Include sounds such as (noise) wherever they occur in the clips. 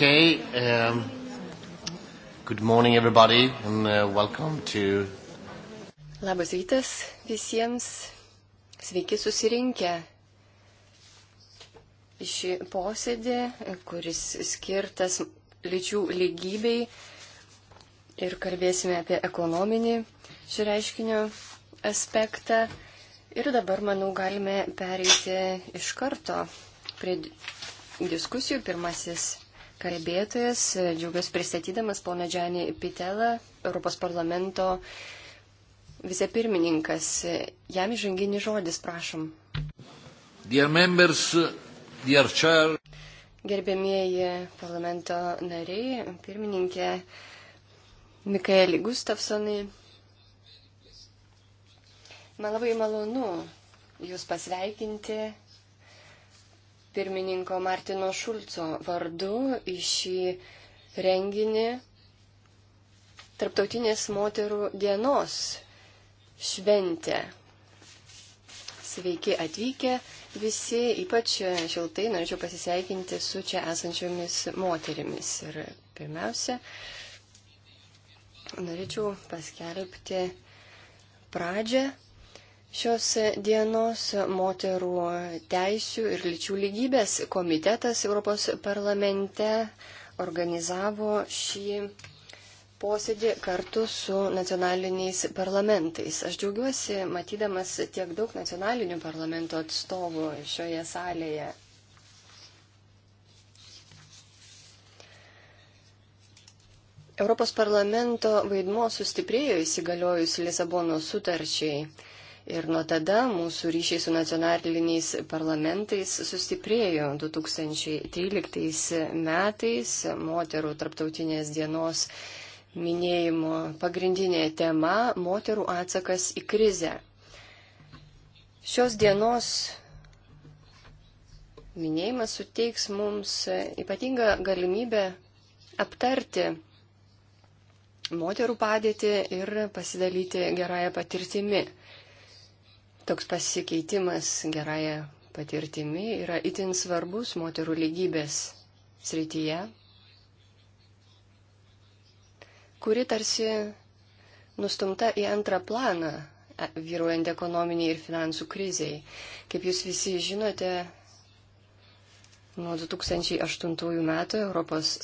Okay. Um, good morning, everybody, and uh, welcome to. Labas rytas visiems. Sveiki susirinkę į šį posėdį, kuris skirtas lyčių lygybei ir kalbėsime apie ekonominį šio reiškinio aspektą. Ir dabar, manau, galime pereiti iš karto prie diskusijų. Pirmasis kalbėtojas. Džiaugiuosi pristatydamas poną Džanį Pitelą, Europos parlamento vicepirmininkas. Jam įžanginis žodis, prašom. Dear members, dear chair. Gerbėmieji parlamento nariai, pirmininkė Mikaeli Gustafsonai. Man labai malonu Jūs pasveikinti pirmininko Martino Šulco vardu į šį renginį Tarptautinės moterų dienos šventę. Sveiki atvykę visi, ypač šiltai norėčiau pasiseikinti su čia esančiomis moterimis. Ir pirmiausia, norėčiau paskelbti pradžią Šios dienos moterų teisių ir lyčių lygybės komitetas Europos parlamente organizavo šį posėdį kartu su nacionaliniais parlamentais. Aš džiaugiuosi, matydamas tiek daug nacionalinių parlamento atstovų šioje salėje. Europos parlamento vaidmo sustiprėjo įsigaliojus Lisabono sutarčiai. Ir nuo tada mūsų ryšiai su nacionaliniais parlamentais sustiprėjo 2013 metais moterų tarptautinės dienos minėjimo pagrindinė tema - moterų atsakas į krizę. Šios dienos minėjimas suteiks mums ypatingą galimybę aptarti moterų padėtį ir pasidalyti gerąją patirtimi. Toks pasikeitimas gerąją patirtimi yra itin svarbus moterų lygybės srityje, kuri tarsi nustumta į antrą planą e, vyruojant ekonominiai ir finansų kriziai. Kaip jūs visi žinote, nuo 2008 metų ES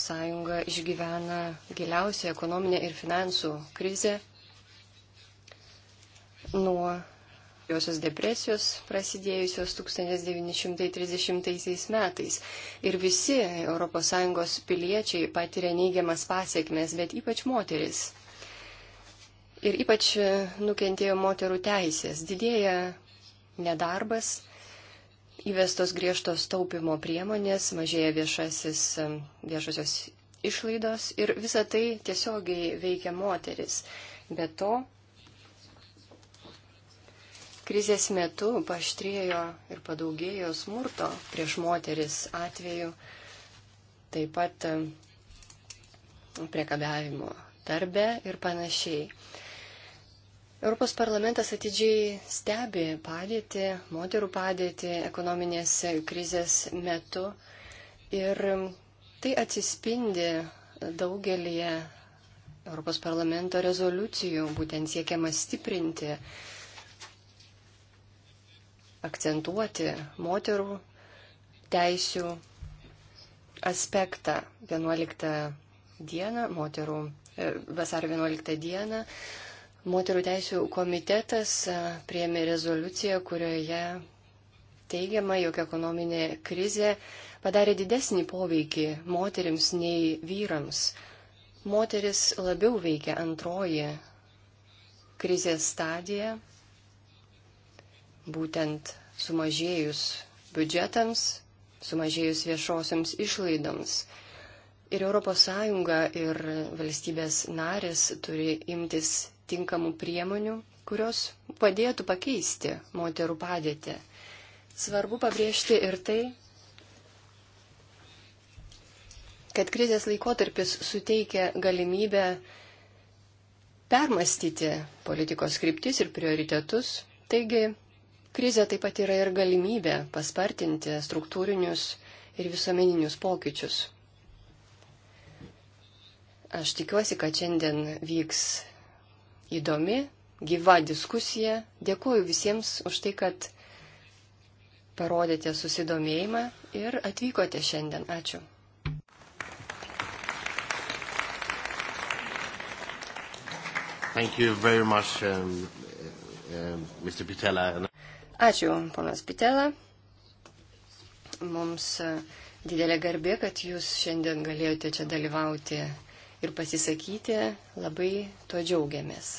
išgyvena giliausią ekonominę ir finansų krizę nuo Josios depresijos prasidėjusios 1930 metais. Ir visi ES piliečiai patiria neigiamas pasiekmes, bet ypač moteris. Ir ypač nukentėjo moterų teisės. Didėja nedarbas, įvestos griežtos taupimo priemonės, mažėja viešasis, viešosios išlaidos ir visa tai tiesiogiai veikia moteris. Be to, Krizės metu paštrėjo ir padaugėjo smurto prieš moteris atveju, taip pat e, priekabiavimo darbe ir panašiai. Europos parlamentas atidžiai stebi padėtį, moterų padėtį ekonominės krizės metu ir tai atsispindi daugelį Europos parlamento rezoliucijų, būtent siekiama stiprinti akcentuoti moterų teisių aspektą 11 dieną, moterų, e, vasario 11 dieną. Moterų teisų komitetas e, priemė rezoliuciją, kurioje teigiama, jog ekonominė krizė padarė didesnį poveikį moteriams nei vyrams. Moteris labiau veikia antroji krizės stadija būtent sumažėjus biudžetams, sumažėjus viešosiams išlaidoms. Ir ES ir valstybės narės turi imtis tinkamų priemonių, kurios padėtų pakeisti moterų padėtį. Svarbu pabrėžti ir tai, kad krizės laikotarpis suteikia galimybę permastyti politikos kryptis ir prioritetus. Taigi Krizė taip pat yra ir galimybė paspartinti struktūrinius ir visuomeninius pokyčius. Aš tikiuosi, kad šiandien vyks įdomi, gyva diskusija. Dėkuoju visiems už tai, kad parodėte susidomėjimą ir atvykote šiandien. Ačiū. Thank you very much, um, um, uh, uh, Mr. Pitella. Ačiū, ponas Pitela. Mums didelė garbė, kad jūs šiandien galėjote čia dalyvauti ir pasisakyti. Labai tuo džiaugiamės.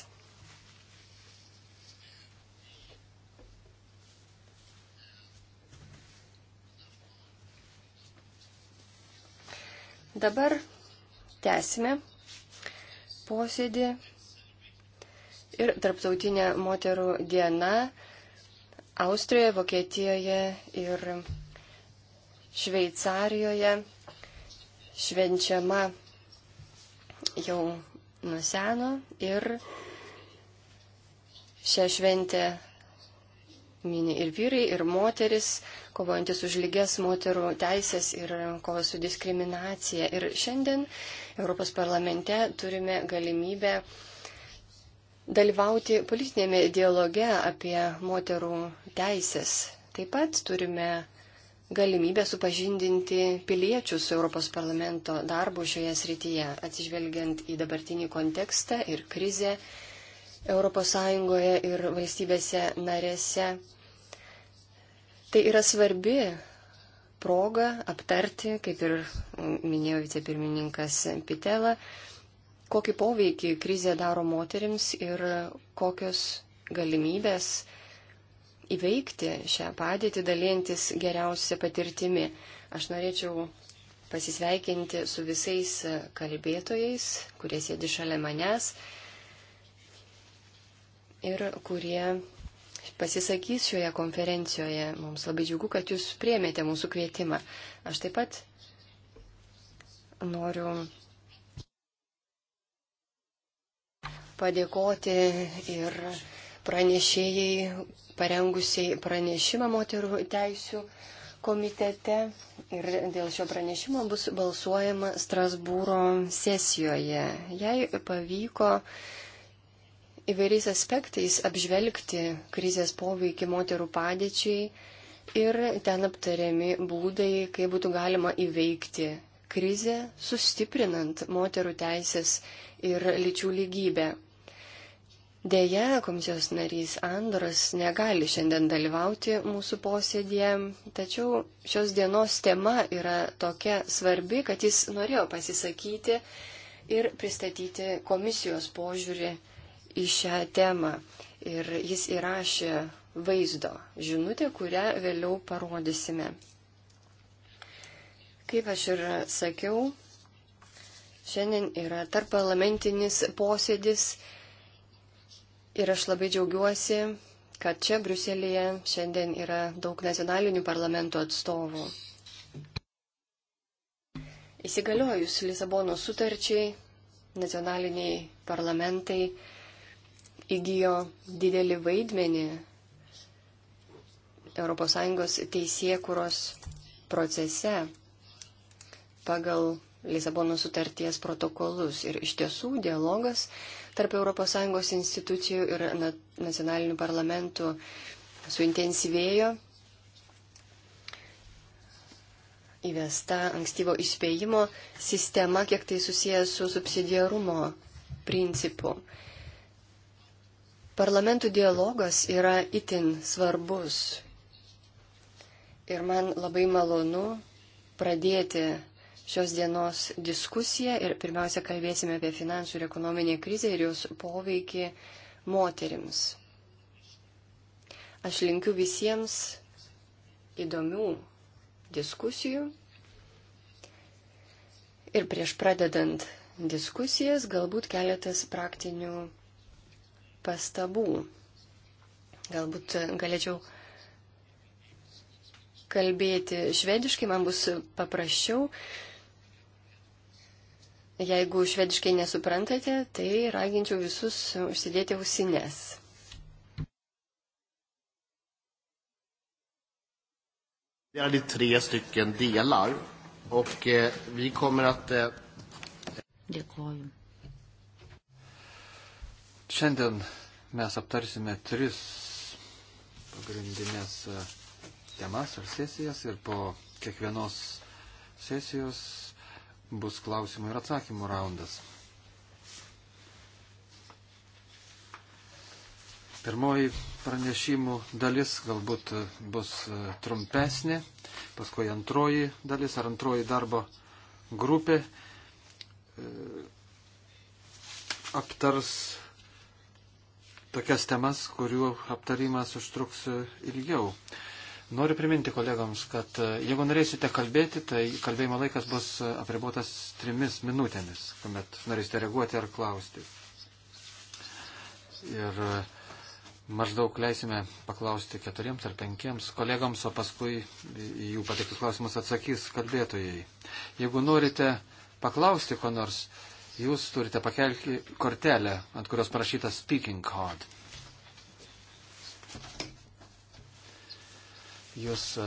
Dabar tęsime posėdį ir Tarptautinė moterų diena Austrijoje, Vokietijoje ir Šveicarijoje švenčiama jau nuo seno ir šią šventę mini ir vyrai, ir moteris, kovojantis už lygias moterų teisės ir kovo su diskriminacija. Ir šiandien Europos parlamente turime galimybę uh, dalyvauti politinėme dialoge apie moterų teisės. Taip pat turime galimybę supažindinti piliečius su Europos parlamento darbu šioje srityje, atsižvelgiant į dabartinį kontekstą ir krizę ES ir valstybėse narėse. Tai yra svarbi proga aptarti, kaip ir minėjo vicepirmininkas Pitela, kokį poveikį krizė daro moterims ir kokios galimybės įveikti šią padėtį, dalintis geriausią patirtimį. Aš norėčiau pasisveikinti su visais kalbėtojais, kurie sėdi šalia manęs ir kurie pasisakys šioje konferencijoje. Mums labai džiugu, kad jūs priemėte mūsų kvietimą. Aš taip pat noriu padėkoti ir pranešėjai, parengusiai pranešimą moterų teisų komitete. Ir dėl šio pranešimo bus balsuojama Strasbūro sesijoje. Jei pavyko įvairiais aspektais apžvelgti krizės poveikį moterų padėčiai ir ten aptariami būdai, kaip būtų galima įveikti krizę, sustiprinant moterų teisės ir lyčių lygybę. Deja, komisijos narys Andoras negali šiandien dalyvauti mūsų posėdėje, tačiau šios dienos tema yra tokia svarbi, kad jis norėjo pasisakyti ir pristatyti komisijos požiūrį į šią temą. Ir jis įrašė vaizdo žinutę, kurią vėliau parodysime. Kaip aš ir sakiau, šiandien yra tarp parlamentinis posėdis Ir aš labai džiaugiuosi, kad čia Bruselėje šiandien yra daug nacionalinių parlamento atstovų. Įsigaliojus Lisabono sutarčiai, nacionaliniai parlamentai įgyjo didelį vaidmenį ES teisėkuros procese pagal Lisabono sutarties protokolus. Ir iš tiesų dialogas tarp ES institucijų ir nacionalinių parlamentų suintensyvėjo. Įvesta ankstyvo įspėjimo sistema, kiek tai susijęs su subsidiarumo principu. Parlamentų dialogas yra itin svarbus. Ir man labai malonu pradėti šios dienos diskusiją ir pirmiausia kalbėsime apie finansų ir ekonominę krizę ir jos poveikį moterims. Aš linkiu visiems įdomių diskusijų. Ir prieš pradedant diskusijas galbūt keletas praktinių pastabų. Galbūt galėčiau kalbėti švediškai, man bus paprasčiau. Jeigu švediškai nesuprantate, tai raginčiau visus užsidėti ausines. Vi hade tre stycken delar och eh, vi kommer att... Eh... Dėkoju. Šiandien mes aptarsime tris pagrindinės eh, temas ar sesijas ir po kiekvienos sesijos bus klausimų ir atsakymų raundas. Pirmoji pranešimų dalis galbūt bus e, trumpesnė, paskui antroji dalis ar antroji darbo grupė e, aptars tokias temas, kurių aptarimas užtruks e, ilgiau. Noriu priminti kolegoms, kad e, jeigu norėsite kalbėti, tai kalbėjimo laikas bus apribotas trimis minutėmis, kuomet norėsite reaguoti ar klausti. Ir e, maždaug leisime paklausti keturiems ar penkiems kolegoms, o paskui jų pateiktus klausimus atsakys kalbėtojai. Jeigu norite paklausti ko nors, jūs turite pakelti kortelę, ant kurios parašyta speaking card. Jūs e,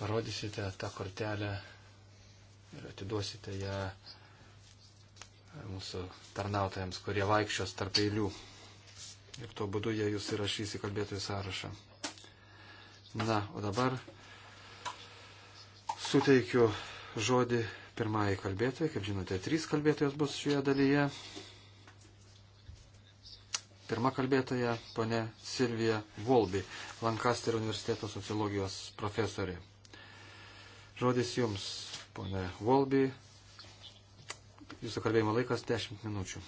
parodysite tą kortelę ir atiduosite ją e, mūsų tarnautojams, kurie vaikščios tarp eilių. Ir tuo būdu jie jūs įrašys į kalbėtojų sąrašą. Na, o dabar suteikiu žodį pirmąjį kalbėtoją. Kaip žinote, trys kalbėtojos bus šioje dalyje. Pirma kalbėtoja, ponė Silvija Volbi, Lancasterio universiteto sociologijos profesorė. Žodis jums, ponė Volbi. Jūsų kalbėjimo laikas 10 minučių.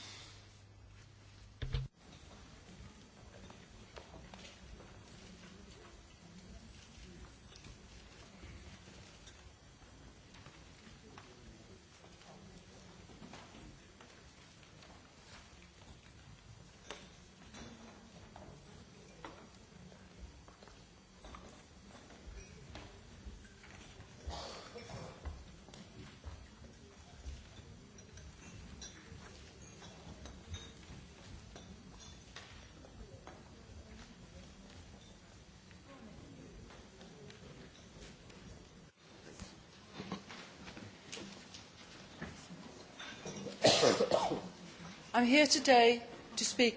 I'm here today to speak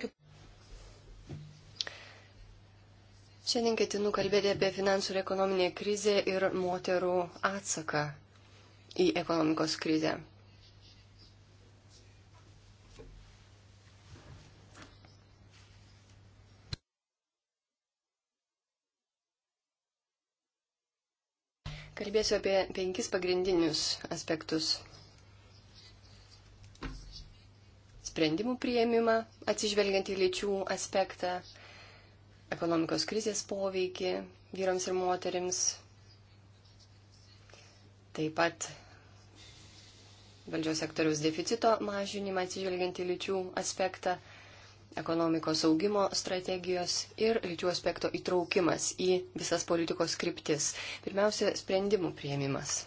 Šiandien ketinu kalbėti apie finansų ir ekonominę krizę ir moterų atsaką į ekonomikos krizę. Kalbėsiu apie penkis pagrindinius aspektus sprendimų prieimimą, atsižvelgiant į lyčių aspektą, ekonomikos krizės poveikį vyrams ir moterims, taip pat valdžios sektoriaus deficito mažinimą atsižvelgiant į lyčių aspektą, ekonomikos augimo strategijos ir lyčių aspekto įtraukimas į visas politikos kryptis. Pirmiausia, sprendimų prieimimas.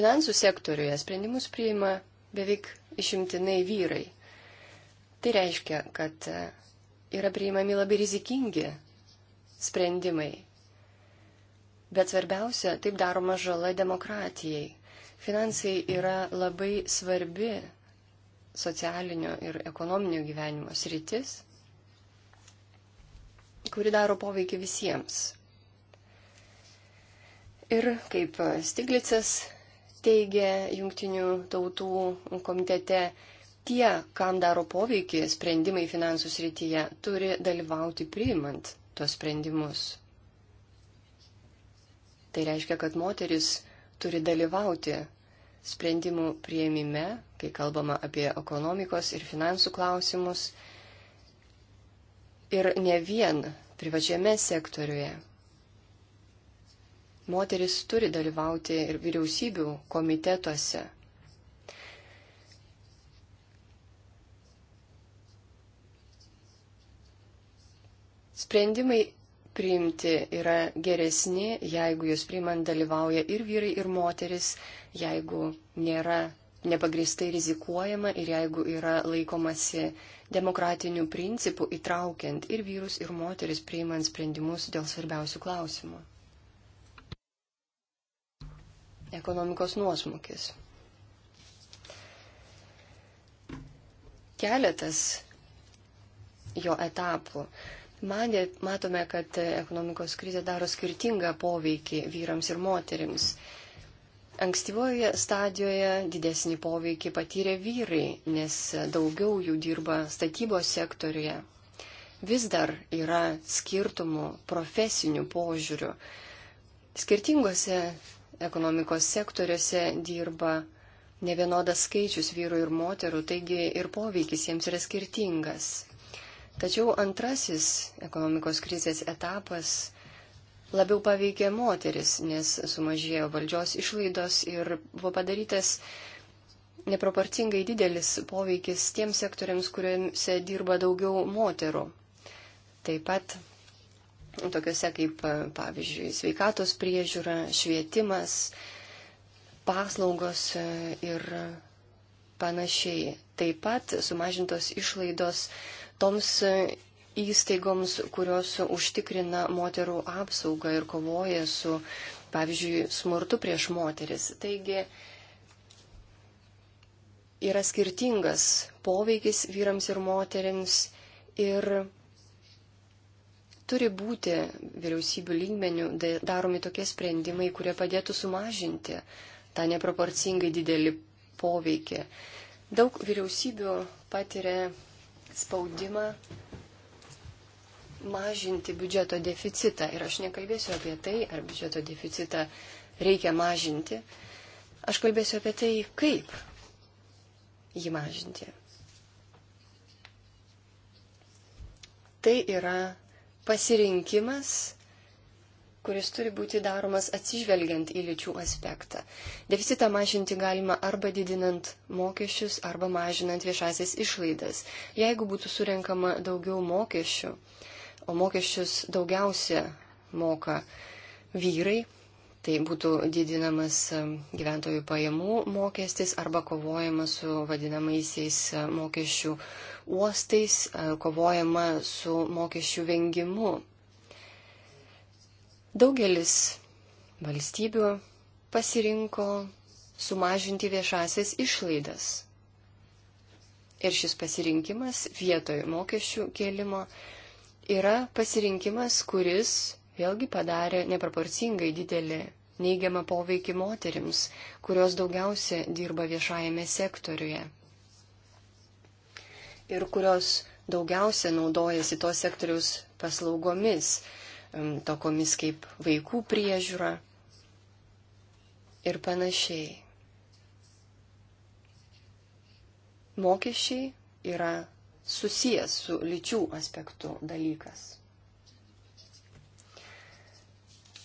Finansų sektoriuje sprendimus priima beveik išimtinai vyrai. Tai reiškia, kad e, yra priimami labai rizikingi sprendimai. Bet svarbiausia, taip daroma žala demokratijai. Finansai yra labai svarbi socialinio ir ekonominio gyvenimo sritis, kuri daro poveikį visiems. Ir kaip Stiglicas teigia jungtinių tautų komitete, tie, kam daro poveikį sprendimai finansų srityje, turi dalyvauti priimant tuos sprendimus. Tai reiškia, kad moteris turi dalyvauti sprendimų prieimime, kai kalbama apie ekonomikos ir finansų klausimus, ir ne vien privačiame sektoriuje moteris turi dalyvauti ir vyriausybių komitetuose. Sprendimai priimti yra geresni, jeigu jūs priimant dalyvauja ir vyrai, ir moteris, jeigu nėra nepagristai rizikuojama ir jeigu yra laikomasi demokratinių principų įtraukiant ir vyrus, ir moteris priimant sprendimus dėl svarbiausių klausimų ekonomikos nuosmukis. Keletas jo etapų. Manė, matome, kad ekonomikos krizė daro skirtingą poveikį vyrams ir moterims. Ankstyvoje stadijoje didesnį poveikį patyrė vyrai, nes daugiau jų dirba statybos sektoriuje. Vis dar yra skirtumų profesinių požiūrių. Skirtingose ekonomikos sektoriuose dirba ne vienodas skaičius vyrų ir moterų, taigi ir poveikis jiems yra skirtingas. Tačiau antrasis ekonomikos krizės etapas labiau paveikė moteris, nes sumažėjo valdžios išlaidos ir buvo padarytas neproporcingai didelis poveikis tiems sektoriams, kuriuose dirba daugiau moterų. Taip pat tokiuose kaip, e, pavyzdžiui, sveikatos priežiūra, švietimas, paslaugos e, ir panašiai. Taip pat sumažintos išlaidos toms e, įstaigoms, kurios užtikrina moterų apsaugą ir kovoja su, pavyzdžiui, smurtu prieš moteris. Taigi yra skirtingas poveikis vyrams ir moterims ir Turi būti vyriausybių lygmenių daromi tokie sprendimai, kurie padėtų sumažinti tą neproporcingai didelį poveikį. Daug vyriausybių patiria spaudimą mažinti biudžeto deficitą. Ir aš nekalbėsiu apie tai, ar biudžeto deficitą reikia mažinti. Aš kalbėsiu apie tai, kaip jį mažinti. Tai yra pasirinkimas, kuris turi būti daromas atsižvelgiant į lyčių aspektą. Deficitą mažinti galima arba didinant mokesčius, arba mažinant viešasias išlaidas. Jeigu būtų surenkama daugiau mokesčių, o mokesčius daugiausia moka vyrai, Tai būtų didinamas e, gyventojų pajamų mokestis arba kovojama su vadinamaisiais e, mokesčių uostais, e, kovojama su mokesčių vengimu. Daugelis valstybių pasirinko sumažinti viešasias išlaidas. Ir šis pasirinkimas vietoj mokesčių kėlimo yra pasirinkimas, kuris vėlgi padarė neproporcingai didelį neigiamą poveikį moterims, kurios daugiausia dirba viešajame sektoriuje ir kurios daugiausia naudojasi to sektoriaus paslaugomis, um, tokomis kaip vaikų priežiūra ir panašiai. Mokesčiai yra susijęs su lyčių aspektu dalykas.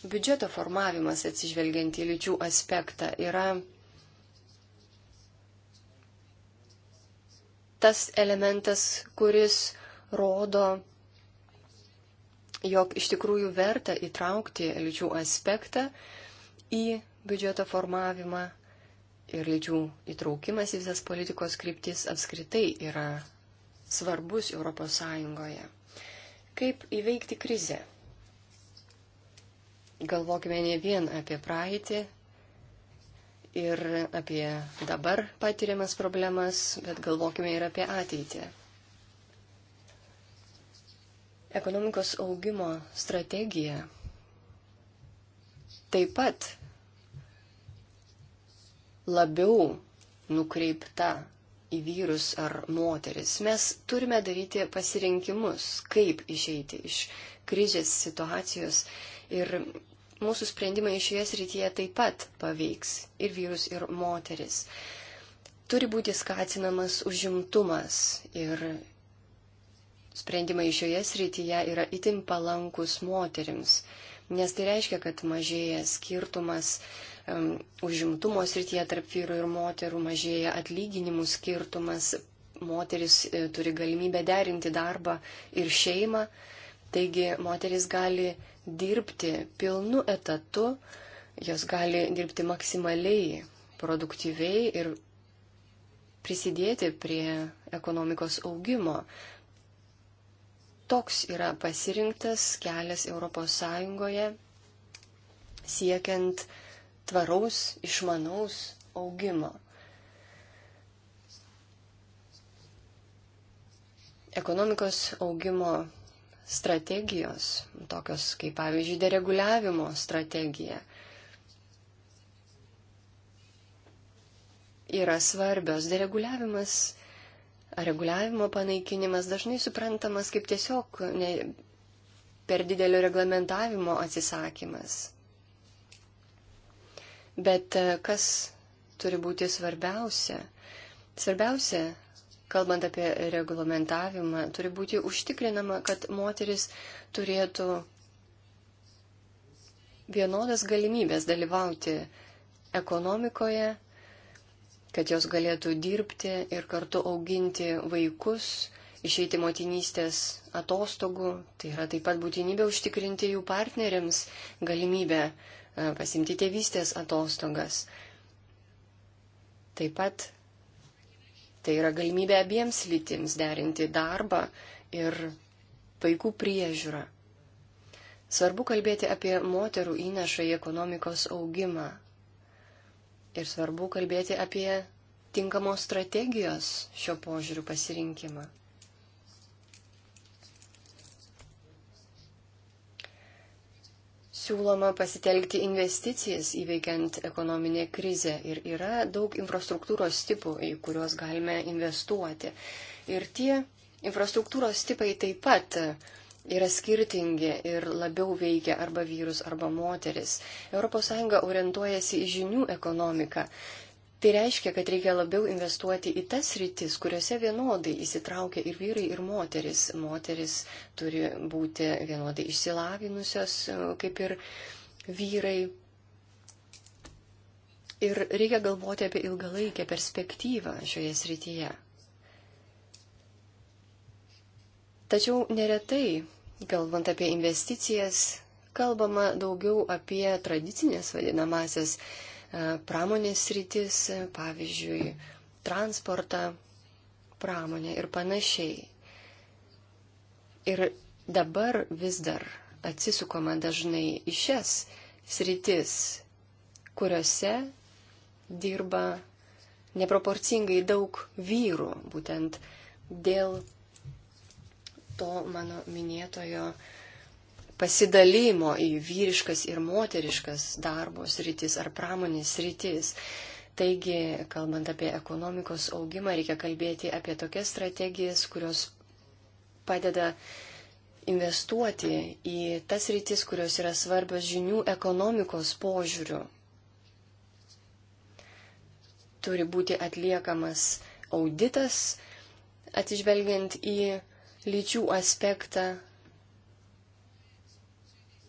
Biudžeto formavimas atsižvelgiant į lyčių aspektą yra tas elementas, kuris rodo, jog iš tikrųjų verta įtraukti lyčių aspektą į biudžeto formavimą ir lyčių įtraukimas į visas politikos kryptis apskritai yra svarbus ES. Kaip įveikti krizę? galvokime ne vien apie praeitį ir apie dabar patiriamas problemas, bet galvokime ir apie ateitį. Ekonomikos augimo strategija taip pat labiau nukreipta į vyrus ar moteris. Mes turime daryti pasirinkimus, kaip išeiti iš krizės situacijos Ir mūsų sprendimai šioje srityje taip pat paveiks ir vyrus, ir moteris. Turi būti skatinamas užimtumas ir sprendimai šioje srityje yra itin palankus moterims, nes tai reiškia, kad mažėja skirtumas um, užimtumo srityje tarp vyrų ir moterų, mažėja atlyginimų skirtumas, moteris e, turi galimybę derinti darbą ir šeimą. Uh, Taigi moteris gali dirbti pilnu etatu, jos gali dirbti maksimaliai, produktyviai ir prisidėti prie ekonomikos augimo. Toks yra pasirinktas kelias ES siekiant tvaraus, išmanaus augimo. Ekonomikos augimo strategijos, tokios kaip pavyzdžiui dereguliavimo strategija, yra svarbios. Dereguliavimas ar reguliavimo panaikinimas dažnai suprantamas kaip tiesiog ne, per didelio reglamentavimo atsisakymas. Bet e, kas turi būti svarbiausia? Svarbiausia kalbant apie reglamentavimą, turi būti užtikrinama, kad moteris turėtų vienodas galimybės dalyvauti ekonomikoje, kad jos galėtų dirbti ir kartu auginti vaikus, išeiti motinystės atostogų. Tai yra taip pat būtinybė užtikrinti jų partneriams galimybę e, pasimti tėvystės atostogas. Taip pat Tai yra galimybė abiems lytims derinti darbą ir vaikų priežiūrą. Svarbu kalbėti apie moterų įnašą į ekonomikos augimą. Ir svarbu kalbėti apie tinkamos strategijos šio požiūrių pasirinkimą. siūloma pasitelkti investicijas įveikiant ekonominę krizę ir yra daug infrastruktūros tipų, į kuriuos galime investuoti. Ir tie infrastruktūros tipai taip pat yra skirtingi ir labiau veikia arba vyrus, arba moteris. ES orientuojasi į žinių ekonomiką. Tai reiškia, kad reikia labiau investuoti į tas rytis, kuriuose vienodai įsitraukia ir vyrai, ir moteris. Moteris turi būti vienodai išsilavinusios, e, kaip ir vyrai. Ir reikia galvoti apie ilgalaikę perspektyvą šioje srityje. Tačiau neretai, kalbant apie investicijas, kalbama daugiau apie tradicinės vadinamasias E, pramonės rytis, e, pavyzdžiui, transportą, pramonę ir panašiai. Ir dabar vis dar atsisukoma dažnai į šias sritis, kuriuose dirba neproporcingai daug vyrų, būtent dėl to mano minėtojo uh, pasidalymo į vyriškas ir moteriškas darbos rytis ar pramonės rytis. Taigi, kalbant apie ekonomikos augimą, reikia kalbėti apie tokias strategijas, kurios padeda investuoti į tas rytis, kurios yra svarbios žinių ekonomikos požiūrių. Turi būti atliekamas auditas, atsižvelgiant į lyčių aspektą,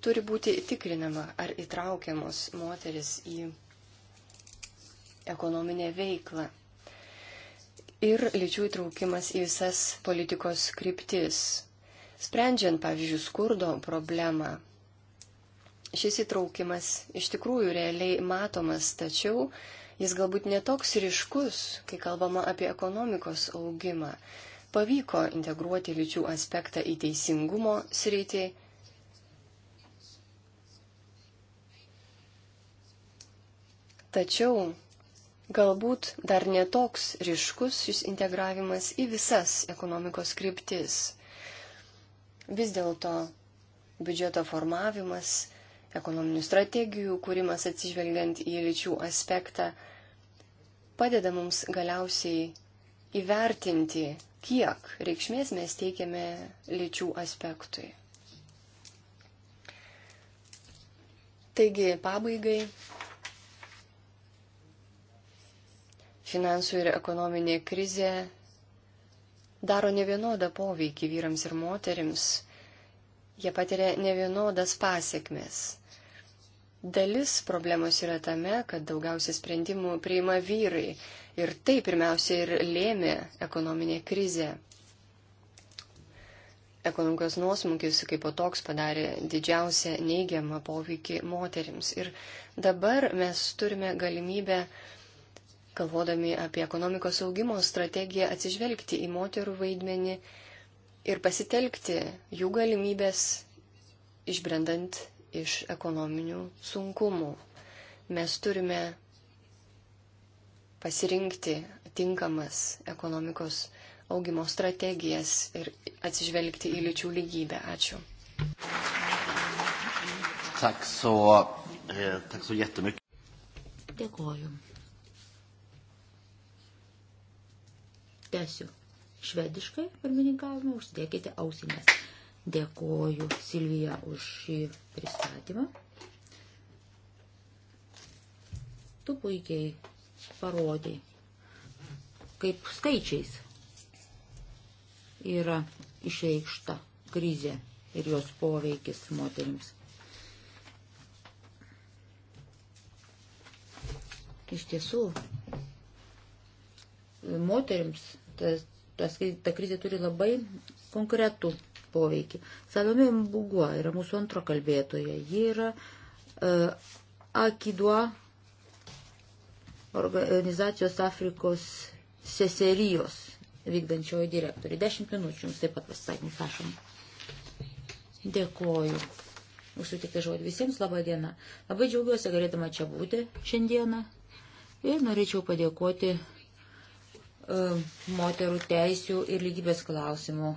turi būti tikrinama, ar įtraukiamos moteris į ekonominę veiklą. Ir lyčių įtraukimas į visas politikos kryptis. Sprendžiant, pavyzdžiui, skurdo problemą, šis įtraukimas iš tikrųjų realiai matomas, tačiau jis galbūt netoks ryškus, kai kalbama apie ekonomikos augimą. Pavyko integruoti lyčių aspektą į teisingumo sritį, Tačiau galbūt dar netoks ryškus šis integravimas į visas ekonomikos kryptis. Vis dėlto biudžeto formavimas, ekonominių strategijų kūrimas atsižvelgiant į lyčių aspektą padeda mums galiausiai įvertinti, kiek reikšmės mes teikiame lyčių aspektui. Taigi, pabaigai Finansų ir ekonominė krizė daro ne vienodą poveikį vyrams ir moterims. Jie patiria ne vienodas pasiekmes. Dalis problemos yra tame, kad daugiausiai sprendimų priima vyrai. Ir tai pirmiausia ir lėmė ekonominė krizė. Ekonomikos nuosmukis kaip po toks padarė didžiausią neigiamą poveikį moteriams. Ir dabar mes turime galimybę uh, galvodami apie ekonomikos augimo strategiją, atsižvelgti į moterų vaidmenį ir pasitelkti jų galimybės išbrendant iš ekonominių sunkumų. Mes turime pasirinkti tinkamas ekonomikos augimo strategijas ir atsižvelgti į lyčių lygybę. Ačiū. Tak, so, eh, tak, so Dėkoju. Tęsiu švediškai pirmininkavimą, užsidėkite ausinės. Dėkoju Silvija už šį pristatymą. Tu puikiai parodai, kaip skaičiais yra išreikšta krizė ir jos poveikis moterims. Iš tiesų, moteriams tas, tas, ta krizė turi labai konkretų poveikį. Salomė Mbugua yra mūsų antro kalbėtoja. Ji yra uh, Akidua organizacijos Afrikos seserijos vykdančioji direktorė. Dešimt minučių jums taip pat pasisakymų prašom. Dėkoju. Užsutikti žodį visiems labą dieną. Labai džiaugiuosi galėdama čia būti šiandieną. Ir norėčiau padėkoti E, moterų teisių ir lygybės klausimų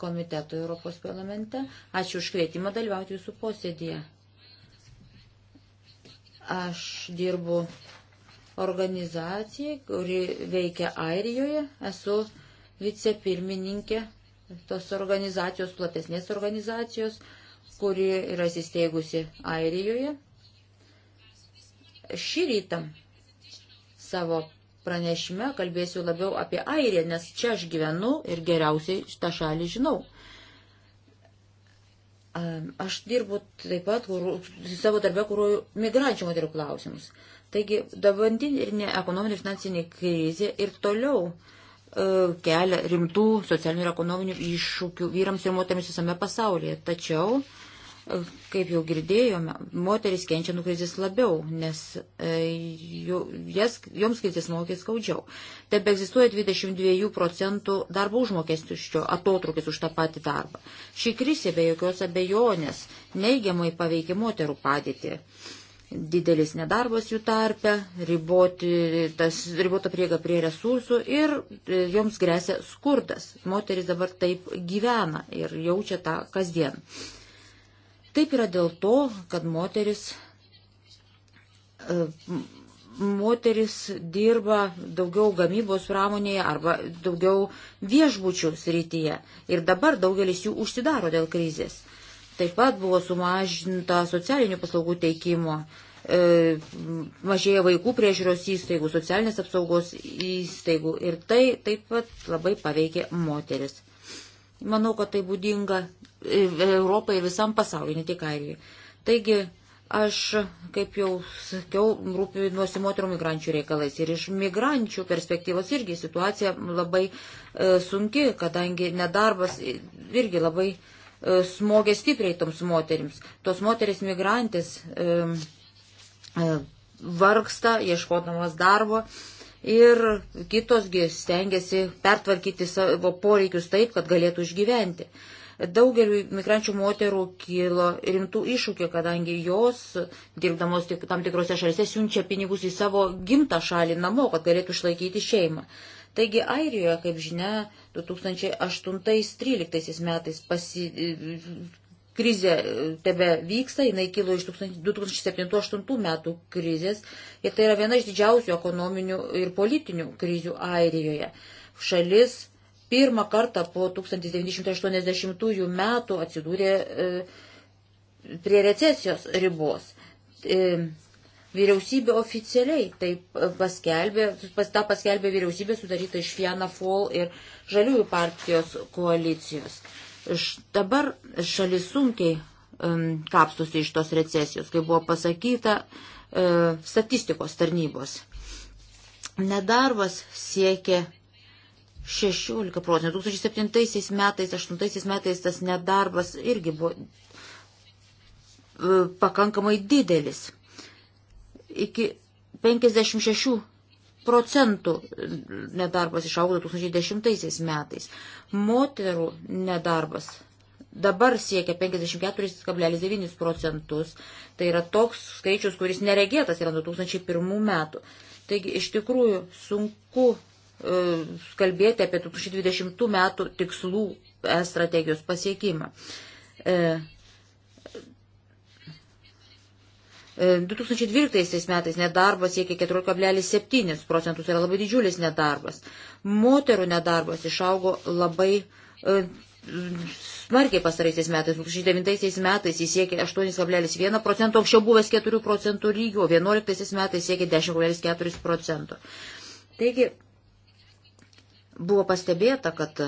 komiteto Europos parlamente. Ačiū už kvietimą dalyvauti jūsų posėdėje. Aš dirbu organizacijai, kuri veikia Airijoje. Esu vicepirmininkė tos organizacijos, platesnės organizacijos, kuri yra įsteigusi Airijoje. Šį rytą savo pranešime kalbėsiu labiau apie Airiją, nes čia aš gyvenu ir geriausiai šitą šalį žinau. Aš dirbu taip pat kur, savo darbę, kuruoju migrančių moterų klausimus. Taigi, dabartinė ekonominė finansinė krizė ir toliau e, kelia rimtų socialinių ir ekonominių iššūkių vyrams ir moteriams visame pasaulyje. Tačiau e, kaip jau girdėjome, moteris kenčia nuo krizės labiau, nes e, jas, joms krizės mokės skaudžiau. Taip egzistuoja 22 procentų darbo užmokesčio atotrukis už tą patį darbą. Ši krizė be jokios abejonės neigiamai paveikia moterų padėtį. Didelis nedarbas jų tarpe, riboti, tas, ribota priega prie resursų ir e, joms grėsia skurdas. Moteris dabar taip gyvena ir jaučia tą kasdien. Uh, Taip yra dėl to, kad moteris, e, moteris dirba daugiau gamybos pramonėje arba daugiau viešbučių srityje. Ir dabar daugelis jų užsidaro dėl krizės. Taip pat buvo sumažinta socialinių paslaugų teikimo, e, mažėja vaikų priežiūros įstaigų, socialinės apsaugos įstaigų ir tai taip pat labai paveikė moteris. Manau, kad tai būdinga e, Europai ir visam pasauliu, ne tik Airijai. Taigi, aš, kaip jau sakiau, rūpinuosi moterų migrančių reikalais. Ir iš migrančių perspektyvos irgi situacija labai e, sunki, kadangi nedarbas irgi labai e, smogė stipriai toms moterims. Tos moteris migrantės e, e, vargsta, ieškodamas darbo. E, ir kitosgi stengiasi pertvarkyti savo poreikius taip, kad galėtų išgyventi. Daugeliu migrančių moterų kilo rimtų iššūkių, kadangi jos, dirbdamos tik tam tikrose šalise, siunčia pinigus į savo gimtą šalį namo, kad galėtų išlaikyti šeimą. Taigi Airijoje, kaip žinia, 2008-2013 metais pasi, krizė e, tebe vyksta, jinai kilo iš 2007-2008 metų krizės ir tai yra viena iš didžiausių ekonominių ir politinių krizių Airijoje. Šalis pirmą kartą po 1980 metų atsidūrė e, prie recesijos ribos. E, vyriausybė oficialiai tai paskelbė, pas, tą paskelbė vyriausybė sudaryta iš Fianna Fall ir Žaliųjų partijos koalicijos. E, Dabar šalis sunkiai kapstusi iš tos recesijos, kaip buvo pasakyta e, statistikos tarnybos. Nedarbas siekia 16 procentų. 2007 metais, 2008 metais tas nedarbas irgi buvo e, pakankamai didelis. Iki 56 procentų nedarbas išaugo 2010 metais. Moterų nedarbas dabar siekia 54,9 procentus. Tai yra toks skaičius, kuris neregėtas yra 2001 metų. Taigi iš tikrųjų sunku e, kalbėti apie 2020 metų tikslų e strategijos pasiekimą. E, 2012 e, metais nedarbas siekia 14,7 procentus, tai yra labai didžiulis nedarbas. Moterų nedarbas išaugo labai e, smarkiai pasaraisiais metais. 2009 metais jis siekia 8,1 procento, anksčiau buvęs 4 procentų lygio, 2011 metais siekia 10,4 procento. Taigi buvo pastebėta, kad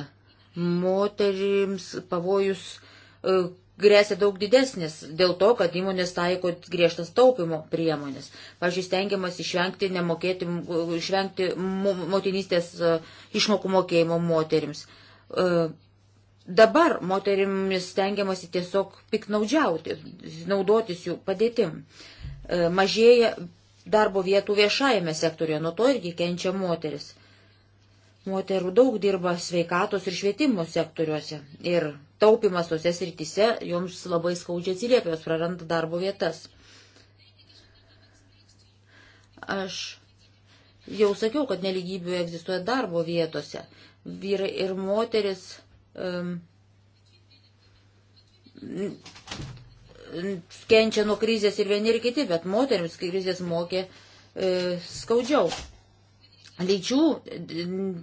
moterims pavojus e, grėsia daug didesnis dėl to, kad įmonės taiko griežtas taupimo priemonės. Pavyzdžiui, stengiamas išvengti, nemokėti, išvengti motinystės e, išmokų mokėjimo moterims. E, dabar moterimis stengiamasi tiesiog piknaudžiauti, naudotis jų padėtim. E, mažėja darbo vietų viešajame sektoriuje, nuo to irgi kenčia moteris. Moterų daug dirba sveikatos ir švietimo sektoriuose ir taupimas tose srityse joms labai skaudžiai atsiliepia, jos praranda darbo vietas. Aš jau sakiau, kad neligybė egzistuoja darbo vietose. Vyrai ir moteris um, kenčia nuo krizės ir vieni ir kiti, bet moteriams krizės mokė e, skaudžiau lyčių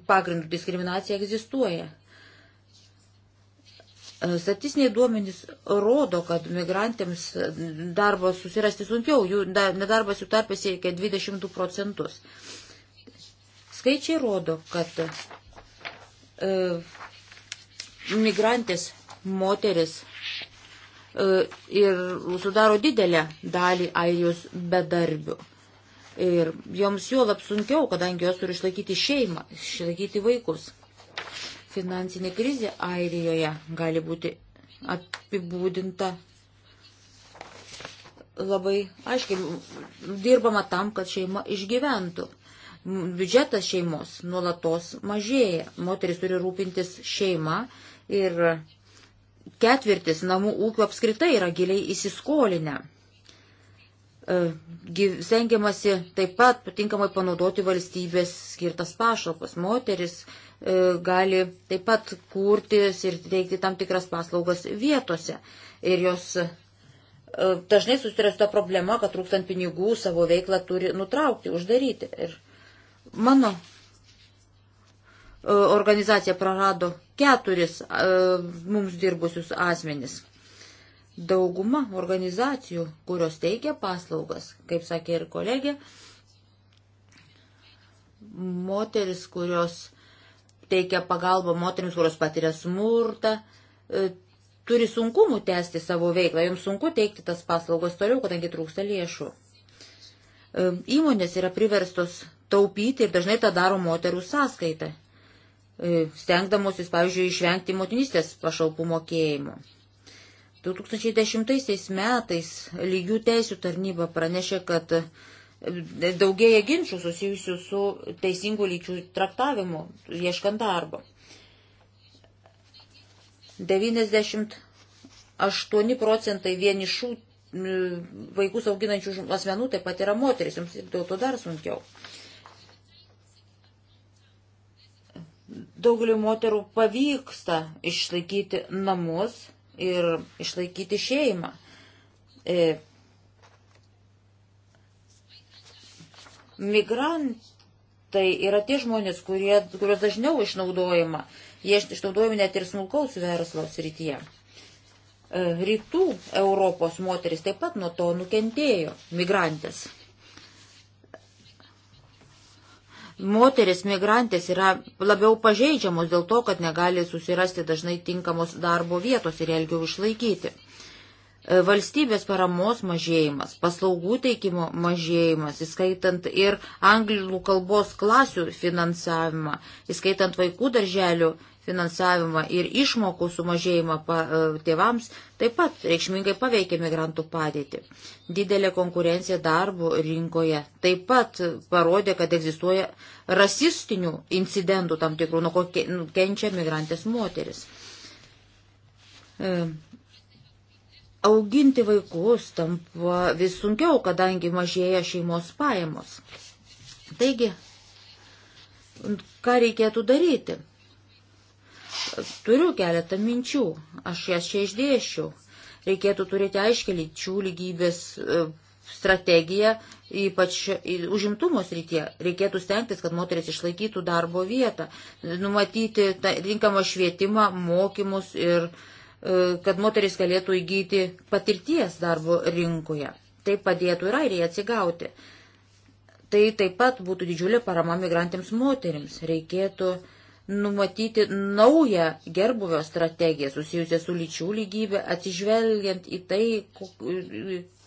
pagrindų diskriminacija egzistuoja. Statistiniai duomenys rodo, kad migrantėms darbo susirasti sunkiau, jų nedarbas jų tarpė siekia 20 procentus. Skaičiai rodo, kad e, migrantės moteris e, ir sudaro didelę dalį airijos bedarbių. Ir joms juo lab sunkiau, kadangi jos turi išlaikyti šeimą, išlaikyti vaikus. Finansinė krizė Airijoje gali būti apibūdinta labai aiškiai. Dirbama tam, kad šeima išgyventų. Biudžetas šeimos nuolatos mažėja. Moteris turi rūpintis šeima ir ketvirtis namų ūkio apskritai yra giliai įsiskolinę. E, stengiamasi taip pat tinkamai panaudoti valstybės skirtas pašalpas. Moteris e, gali taip pat kurtis ir teikti tam tikras paslaugas vietose. Ir jos e, dažnai susiduria su ta problema, kad trūkstant pinigų savo veiklą turi nutraukti, uždaryti. Ir mano e, organizacija prarado keturis e, mums dirbusius asmenis. Dauguma organizacijų, kurios teikia paslaugas, kaip sakė ir kolegė, moteris, kurios teikia pagalbą moteriams, kurios patiria smurtą, e, turi sunkumų tęsti savo veiklą, jums sunku teikti tas paslaugos toliau, kadangi trūksta lėšų. E, įmonės yra priverstos taupyti ir dažnai tą daro moterų sąskaitą, e, stengdamosis, pavyzdžiui, išvengti motinystės pašalpų mokėjimo. 2010 metais lygių teisų tarnyba pranešė, kad daugėja ginčių susijusių su teisingų lyčių traktavimu, ieškant darbo. 98 procentai vienišų vaikus auginančių asmenų taip pat yra moteris, jums dėl to dar sunkiau. Daugeliu moterų pavyksta išlaikyti namus ir išlaikyti šeimą. E, migrantai yra tie žmonės, kurie, kurie dažniau išnaudojama. Jie išnaudojami net ir smulkaus verslo srityje. E, rytų Europos moteris taip pat nuo to nukentėjo, migrantės. moteris migrantės yra labiau pažeidžiamos dėl to, kad negali susirasti dažnai tinkamos darbo vietos ir ilgiau išlaikyti. E, valstybės paramos mažėjimas, paslaugų teikimo mažėjimas, įskaitant ir anglų kalbos klasių finansavimą, įskaitant vaikų darželių finansavimą ir išmokų sumažėjimą pa, e, tėvams taip pat reikšmingai paveikė migrantų padėtį. Didelė konkurencija darbo rinkoje taip pat parodė, kad egzistuoja rasistinių incidentų tam tikrų, nuo ko nu, kenčia migrantės moteris. E, auginti vaikus tampa vis sunkiau, kadangi mažėja šeimos pajamos. Taigi, ką reikėtų daryti? Turiu keletą minčių, aš jas čia išdėšiau. Reikėtų turėti aiškiai lyčių lygybės e, strategiją, ypač užimtumos rytie. Reikėtų stengtis, kad moteris išlaikytų darbo vietą, numatyti tinkamą švietimą, mokymus ir e, kad moteris galėtų įgyti patirties darbo rinkoje. Tai padėtų ir airiai atsigauti. Tai taip pat būtų didžiulė parama migrantėms moterims. Reikėtų uh, numatyti naują gerbuvio strategiją susijusią su lyčių lygybė, atsižvelgiant į tai,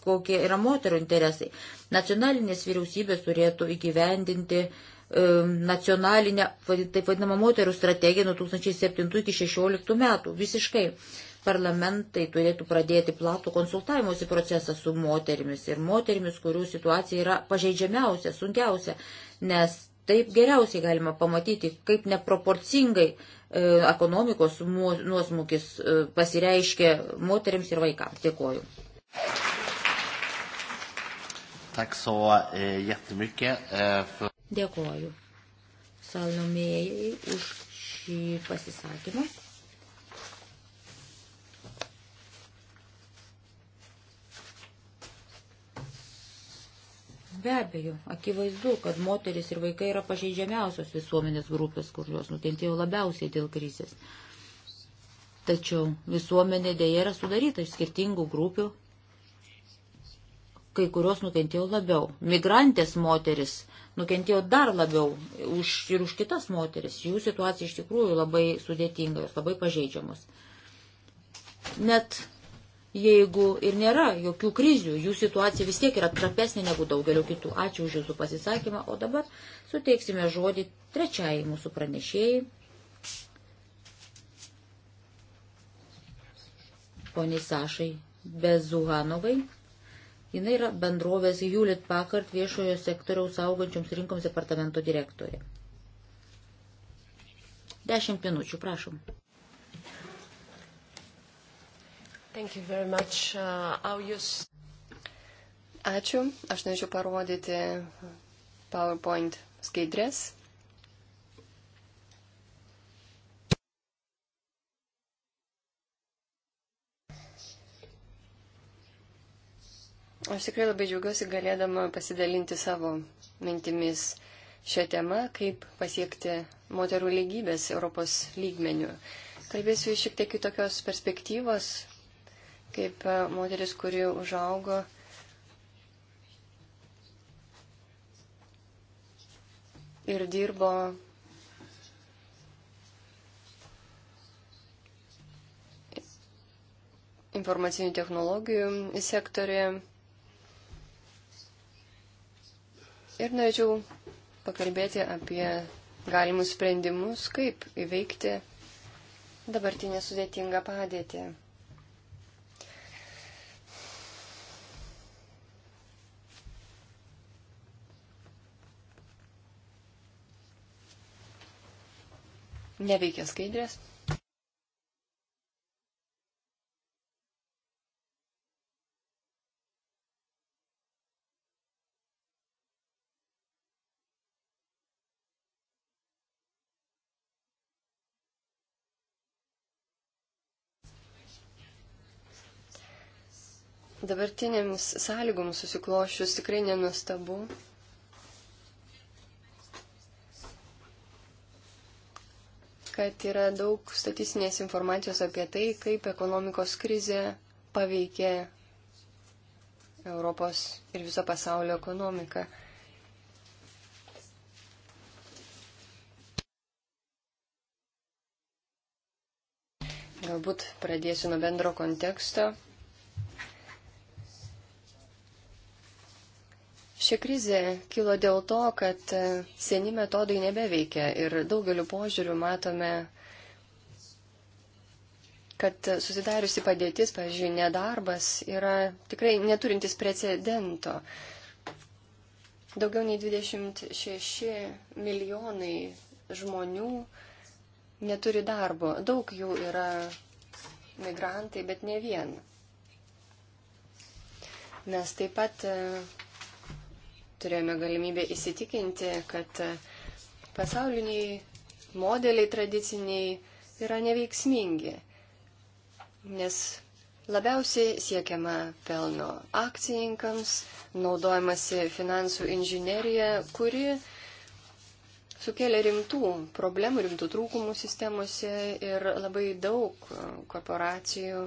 kokie yra moterų interesai. Nacionalinės vyriausybės turėtų įgyvendinti um, nacionalinę, taip vadinamą moterų strategiją nuo 2007 iki 2016 metų. Visiškai parlamentai turėtų pradėti platų konsultavimuose procesą su moterimis ir moterimis, kurių situacija yra pažeidžiamiausia, sunkiausia, nes Taip geriausiai galima pamatyti, kaip neproporcingai e, ekonomikos nuosmukis e, pasireiškia moteriams ir vaikams. Dėkoju. Eh, eh, Dėkoju Salomėjai už šį pasisakymą. Be abejo, akivaizdu, kad moteris ir vaikai yra pažeidžiamiausios visuomenės grupės, kurios nukentėjo labiausiai dėl krizės. Tačiau visuomenė dėja yra sudaryta iš skirtingų grupių, kai kurios nukentėjo labiau. Migrantės moteris nukentėjo dar labiau už, ir už kitas moteris. Jų situacija iš tikrųjų labai sudėtinga, jos labai pažeidžiamos. Net jeigu ir nėra jokių krizių, jų situacija vis tiek yra trapesnė negu daugelio kitų. Ačiū už jūsų pasisakymą, o dabar suteiksime žodį trečiai mūsų pranešėjai. Poniai Sašai Bezuhanovai. Jis yra bendrovės Hewlett Packard viešojo sektoriaus augančioms rinkoms departamento direktorė. Dešimt minučių, prašom. Thank you very much. Uh, I'll use... Ačiū. Aš norėčiau parodyti PowerPoint skaidrės. Aš tikrai labai džiaugiuosi galėdama pasidalinti savo mintimis šią temą, kaip pasiekti moterų lygybės Europos lygmenių. Kalbėsiu iš šiek tiek kitokios perspektyvos, kaip e, moteris, kuri užaugo ir dirbo informacinių technologijų sektorėje. Ir norėčiau pakalbėti apie galimus sprendimus, kaip įveikti dabartinę sudėtingą padėtį. Neveikia skaidrės. dabartinėmis sąlygomis susiklošius tikrai nenustabu, kad yra daug statistinės informacijos apie tai, kaip ekonomikos krizė paveikė Europos ir viso pasaulio ekonomiką. Galbūt pradėsiu nuo bendro konteksto. Ši krizė kilo dėl to, kad e, seni metodai nebeveikia ir daugeliu požiūrių matome, kad susidariusi padėtis, pavyzdžiui, nedarbas yra tikrai neturintis precedento. Daugiau nei 26 milijonai žmonių neturi darbo. Daug jų yra migrantai, bet ne vien. Mes taip pat e, turėjome galimybę įsitikinti, kad pasauliniai modeliai tradiciniai yra neveiksmingi, nes labiausiai siekiama pelno akcininkams, naudojamasi finansų inžinerija, kuri sukėlė rimtų problemų, rimtų trūkumų sistemose ir labai daug korporacijų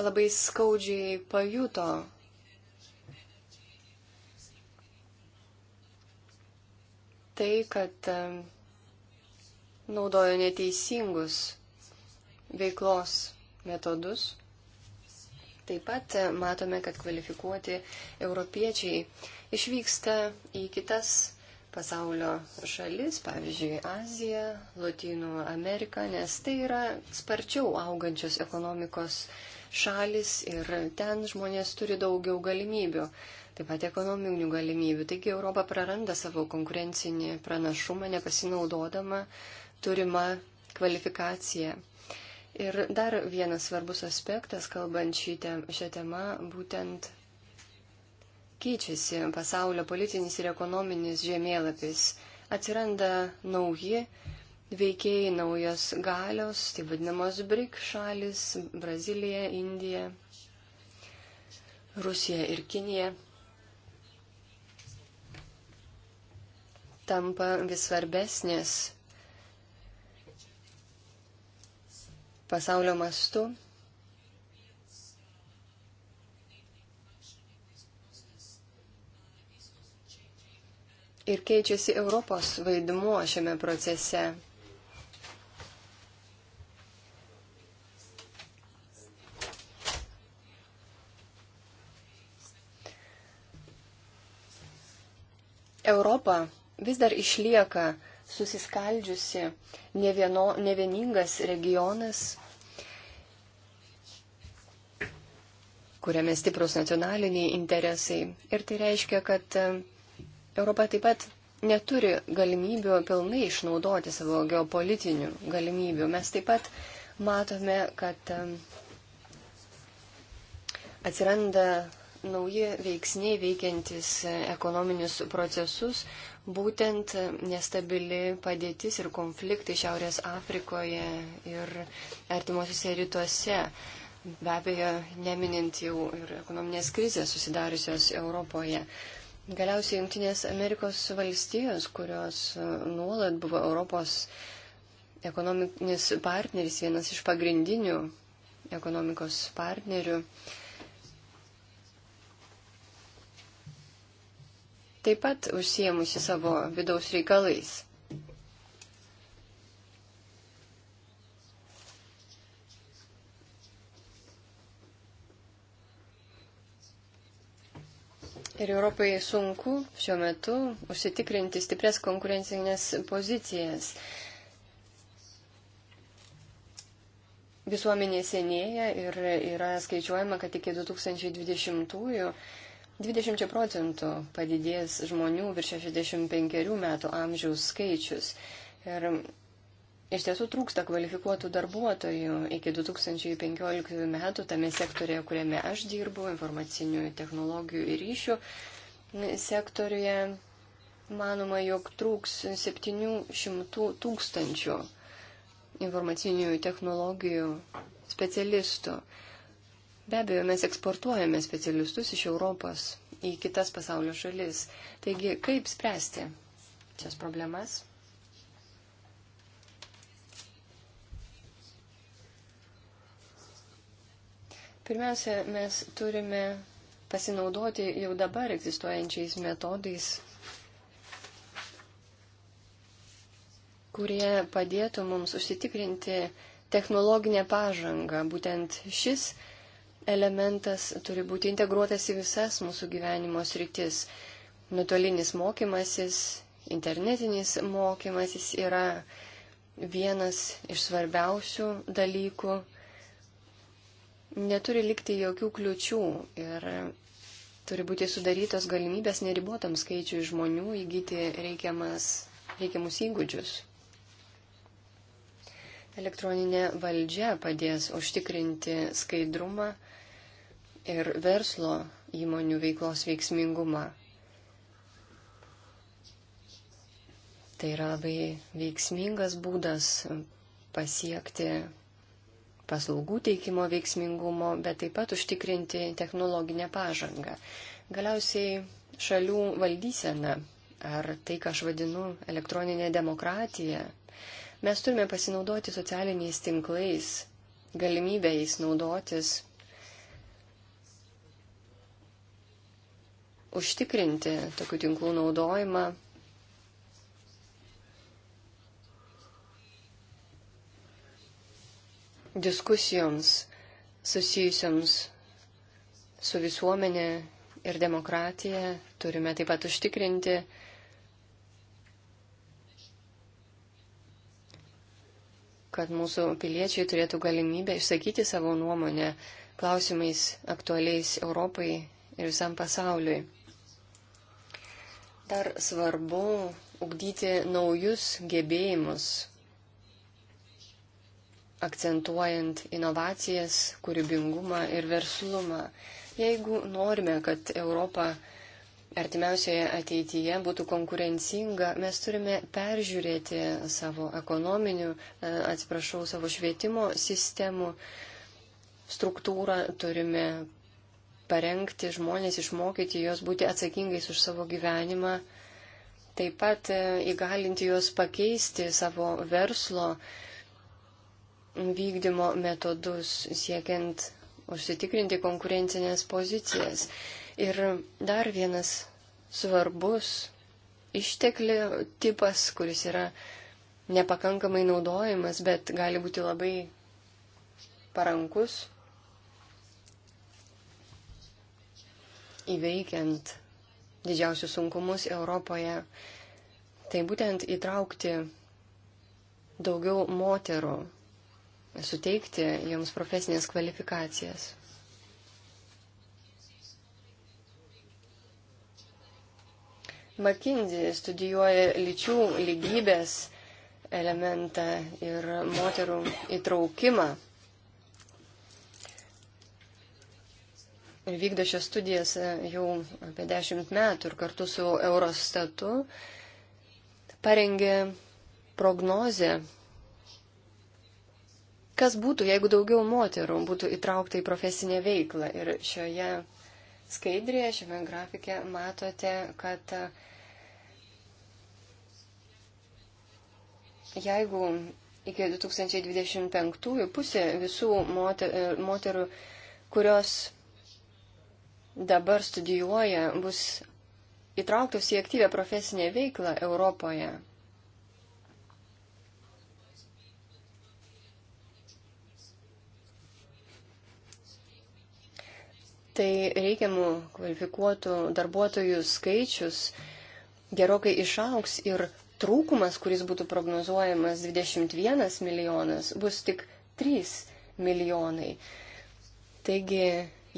labai skaudžiai pajuto tai, kad naudojo neteisingus veiklos metodus. Taip pat matome, kad kvalifikuoti europiečiai išvyksta į kitas pasaulio šalis, pavyzdžiui, Aziją, Latinų Ameriką, nes tai yra sparčiau augančios ekonomikos šalis ir ten žmonės turi daugiau galimybių taip pat ekonominių galimybių. Taigi Europa praranda savo konkurencinį pranašumą, nepasinaudodama turimą kvalifikaciją. Ir dar vienas svarbus aspektas, kalbant šią temą, būtent keičiasi pasaulio politinis ir ekonominis žemėlapis. Atsiranda nauji veikėjai, naujos galios, tai vadinamos BRIC šalis - Brazilija, Indija, Rusija ir Kinija. tampa vis svarbesnės pasaulio mastu. Ir keičiasi Europos vaidmuo šiame procese. Europa vis dar išlieka susiskaldžiusi ne, vieno, ne vieningas regionas, kuriame stiprus nacionaliniai interesai. Ir tai reiškia, kad e, Europa taip pat neturi galimybių pilnai išnaudoti savo geopolitinių galimybių. Mes taip pat matome, kad e, atsiranda nauji veiksniai veikiantis e, ekonominius procesus, Būtent nestabili padėtis ir konfliktai Šiaurės Afrikoje ir artimuosiuose rytuose, be abejo, neminint jau ir ekonominės krizės susidariusios Europoje. Galiausiai Junktinės Amerikos valstijos, kurios nuolat buvo Europos ekonominis partneris, vienas iš pagrindinių ekonomikos partnerių, taip pat užsiemusi savo vidaus reikalais. Ir Europai sunku šiuo metu užsitikrinti stiprias konkurencinės pozicijas. Visuomenė senėja ir yra skaičiuojama, kad iki 2020-ųjų 20 procentų padidės žmonių virš 65 metų amžiaus skaičius. Ir iš tiesų trūksta kvalifikuotų darbuotojų. Iki 2015 metų tame sektorėje, kuriame aš dirbu, informacinių technologijų ir ryšių sektorėje, manoma, jog trūks 700 tūkstančių informacinių technologijų specialistų. Be abejo, mes eksportuojame specialistus iš Europos į kitas pasaulio šalis. Taigi, kaip spręsti šias problemas? Pirmiausia, mes turime pasinaudoti jau dabar egzistuojančiais metodais, kurie padėtų mums užsitikrinti technologinę pažangą. Būtent šis elementas turi būti integruotas į visas mūsų gyvenimo sritis. Nutolinis mokymasis, internetinis mokymasis yra vienas iš svarbiausių dalykų. Neturi likti jokių kliučių ir turi būti sudarytos galimybės neribotam skaičiui žmonių įgyti reikiamus įgūdžius. Elektroninė valdžia padės užtikrinti skaidrumą ir verslo įmonių veiklos veiksmingumą. Tai yra labai veiksmingas būdas pasiekti paslaugų teikimo veiksmingumo, bet taip pat užtikrinti technologinę pažangą. Galiausiai šalių valdysena, ar tai, ką aš vadinu elektroninė demokratija, mes turime pasinaudoti socialiniais tinklais, galimybę jais naudotis užtikrinti tokių tinklų naudojimą. diskusijoms susijusioms su visuomenė ir demokratija turime taip pat užtikrinti kad mūsų piliečiai turėtų galimybę išsakyti savo nuomonę klausimais aktualiais Europai ir visam pasauliui dar svarbu ugdyti naujus gebėjimus, akcentuojant inovacijas, kūrybingumą ir verslumą. Jeigu norime, kad Europa artimiausioje ateityje būtų konkurencinga, mes turime peržiūrėti savo ekonominių, e, atsiprašau, savo švietimo sistemų struktūrą, turime parengti žmonės, išmokyti juos būti atsakingais už savo gyvenimą, taip pat e, įgalinti juos pakeisti savo verslo vykdymo metodus, siekiant užsitikrinti konkurencinės pozicijas. Ir dar vienas svarbus išteklių tipas, kuris yra nepakankamai naudojamas, bet gali būti labai parankus įveikiant didžiausius sunkumus Europoje, tai būtent įtraukti daugiau moterų, suteikti joms profesinės kvalifikacijas. McKinsey studijuoja lyčių lygybės elementą ir moterų įtraukimą vykdo šias studijas e, jau apie dešimt metų ir kartu su Eurostatu parengė prognozę, kas būtų, jeigu daugiau moterų būtų įtraukta į profesinę veiklą. Ir šioje skaidrėje, šiame grafike matote, kad e, jeigu iki 2025 pusė visų moter, e, moterų, kurios dabar studijuoja, bus įtrauktos į aktyvę profesinę veiklą Europoje. Tai reikiamų kvalifikuotų darbuotojų skaičius gerokai išauks ir trūkumas, kuris būtų prognozuojamas 21 milijonas, bus tik 3 milijonai. Taigi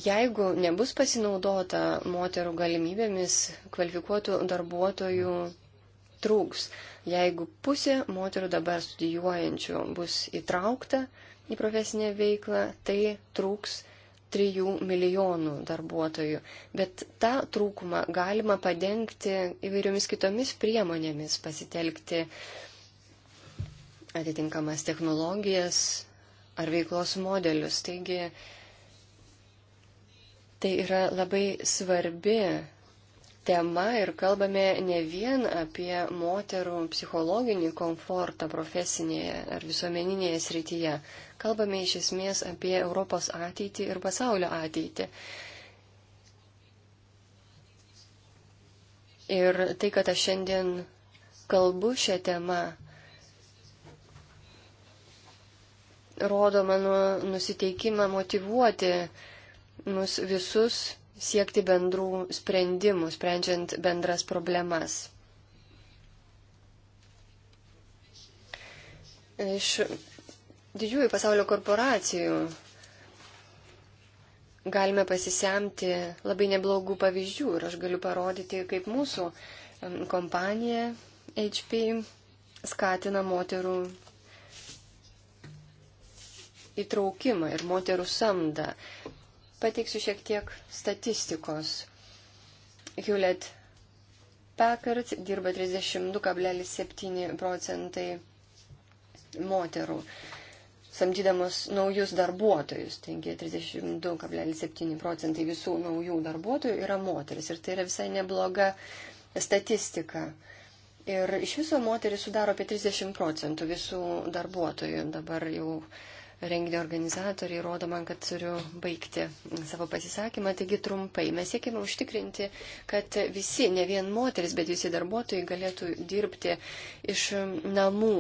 Jeigu nebus pasinaudota moterų galimybėmis, kvalifikuotų darbuotojų trūks. Jeigu pusė moterų dabar studijuojančių bus įtraukta į profesinę veiklą, tai trūks 3 milijonų darbuotojų. Bet tą trūkumą galima padengti įvairiomis kitomis priemonėmis, pasitelkti atitinkamas technologijas ar veiklos modelius. Taigi, Tai yra labai svarbi tema ir kalbame ne vien apie moterų psichologinį komfortą profesinėje ar visuomeninėje srityje. Kalbame iš esmės apie Europos ateitį ir pasaulio ateitį. Ir tai, kad aš šiandien kalbu šią temą, rodo mano nusiteikimą motivuoti mus visus siekti bendrų sprendimų, sprendžiant bendras problemas. Iš didžiųjų pasaulio korporacijų galime pasisemti labai neblogų pavyzdžių ir aš galiu parodyti, kaip mūsų kompanija HP skatina moterų įtraukimą ir moterų samdą. Pateiksiu šiek tiek statistikos. Hewlett Packard dirba 32,7 procentai moterų, samdydamos naujus darbuotojus. Taigi 32,7 procentai visų naujų darbuotojų yra moteris. Ir tai yra visai nebloga statistika. Ir iš viso moteris sudaro apie 30 procentų visų darbuotojų. Dabar jau renginio organizatoriai rodo man, kad turiu baigti savo pasisakymą, taigi trumpai. Mes siekime užtikrinti, kad visi, ne vien moteris, bet visi darbuotojai galėtų dirbti iš namų.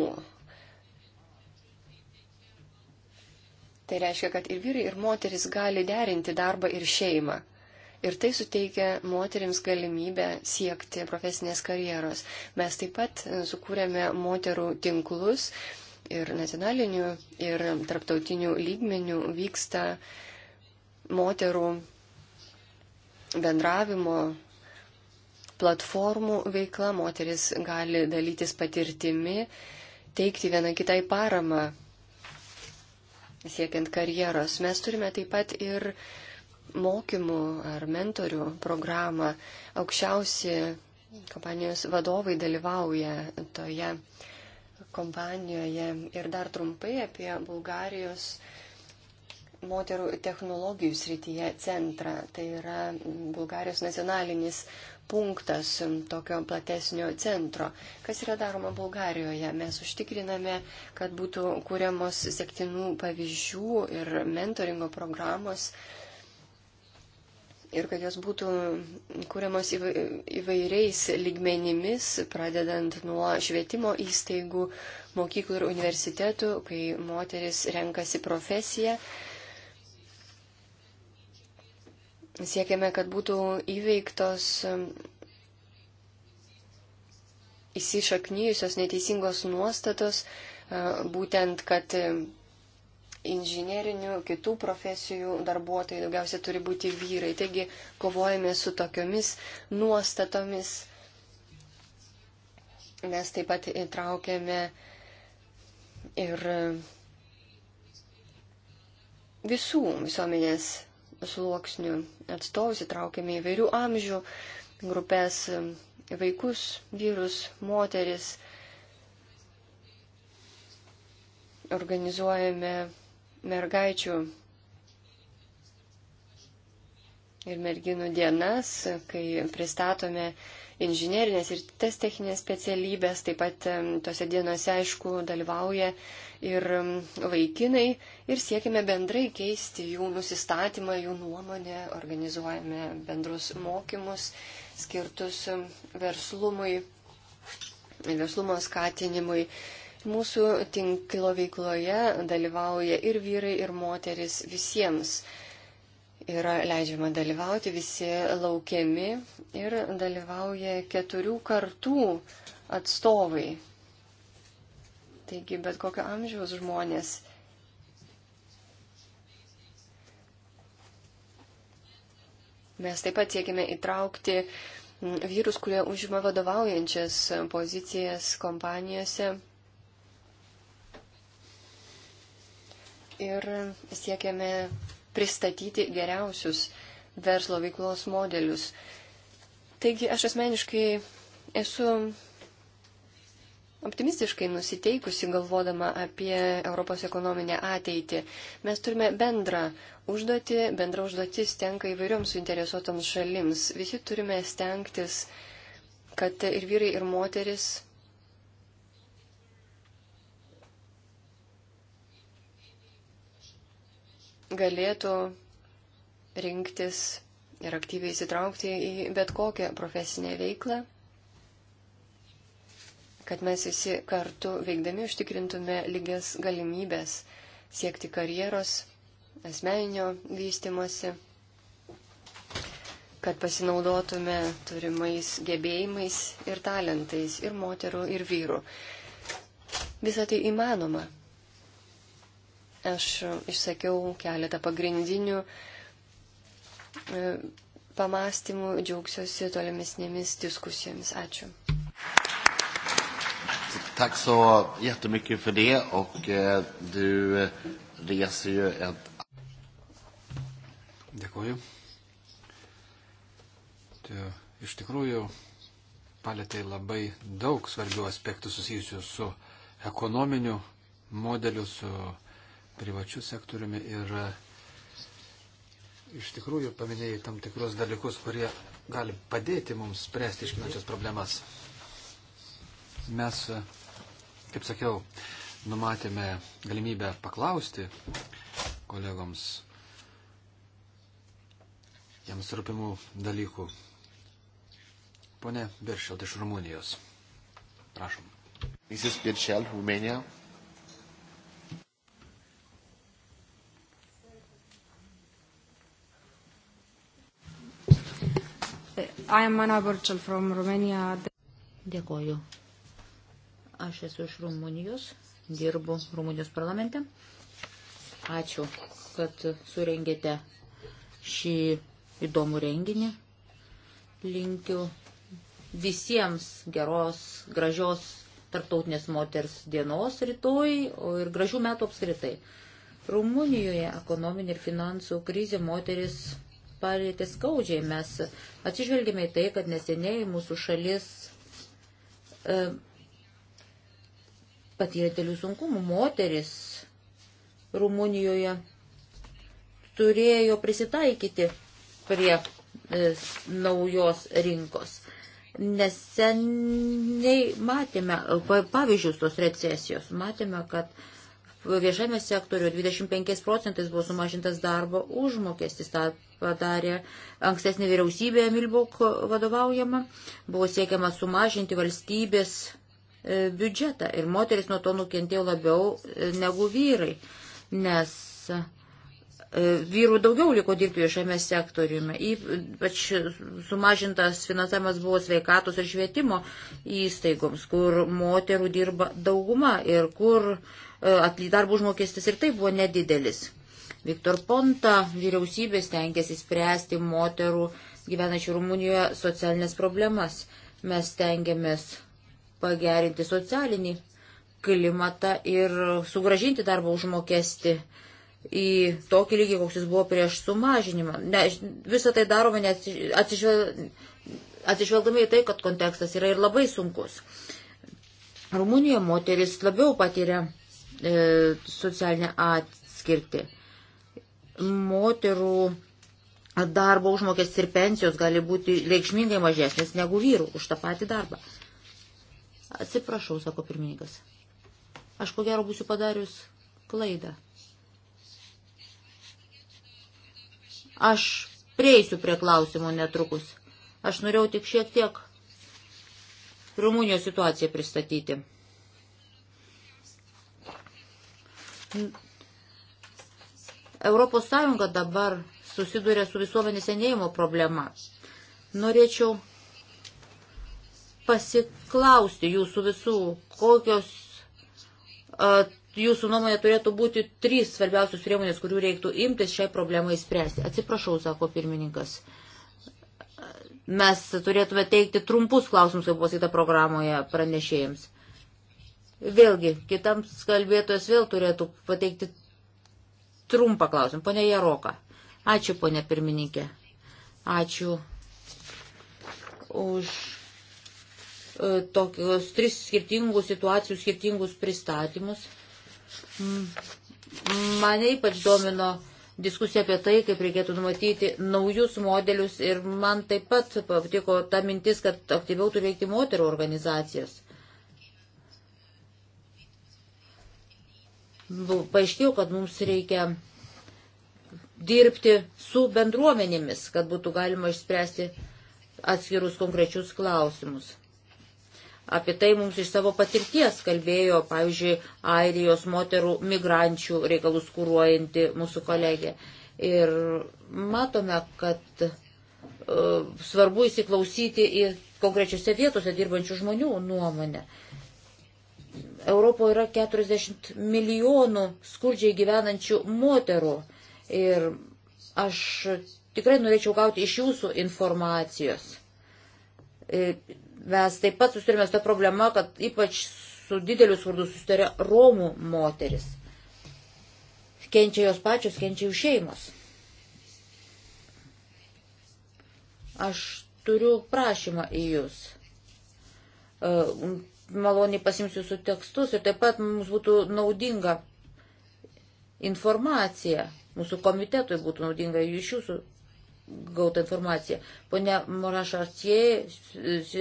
Tai reiškia, kad ir vyrai, ir moteris gali derinti darbą ir šeimą. Ir tai suteikia moteriams galimybę siekti profesinės karjeros. Mes taip pat sukūrėme moterų tinklus, ir nacionaliniu, ir tarptautiniu lygmeniu vyksta moterų bendravimo platformų veikla. Moteris gali dalytis patirtimi, teikti vieną kitai paramą siekiant karjeros. Mes turime taip pat ir mokymų ar mentorių programą. Aukščiausi kompanijos vadovai dalyvauja toje uh, kompanijoje. Ir dar trumpai apie Bulgarijos moterų technologijų srityje centrą. Tai yra Bulgarijos nacionalinis punktas tokio platesnio centro. Kas yra daroma Bulgarijoje? Mes užtikriname, kad būtų kūriamos sektinų pavyzdžių ir mentoringo programos ir kad jos būtų kuriamos įvairiais lygmenimis, pradedant nuo švietimo įstaigų, mokyklų ir universitetų, kai moteris renkasi profesiją. Siekiame, kad būtų įveiktos um, įsišaknyjusios neteisingos nuostatos, uh, būtent, kad um, inžinierinių, kitų profesijų darbuotojai daugiausia turi būti vyrai. Taigi kovojame su tokiomis nuostatomis. Mes taip pat įtraukėme ir visų visuomenės sluoksnių atstovus, įtraukėme įvairių amžių grupės vaikus, vyrus, moteris. Organizuojame mergaičių ir merginų dienas, kai pristatome inžinierinės ir kitas techninės specialybės. Taip pat tose dienose, aišku, dalyvauja ir vaikinai ir siekime bendrai keisti jų nusistatymą, jų nuomonę, organizuojame bendrus mokymus skirtus verslumui, verslumo skatinimui Mūsų tinklo veikloje dalyvauja ir vyrai, ir moteris visiems. Yra leidžiama dalyvauti, visi laukiami ir dalyvauja keturių kartų atstovai. Taigi bet kokio amžiaus žmonės. Mes taip pat siekime įtraukti vyrus, kurie užima vadovaujančias pozicijas kompanijose ir siekiame pristatyti geriausius verslo veiklos modelius. Taigi aš asmeniškai esu optimistiškai nusiteikusi galvodama apie Europos ekonominę ateitį. Mes turime bendrą užduotį, bendra užduotis tenka įvairioms suinteresuotams šalims. Visi turime stengtis, kad ir vyrai, ir moteris galėtų rinktis ir aktyviai įsitraukti į bet kokią profesinę veiklą, kad mes visi kartu veikdami užtikrintume lygias galimybės siekti karjeros, asmeninio vystimosi, kad pasinaudotume turimais gebėjimais ir talentais ir moterų, ir vyrų. Visą tai įmanoma. Aš išsakiau keletą pagrindinių e, pamastymų, džiaugsiuosi tolimesnėmis diskusijomis. Ačiū. Tack så jättemycket för det och eh, du eh, reser ju ett... Dėkuoju. Tu iš tikrųjų palėtėjai labai daug svarbių aspektų susijusių su ekonominiu modeliu, su privačiu sektoriumi ir iš tikrųjų paminėjai tam tikrus dalykus, kurie gali padėti mums spręsti iškinančias problemas. Mes, kaip sakiau, numatėme galimybę paklausti kolegoms jiems rūpimų dalykų. Pone Biršelt iš Rumunijos. Prašom. Mrs. Biršelt, Rumunija. I am Ana Burčel from Romania. Dėkoju. Aš esu iš Rumunijos, dirbu Rumunijos parlamente. Ačiū, kad surengėte šį įdomų renginį. Linkiu visiems geros, gražios tarptautinės moters dienos rytoj ir gražių metų apskritai. Rumunijoje ekonominė ir finansų krizė moteris palėtė skaudžiai. Mes atsižvelgėme į tai, kad neseniai mūsų šalis e, patyrė dėlių sunkumų. Moteris Rumunijoje turėjo prisitaikyti prie e, naujos rinkos. Neseniai matėme pavyzdžius tos recesijos. Matėme, kad viešame sektoriu 25 procentais buvo sumažintas darbo užmokestis. Ta padarė ankstesnė vyriausybė Milbok vadovaujama, buvo siekiama sumažinti valstybės e, biudžetą ir moteris nuo to nukentėjo labiau e, negu vyrai, nes e, vyrų daugiau liko dirbti viešame sektoriume. Ypač sumažintas finansavimas buvo sveikatos ir švietimo įstaigoms, kur moterų dirba dauguma ir kur darbų užmokestis ir taip buvo nedidelis. Viktor Ponta vyriausybės tenkėsi spręsti moterų gyvenančių Rumunijoje socialinės problemas. Mes tengiamės pagerinti socialinį klimatą ir sugražinti darbo užmokesti į tokį lygį, koks jis buvo prieš sumažinimą. Ne, visą tai darome atsižvel... atsižvelgdami į tai, kad kontekstas yra ir labai sunkus. Rumunijoje moteris labiau patiria e, socialinę atskirtį moterų darbo užmokestis ir pensijos gali būti reikšmingai mažesnės negu vyrų už tą patį darbą. Atsiprašau, sako pirmininkas. Aš ko gero būsiu padarius klaidą. Aš prieisiu prie klausimų netrukus. Aš norėjau tik šiek tiek Rumunijos situaciją pristatyti. Europos Sąjunga dabar susiduria su visuomenės senėjimo problema. Norėčiau pasiklausti jūsų visų, kokios a, jūsų nuomonė turėtų būti trys svarbiausios priemonės, kurių reiktų imtis šiai problemai spręsti. Atsiprašau, sako pirmininkas. Mes turėtume teikti trumpus klausimus, kaip pasakyta programoje pranešėjams. Vėlgi, kitams kalbėtojas vėl turėtų pateikti trumpą klausimą. Pone Jaroka. Ačiū, ponė pirmininkė. Ačiū už e, tokius tris skirtingus situacijų, skirtingus pristatymus. Mane ypač domino diskusija apie tai, kaip reikėtų numatyti naujus modelius ir man taip pat patiko ta mintis, kad aktyviau turi veikti moterų organizacijos. paaiškėjo, kad mums reikia dirbti su bendruomenėmis, kad būtų galima išspręsti atskirus konkrečius klausimus. Apie tai mums iš savo patirties kalbėjo, pavyzdžiui, Airijos moterų migrančių reikalus kūruojanti mūsų kolegė. Ir matome, kad e, svarbu įsiklausyti į konkrečiose vietose dirbančių žmonių nuomonę. E, Europoje yra 40 milijonų skurdžiai gyvenančių moterų. Ir aš tikrai norėčiau gauti iš jūsų informacijos. E, mes taip pat susidurime su tą problemą, kad ypač su dideliu skurdu susiduria Romų moteris. Kenčia jos pačios, kenčia jų šeimos. Aš turiu prašymą į jūs e, maloniai pasimsiu su tekstus ir taip pat mums būtų naudinga informacija, mūsų komitetui būtų naudinga iš jūsų gauta informacija. Pone Morašartie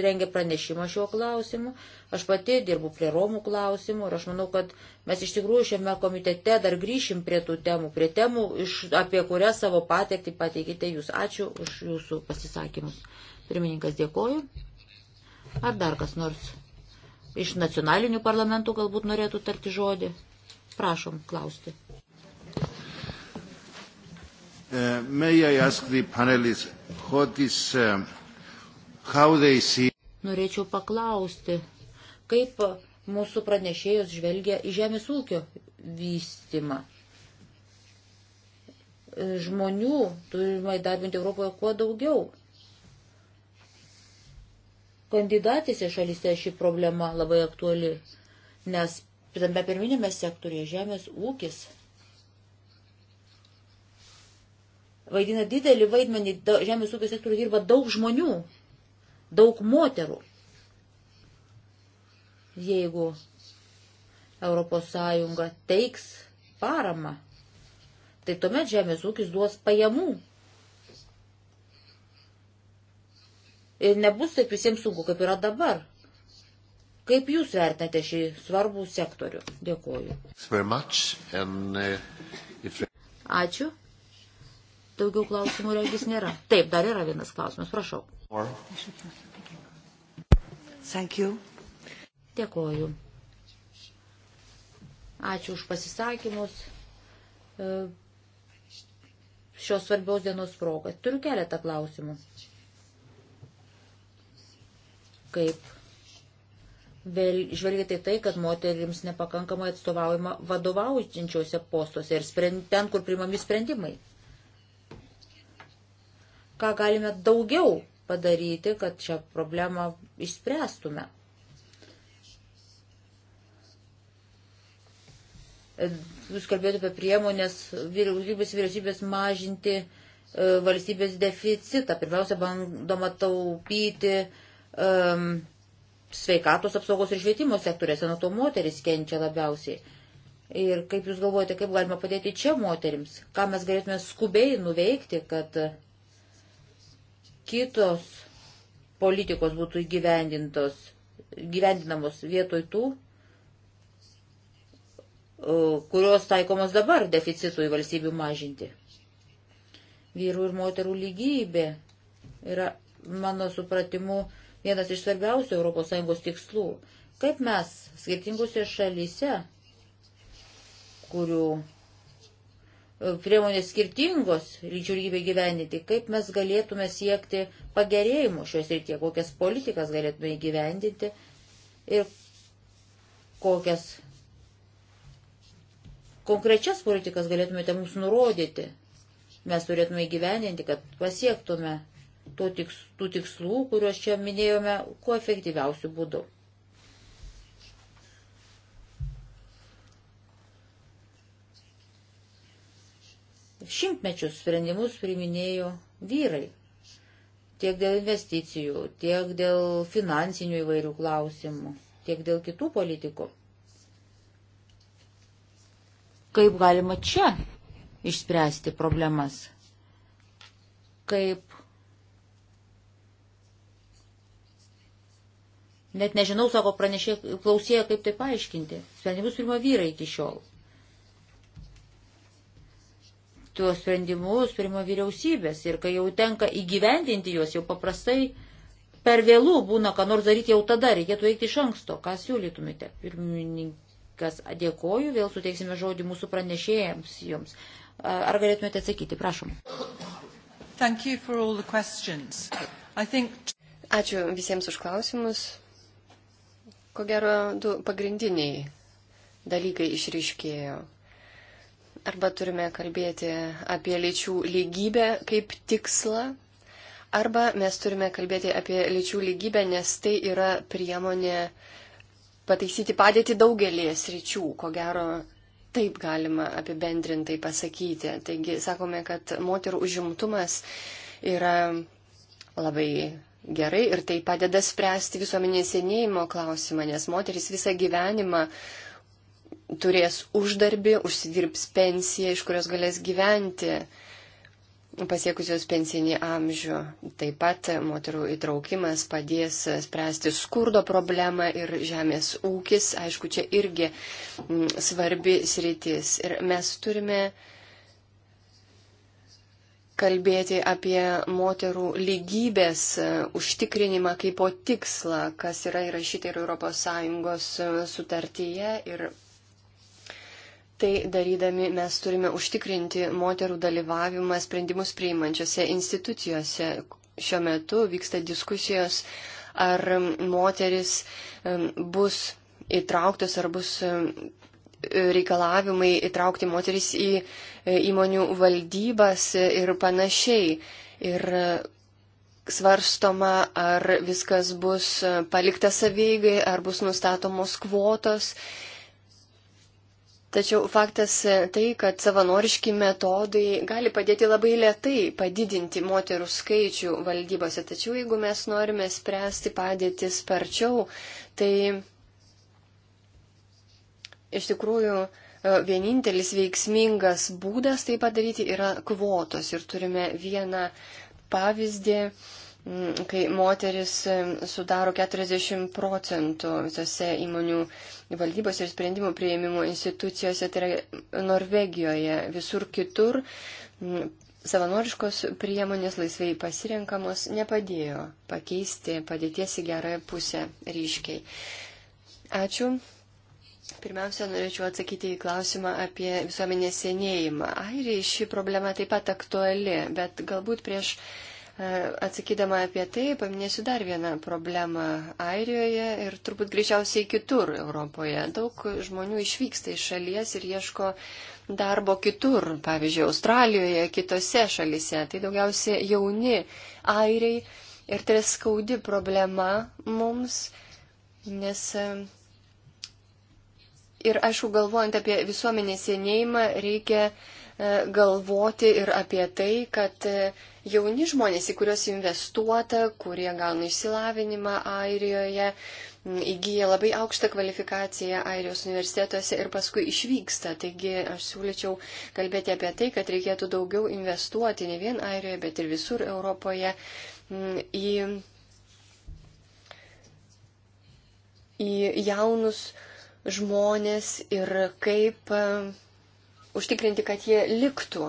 rengia pranešimą šiuo klausimu, aš pati dirbu prie Romų klausimų ir aš manau, kad mes iš tikrųjų šiame komitete dar grįšim prie tų temų, prie temų, iš, apie kurias savo patirtį pateikite jūs. Ačiū už jūsų pasisakymus. Pirmininkas dėkoju. Ar dar kas nors iš nacionalinių parlamentų galbūt norėtų tarti žodį. Prašom klausti. Uh, uh, Norėčiau paklausti, kaip mūsų pranešėjos žvelgia į žemės ūkio vystimą. Žmonių turime įdarbinti Europoje kuo daugiau kandidatėse šalyse ši problema labai aktuali, nes tame pirminėme sektorėje žemės ūkis vaidina didelį vaidmenį, žemės ūkio sektoriuje dirba daug žmonių, daug moterų. Jeigu Europos Sąjunga teiks paramą, tai tuomet žemės ūkis duos pajamų ir nebus taip visiems sunku, kaip yra dabar. Kaip jūs vertinate šį svarbų sektorių? Dėkuoju. Uh, Ačiū. Daugiau klausimų regis nėra. Taip, dar yra vienas klausimas, prašau. Dėkuoju. Ačiū už pasisakymus e, šios svarbiaus dienos progą. Turiu keletą klausimų kaip vėl žvelgite į tai, kad moterims nepakankamai atstovaujama vadovaujančiuose postuose ir sprend, ten, kur primami sprendimai. Ką galime daugiau padaryti, kad šią problemą išspręstume? Jūs kalbėjote apie priemonės vyriausybės, vyriausybės mažinti e, valstybės deficitą. Pirmiausia, bandoma taupyti um, sveikatos apsaugos ir švietimo sektoriuose, nuo to moteris kenčia labiausiai. Ir kaip Jūs galvojate, kaip galima padėti čia moterims, ką mes galėtume skubiai nuveikti, kad kitos politikos būtų įgyvendintos, gyvendinamos vietoj tų, kurios taikomos dabar deficitui valstybių mažinti. Vyrų ir moterų lygybė yra, mano supratimu, vienas iš svarbiausių ES tikslų. Kaip mes skirtingose šalyse, kurių e, priemonės skirtingos lyčių lygybė gyveninti, kaip mes galėtume siekti pagerėjimų šios rytie, kokias politikas galėtume įgyvendinti ir kokias konkrečias politikas galėtumėte mums nurodyti, mes turėtume įgyveninti, kad pasiektume tiks, tų tikslų, kuriuos čia minėjome, kuo efektyviausių būdų. Šimtmečius sprendimus priminėjo vyrai. Tiek dėl investicijų, tiek dėl finansinių įvairių klausimų, tiek dėl kitų politikų. Kaip galima čia išspręsti problemas? Kaip Net nežinau, sako pranešė, klausėjo, kaip tai paaiškinti. Sprendimus priima vyrai iki šiol. Tuos sprendimus priima vyriausybės ir kai jau tenka įgyvendinti juos, jau paprastai per vėlų būna, ką nors daryti jau tada, reikėtų eiti iš anksto. Ką siūlytumėte? Pirmininkas, dėkoju, vėl suteiksime žodį mūsų pranešėjams jums. Ar galėtumėte atsakyti, prašom. Think... Ačiū visiems už klausimus. Ko gero, du pagrindiniai dalykai išryškėjo. Arba turime kalbėti apie lyčių lygybę kaip tikslą, arba mes turime kalbėti apie lyčių lygybę, nes tai yra priemonė pataisyti padėtį daugelį sričių. Ko gero, taip galima apibendrintai pasakyti. Taigi sakome, kad moterų užimtumas yra labai gerai ir tai padeda spręsti visuomenės senėjimo klausimą, nes moteris visą gyvenimą turės uždarbį, užsidirbs pensiją, iš kurios galės gyventi pasiekusios pensinį amžių. Taip pat moterų įtraukimas padės spręsti skurdo problemą ir žemės ūkis, aišku, čia irgi mm, svarbi sritis. Ir mes turime uh, kalbėti apie moterų lygybės e, užtikrinimą kaip po tikslą, kas yra įrašyta ir ES e, sutartyje. Ir tai darydami mes turime užtikrinti moterų dalyvavimą sprendimus priimančiose institucijose. Šiuo metu vyksta diskusijos, ar moteris e, bus įtrauktos, ar bus reikalavimai įtraukti moteris į e, įmonių valdybas ir panašiai. Ir e, svarstoma, ar viskas bus e, palikta savygai, ar bus nustatomos kvotos. Tačiau faktas tai, kad savanoriški metodai gali padėti labai lietai padidinti moterų skaičių valdybose. Tačiau jeigu mes norime spręsti padėtį sparčiau, tai iš tikrųjų e, vienintelis veiksmingas būdas tai padaryti yra kvotos. Ir turime vieną pavyzdį, kai moteris e, sudaro 40 procentų visose įmonių valdybos ir sprendimų prieimimo institucijose, tai yra Norvegijoje, visur kitur. Savanoriškos priemonės laisvai pasirenkamos nepadėjo pakeisti padėties į gerąją pusę ryškiai. Ačiū. Pirmiausia, norėčiau atsakyti į klausimą apie visuomenės senėjimą. Airiai ši problema taip pat aktuali, bet galbūt prieš e, atsakydama apie tai paminėsiu dar vieną problemą Airijoje ir turbūt greičiausiai kitur Europoje. Daug žmonių išvyksta iš šalies ir ieško darbo kitur, pavyzdžiui, Australijoje, kitose šalise. Tai daugiausia jauni airiai ir tai skaudi problema mums, nes e, Ir aišku, galvojant apie visuomenės senėjimą, reikia e, galvoti ir apie tai, kad e, jauni žmonės, į kuriuos investuota, kurie gauna išsilavinimą Airijoje, įgyja labai aukštą kvalifikaciją Airijos universitetuose ir paskui išvyksta. Taigi aš siūlyčiau kalbėti apie tai, kad reikėtų daugiau investuoti ne vien Airijoje, bet ir visur Europoje į, į jaunus žmonės ir kaip e, užtikrinti, kad jie liktų.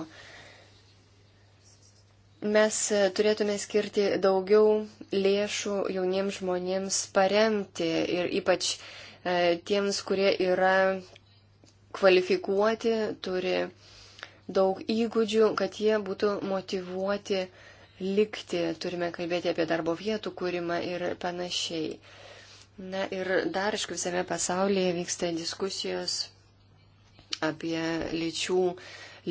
Mes e, turėtume skirti daugiau lėšų jauniems žmonėms paremti ir ypač e, tiems, kurie yra kvalifikuoti, turi daug įgūdžių, kad jie būtų motivuoti likti. Turime kalbėti apie darbo vietų kūrimą ir panašiai. Na ir dar iš visame pasaulyje vyksta diskusijos apie lyčių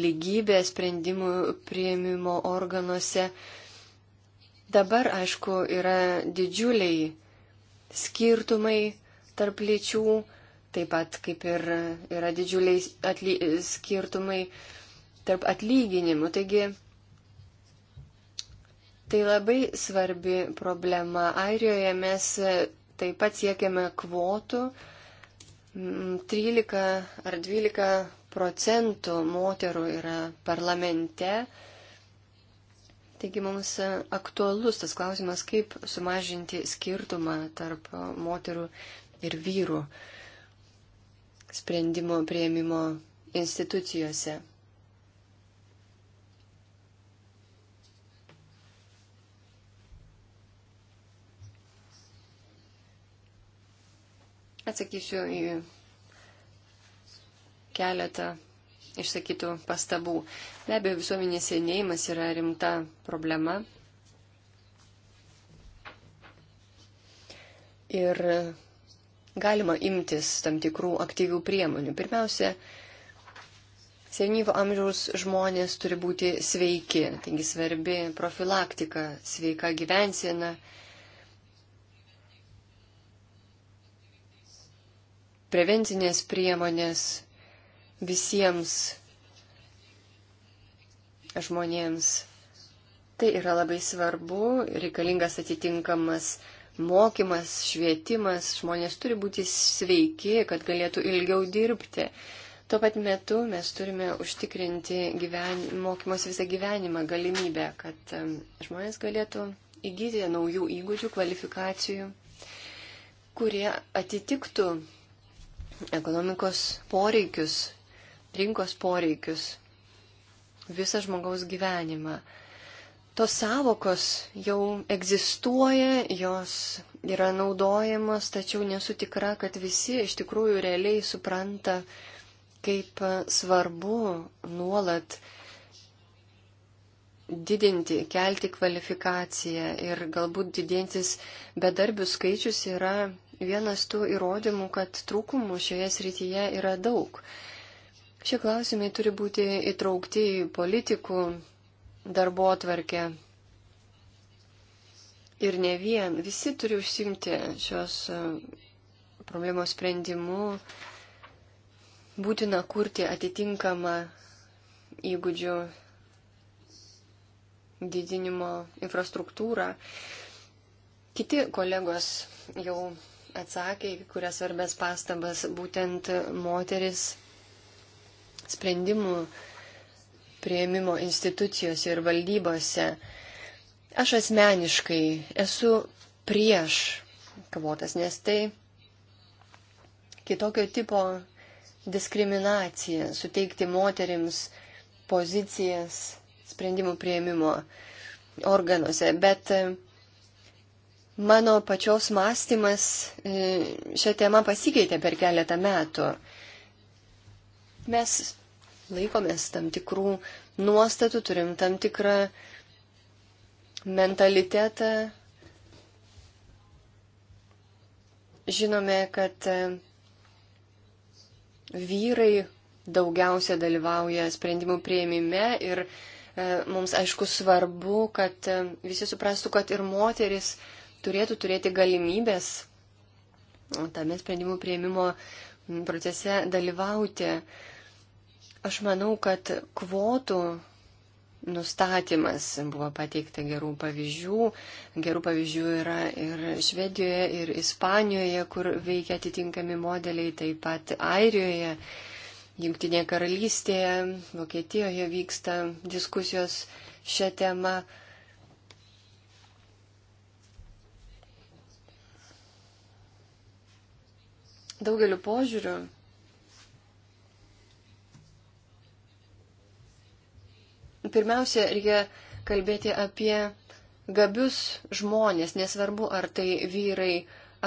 lygybę sprendimų prieimimo organuose. Dabar, aišku, yra didžiuliai skirtumai tarp lyčių, taip pat kaip ir yra didžiuliai atly, skirtumai tarp atlyginimų. Taigi, tai labai svarbi problema. Airijoje mes Taip pat siekiame kvotų 13 mm, ar 12 procentų moterų yra parlamente. Taigi mums aktualus tas klausimas, kaip sumažinti skirtumą tarp moterų ir vyrų sprendimo prieimimo institucijose. Atsakysiu į keletą išsakytų pastabų. Be abejo, visuomenės senėjimas yra rimta problema. Ir galima imtis tam tikrų aktyvių priemonių. Pirmiausia, senyvo amžiaus žmonės turi būti sveiki, taigi svarbi profilaktika, sveika gyvensena, prevencinės priemonės visiems žmonėms. Tai yra labai svarbu, reikalingas atitinkamas mokymas, švietimas, žmonės turi būti sveiki, kad galėtų ilgiau dirbti. Tuo pat metu mes turime užtikrinti gyven... mokymos visą gyvenimą galimybę, kad žmonės galėtų įgyti naujų įgūdžių, kvalifikacijų, kurie atitiktų ekonomikos poreikius, rinkos poreikius, visą žmogaus gyvenimą. Tos savokos jau egzistuoja, jos yra naudojamos, tačiau nesu tikra, kad visi iš tikrųjų realiai supranta, kaip svarbu nuolat didinti, kelti kvalifikaciją ir galbūt didintis bedarbių skaičius yra vienas tų įrodymų, kad trūkumų šioje srityje yra daug. Šie klausimai turi būti įtraukti į politikų darbo atvarkę. Ir ne vien, visi turi užsimti šios e, problemos sprendimu, būtina kurti atitinkamą įgūdžių didinimo infrastruktūrą. Kiti kolegos jau atsakė į kurias svarbės pastabas būtent moteris sprendimų prieimimo institucijose ir valdybose. Aš asmeniškai esu prieš kvotas, nes tai kitokio tipo diskriminacija, suteikti moterims pozicijas sprendimų prieimimo organuose. Bet mano pačios mąstymas e, šią temą pasikeitė per keletą metų. Mes laikomės tam tikrų nuostatų, turim tam tikrą mentalitetą. Žinome, kad e, vyrai daugiausia dalyvauja sprendimų prieimime ir e, mums aišku svarbu, kad visi suprastų, kad ir moteris uh, turėtų turėti galimybės tame sprendimų prieimimo procese dalyvauti. Aš manau, kad kvotų nustatymas buvo pateikta gerų pavyzdžių. Gerų pavyzdžių yra ir Švedijoje, ir Ispanijoje, kur veikia atitinkami modeliai, taip pat Airijoje, Junktinėje karalystėje, Vokietijoje vyksta diskusijos šią temą. daugeliu požiūriu pirmiausia, reikia kalbėti apie gabius žmonės, nesvarbu ar tai vyrai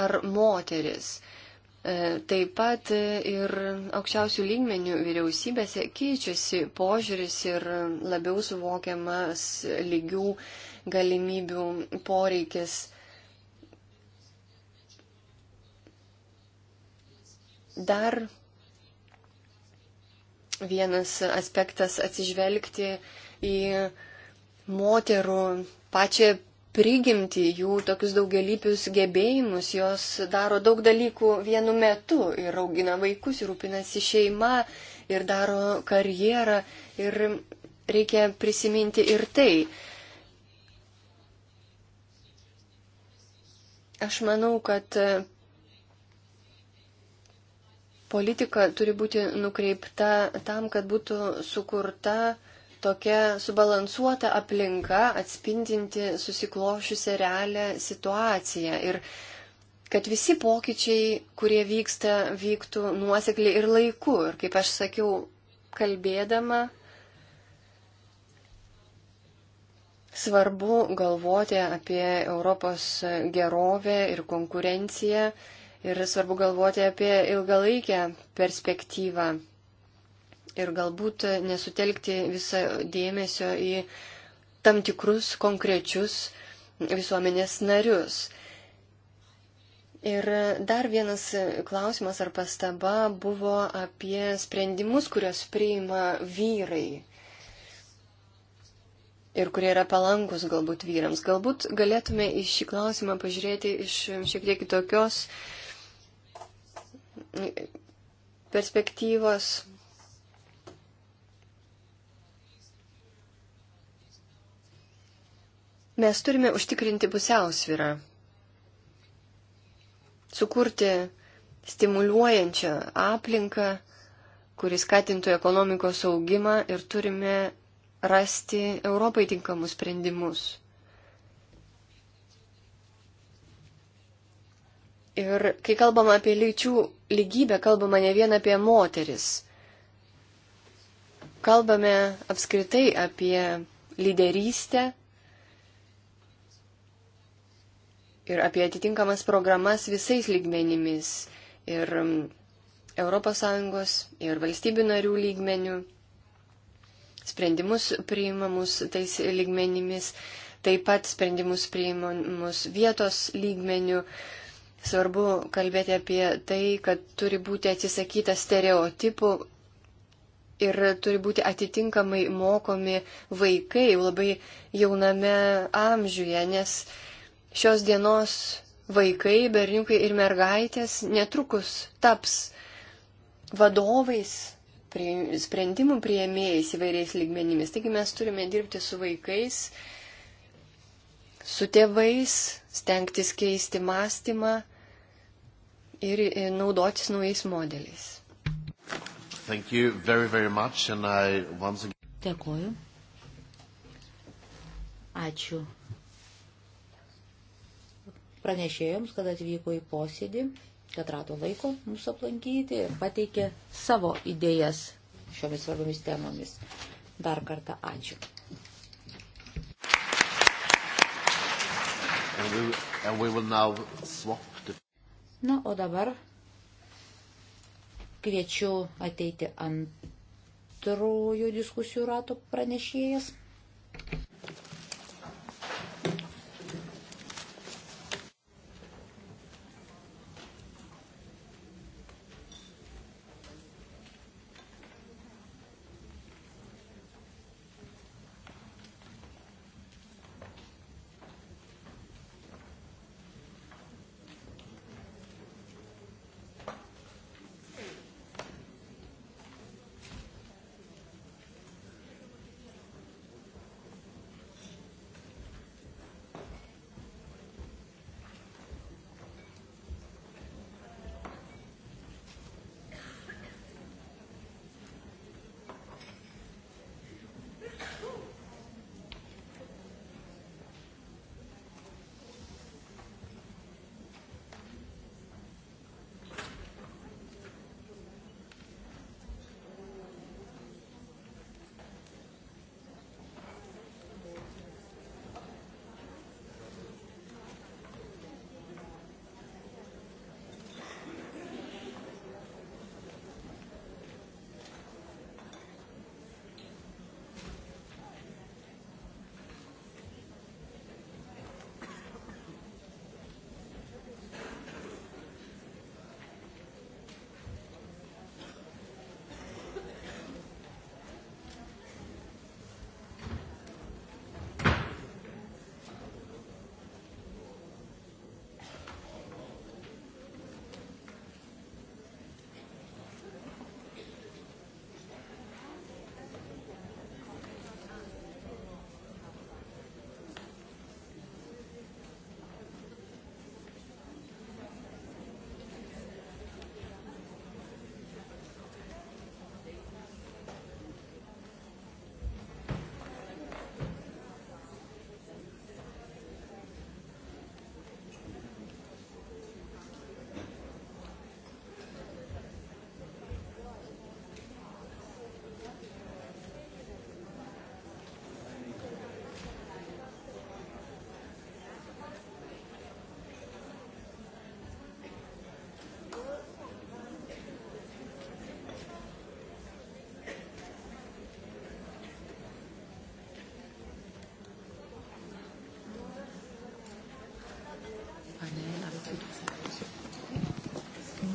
ar moteris. E, taip pat ir aukščiausių lygmenių vyriausybėse keičiasi požiūris ir labiau suvokiamas lygių galimybių poreikis. Dar vienas aspektas atsižvelgti į moterų pačią prigimti, jų tokius daugelypius gebėjimus, jos daro daug dalykų vienu metu ir augina vaikus, ir rūpinasi šeima, ir daro karjerą, ir reikia prisiminti ir tai. Aš manau, kad politika turi būti nukreipta tam, kad būtų sukurta tokia subalansuota aplinka atspindinti susiklošiusią realią situaciją. Ir kad visi pokyčiai, kurie vyksta, vyktų nuosekliai ir laiku. Ir kaip aš sakiau, kalbėdama, svarbu galvoti apie Europos gerovę ir konkurenciją. Ir svarbu galvoti apie ilgalaikę perspektyvą. Ir galbūt nesutelkti visą dėmesio į tam tikrus konkrečius visuomenės narius. Ir dar vienas klausimas ar pastaba buvo apie sprendimus, kuriuos priima vyrai ir kurie yra palankus galbūt vyrams. Galbūt galėtume į šį klausimą pažiūrėti iš šiek tiek kitokios perspektyvos. Mes turime užtikrinti pusiausvyrą, sukurti stimuliuojančią aplinką, kuris skatintų ekonomikos augimą ir turime rasti Europai tinkamus sprendimus. Ir kai kalbam apie lyčių lygybę, kalbama ne vien apie moteris. Kalbame apskritai apie lyderystę ir apie atitinkamas programas visais lygmenimis. Ir ES, ir valstybių narių lygmenių, sprendimus priimamus tais lygmenimis, taip pat sprendimus priimamus vietos lygmenių Svarbu kalbėti apie tai, kad turi būti atsisakyta stereotipų ir turi būti atitinkamai mokomi vaikai labai jauname amžiuje, nes šios dienos vaikai, berniukai ir mergaitės netrukus taps vadovais, prie, sprendimų prieimėjais įvairiais lygmenimis. Taigi mes turime dirbti su vaikais su tėvais, stengtis keisti mąstymą ir e, naudotis naujais modeliais. Very, very much, once... Dėkuoju. Ačiū pranešėjoms, kad atvyko į posėdį, kad rado laiko mūsų aplankyti ir pateikė savo idėjas šiomis svarbiomis temomis. Dar kartą ačiū. And we, and we will now swap the... Na, o dabar kviečiu ateiti antrojo diskusijų rato pranešėjas.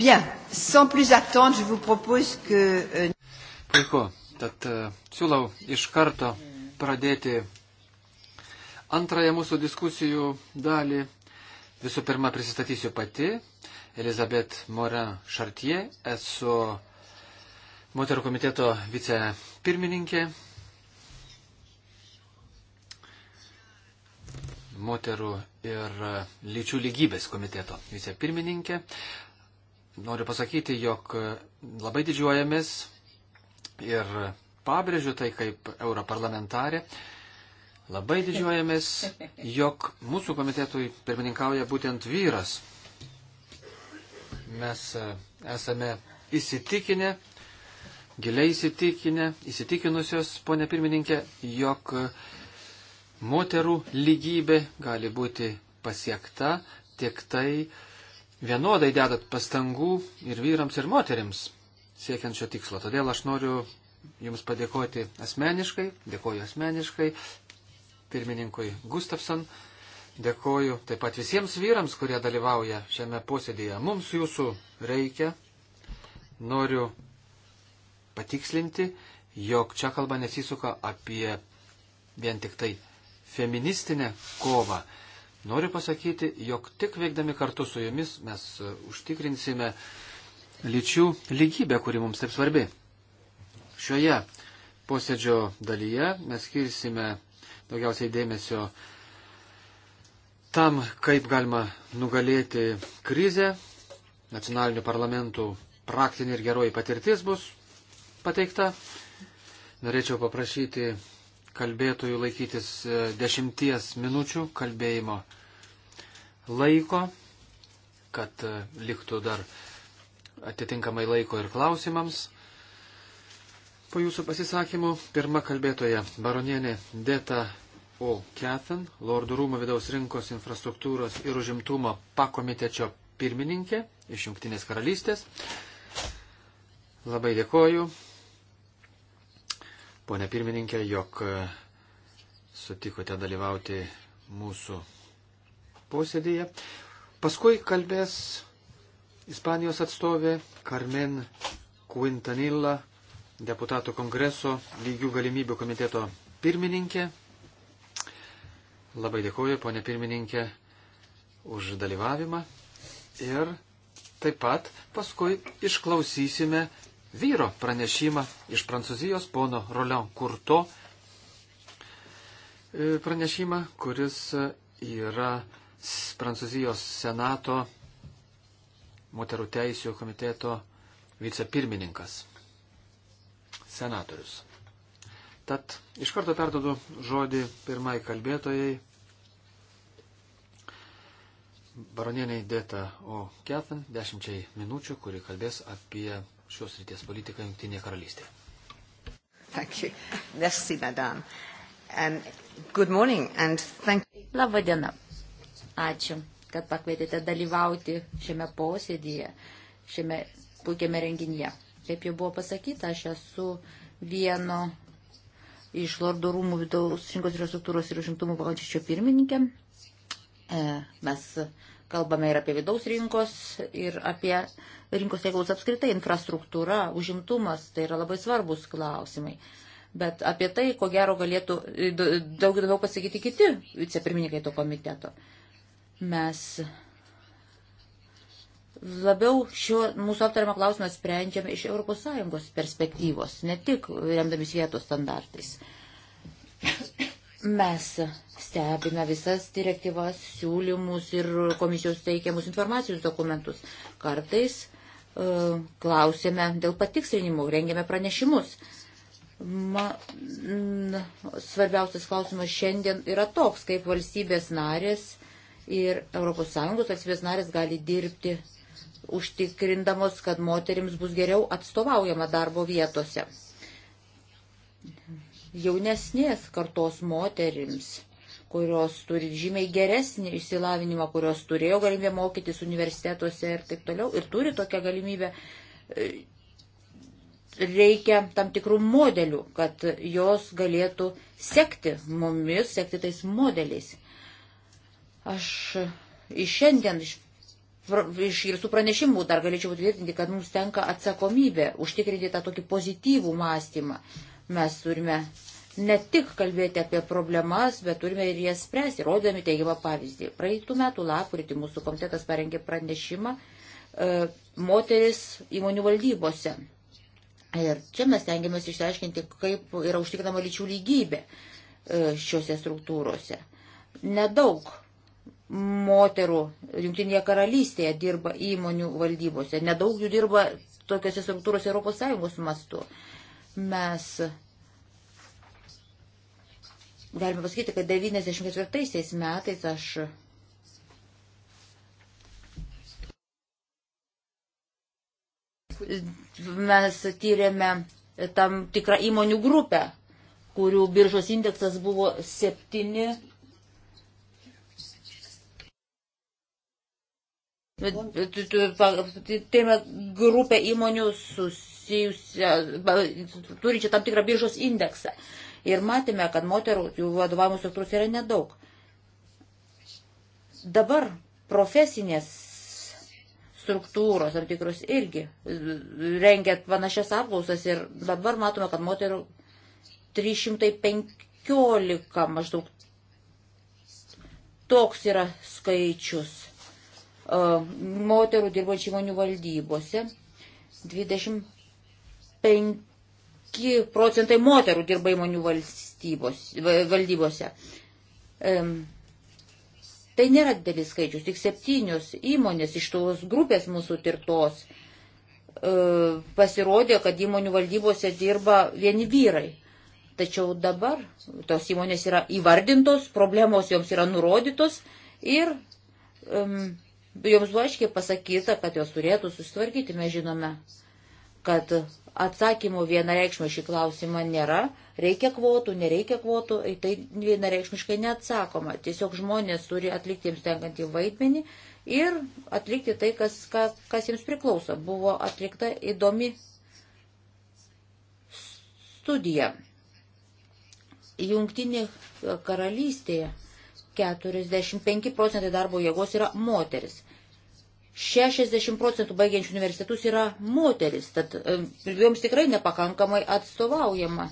Bien, sans plus attendre, je vous propose que. Euh, Puiku, tad e, siūlau iš karto pradėti antrąją mūsų diskusijų dalį. Visų pirma, prisistatysiu pati. Elizabet Morin Chartier, esu moterų komiteto vicepirmininkė. Moterų ir lyčių lygybės komiteto vicepirmininkė noriu pasakyti, jog labai didžiuojamės ir pabrėžiu tai kaip europarlamentarė. Labai didžiuojamės, (laughs) jog mūsų komitetui pirmininkauja būtent vyras. Mes e, esame įsitikinę, giliai įsitikinę, įsitikinusios, ponė pirmininkė, jog moterų lygybė gali būti pasiekta tik tai uh, vienodai dedat pastangų ir vyrams, ir moteriams siekiant šio tikslo. Todėl aš noriu Jums padėkoti asmeniškai, dėkoju asmeniškai pirmininkui Gustafson, dėkoju taip pat visiems vyrams, kurie dalyvauja šiame posėdėje. Mums Jūsų reikia, noriu patikslinti, jog čia kalba nesisuka apie vien tik tai feministinę kovą. Noriu pasakyti, jog tik veikdami kartu su jumis mes e, užtikrinsime lyčių lygybę, kuri mums taip svarbi. Šioje posėdžio dalyje mes skirsime daugiausiai dėmesio tam, kaip galima nugalėti krizę. Nacionalinių parlamentų praktinė ir geroji patirtis bus pateikta. Norėčiau paprašyti kalbėtojų laikytis e, dešimties minučių kalbėjimo laiko, kad e, liktų dar atitinkamai laiko ir klausimams. Po jūsų pasisakymų pirma kalbėtoja baronienė Deta O'Cathan, Lordų rūmų vidaus rinkos infrastruktūros ir užimtumo pakomitečio pirmininkė iš Junktinės karalystės. Labai dėkoju ponė pirmininkė, jog e, sutikote dalyvauti mūsų posėdėje. Paskui kalbės Ispanijos atstovė Carmen Quintanilla, deputatų kongreso lygių galimybių komiteto pirmininkė. Labai dėkuoju, ponė pirmininkė, už dalyvavimą. Ir taip pat paskui išklausysime vyro pranešimą iš Prancūzijos, pono Rolion Kurto e, pranešimą, kuris e, yra Prancūzijos senato moterų teisų komiteto vicepirmininkas, senatorius. Tad iš karto perdodu žodį pirmai kalbėtojai, baronieniai Deta O. Kethan, dešimčiai minučių, kuri kalbės apie šios ryties politiką Junktinėje karalystėje. Thank you. Merci, madame. And good morning and thank you. Labą dieną. Ačiū, kad pakvietėte dalyvauti šiame posėdėje, šiame puikiame renginyje. Kaip jau buvo pasakyta, aš esu vieno iš Lordo rūmų vidaus rinkos infrastruktūros ir užimtumo valančičio pirmininkė. E, mes Kalbame ir apie vidaus rinkos, ir apie rinkos reikalus apskritai, infrastruktūra, užimtumas, tai yra labai svarbus klausimai. Bet apie tai, ko gero, galėtų e, daug daugiau pasakyti kiti vicepirmininkai to komiteto. Mes labiau šio mūsų aptariamą klausimą sprendžiame iš ES perspektyvos, ne tik remdamis vietos standartais. Mes stebime visas direktyvas, siūlymus ir komisijos teikiamus informacijos dokumentus. Kartais e, klausėme dėl patikslinimų, rengėme pranešimus. Ma, n, svarbiausias klausimas šiandien yra toks, kaip valstybės narės ir ES valstybės narės gali dirbti užtikrindamos, kad moterims bus geriau atstovaujama darbo vietose jaunesnės kartos moterims, kurios turi žymiai geresnį išsilavinimą, kurios turėjo galimybę mokytis universitetuose ir taip toliau, ir turi tokią galimybę. E, reikia tam tikrų modelių, kad jos galėtų sekti mumis, sekti tais modeliais. Aš iš šiandien, iš iš ir su pranešimu dar galėčiau patvirtinti, kad mums tenka atsakomybė užtikrinti tą tokį pozityvų mąstymą, Mes turime ne tik kalbėti apie problemas, bet turime ir jas spręsti, rodami teigiamą pavyzdį. Praeitų metų lapkritį mūsų komitetas parengė pranešimą e, moteris įmonių valdybose. Ir čia mes tengiamės išsiaiškinti, kaip yra užtikrinama lyčių lygybė e, šiuose struktūrose. Nedaug moterų Junktinėje karalystėje dirba įmonių valdybose, nedaug jų dirba tokiuose struktūrose ES mastu. Mes Galime pasakyti, kad 94 metais aš mes tyrėme tam tikrą įmonių grupę, kurių biržos indeksas buvo 7. Turime grupę įmonių susijusią, turinčią tam tikrą biržos indeksą. Ir matėme, kad moterų jų vadovavimo struktūros yra nedaug. Dabar profesinės struktūros tam tikros irgi rengia panašias apklausas ir dabar matome, kad moterų 315 maždaug toks yra skaičius e, moterų dirbančių įmonių valdybose. 25 5 procentai moterų dirba įmonių valstybos, valdybose. Um, tai nėra didelis skaičius, tik septynios įmonės iš tos grupės mūsų tirtos um, pasirodė, kad įmonių valdybose dirba vieni vyrai. Tačiau dabar tos įmonės yra įvardintos, problemos joms yra nurodytos ir um, joms buvo aiškiai pasakyta, kad jos turėtų susitvarkyti. Mes žinome, kad Atsakymų vienareikšmio šį klausimą nėra. Reikia kvotų, nereikia kvotų, į tai vienareikšmiškai neatsakoma. Tiesiog žmonės turi atlikti jiems tenkantį vaidmenį ir atlikti tai, kas, ka, kas jiems priklauso. Buvo atlikta įdomi studija. Jungtinė karalystėje 45 procentai darbo jėgos yra moteris. 60 procentų baigiančių universitetus yra moteris, tad joms tikrai nepakankamai atstovaujama.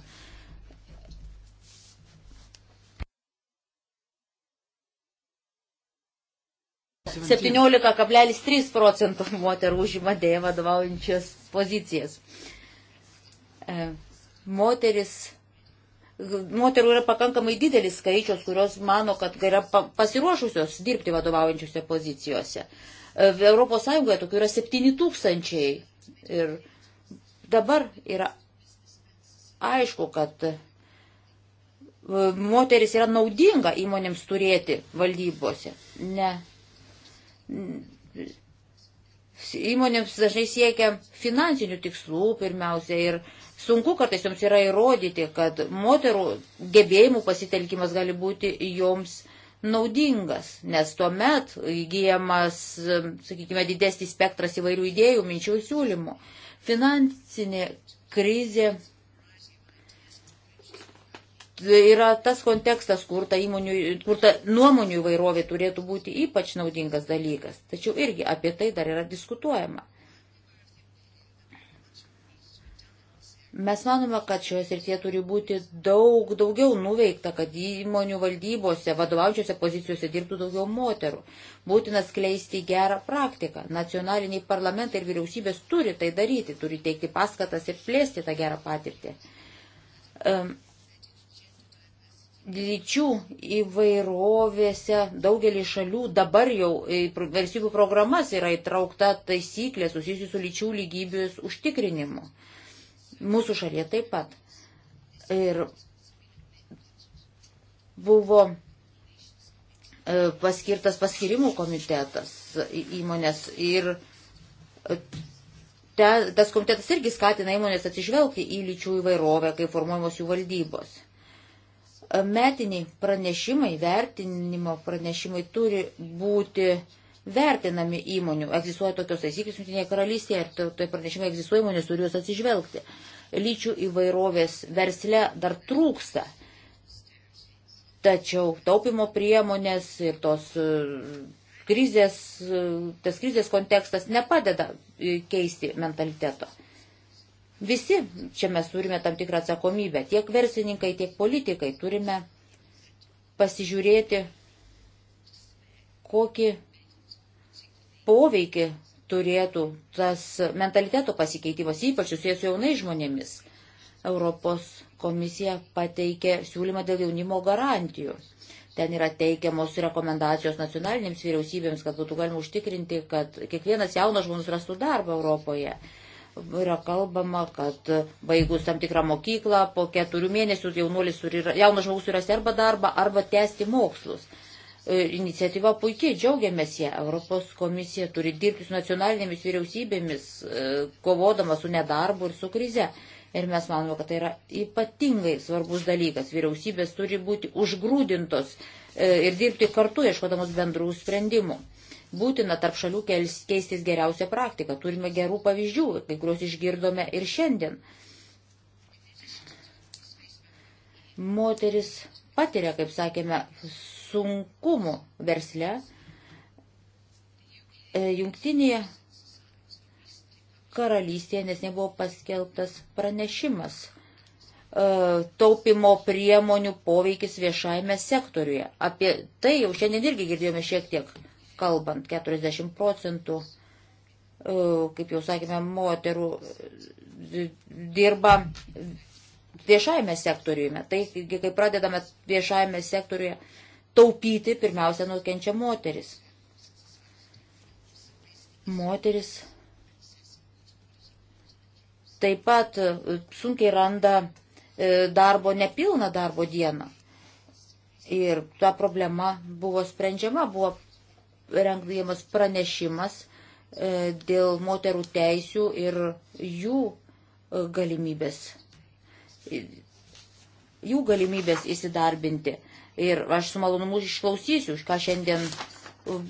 Septyniolika kablelis trys procentų moterų užima dėja vadovaujančias pozicijas. E, moteris, moterų yra pakankamai didelis skaičius, kurios mano, kad yra pasiruošusios dirbti vadovaujančiose pozicijose. E, Europos Sąjungoje tokių yra 7 tūkstančiai. Ir dabar yra aišku, kad e, moteris yra naudinga įmonėms turėti valdybose. Ne. Įmonėms dažnai siekia finansinių tikslų pirmiausia ir sunku kartais joms yra įrodyti, kad moterų gebėjimų pasitelkimas gali būti joms naudingas, nes tuomet įgyjamas, sakykime, didesnis spektras įvairių idėjų, minčių siūlymų. Finansinė krizė yra tas kontekstas, kur ta, įmonių, kur ta nuomonių įvairovė turėtų būti ypač naudingas dalykas. Tačiau irgi apie tai dar yra diskutuojama. Mes manome, kad šioje srityje turi būti daug daugiau nuveikta, kad įmonių valdybose, vadovaujančiose pozicijose dirbtų daugiau moterų. Būtina skleisti gerą praktiką. Nacionaliniai parlamentai ir vyriausybės turi tai daryti, turi teikti paskatas ir plėsti tą gerą patirtį. Um, lyčių įvairovėse daugelį šalių dabar jau į valstybių programas yra įtraukta taisyklė susijusi su lyčių lygybės užtikrinimu. Uh, mūsų šalyje taip pat. Ir buvo e, paskirtas paskirimų komitetas įmonės ir e, te, tas komitetas irgi skatina įmonės atsižvelgti į lyčių įvairovę, kai formuojamos jų valdybos. E, metiniai pranešimai, vertinimo pranešimai turi būti uh, vertinami įmonių. Egzistuoja tokios taisyklės, Junktinėje karalystėje ir toje to pranešime egzistuoja įmonės, turi juos atsižvelgti. Lyčių įvairovės versle dar trūksta. Tačiau taupimo priemonės ir tos e, krizės, e, tas krizės kontekstas nepadeda e, keisti mentaliteto. Visi čia mes turime tam tikrą atsakomybę, tiek verslininkai, tiek politikai turime pasižiūrėti, kokį poveikį turėtų tas mentaliteto pasikeitimas, ypač susijęs su jaunais žmonėmis. Europos komisija pateikė siūlymą dėl jaunimo garantijų. Ten yra teikiamos rekomendacijos nacionalinėms vyriausybėms, kad būtų galima užtikrinti, kad kiekvienas jaunas žmogus rastų darbą Europoje. Yra kalbama, kad baigus tam tikrą mokyklą, po keturių mėnesių jaunas žmogus surasti arba darbą, arba tęsti mokslus. E, iniciatyva puikiai džiaugiamės ją. Europos komisija turi dirbti su nacionalinėmis vyriausybėmis, e, kovodama su nedarbu ir su krize. Ir mes manome, kad tai yra ypatingai svarbus dalykas. Vyriausybės turi būti užgrūdintos e, ir dirbti kartu, ieškodamos bendrų sprendimų. Būtina tarp šalių keistis geriausią praktiką. Turime gerų pavyzdžių, kai kuriuos išgirdome ir šiandien. Moteris patiria, kaip sakėme, sunkumų versle. E, jungtinėje karalystėje, nes nebuvo paskelbtas pranešimas e, taupimo priemonių poveikis viešajame sektoriuje. Apie tai jau šiandien irgi girdėjome šiek tiek kalbant, 40 procentų, e, kaip jau sakėme, moterų dirba viešajame sektoriuje. Tai, kai pradedame viešajame sektoriuje, taupyti pirmiausia nukenčia moteris. Moteris taip pat e, sunkiai randa e, darbo nepilną darbo dieną. Ir ta problema buvo sprendžiama, buvo rengdamas pranešimas e, dėl moterų teisių ir jų galimybės, jų galimybės įsidarbinti. Ir aš su malonumu išklausysiu, ką šiandien um,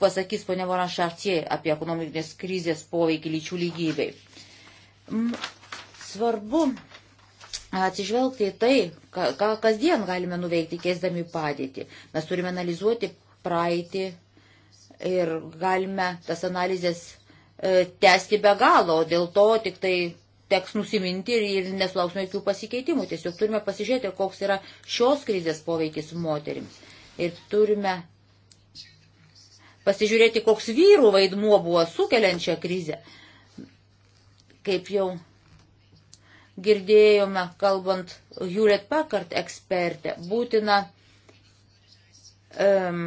pasakys ponia Moran Šartie apie ekonominės krizės poveikį lyčių lygybei. Mm, svarbu atsižvelgti į tai, ką kasdien galime nuveikti, keisdami padėtį. Mes turime analizuoti praeitį ir galime tas analizės e, tęsti be galo, dėl to tik tai teks nusiminti ir, ir nesulauksime jokių pasikeitimų. Tiesiog turime pasižiūrėti, koks yra šios krizės poveikis moterims. Ir turime pasižiūrėti, koks vyrų vaidmuo buvo sukeliančią krizę. Kaip jau girdėjome, kalbant Hewlett Packard ekspertę, būtina um,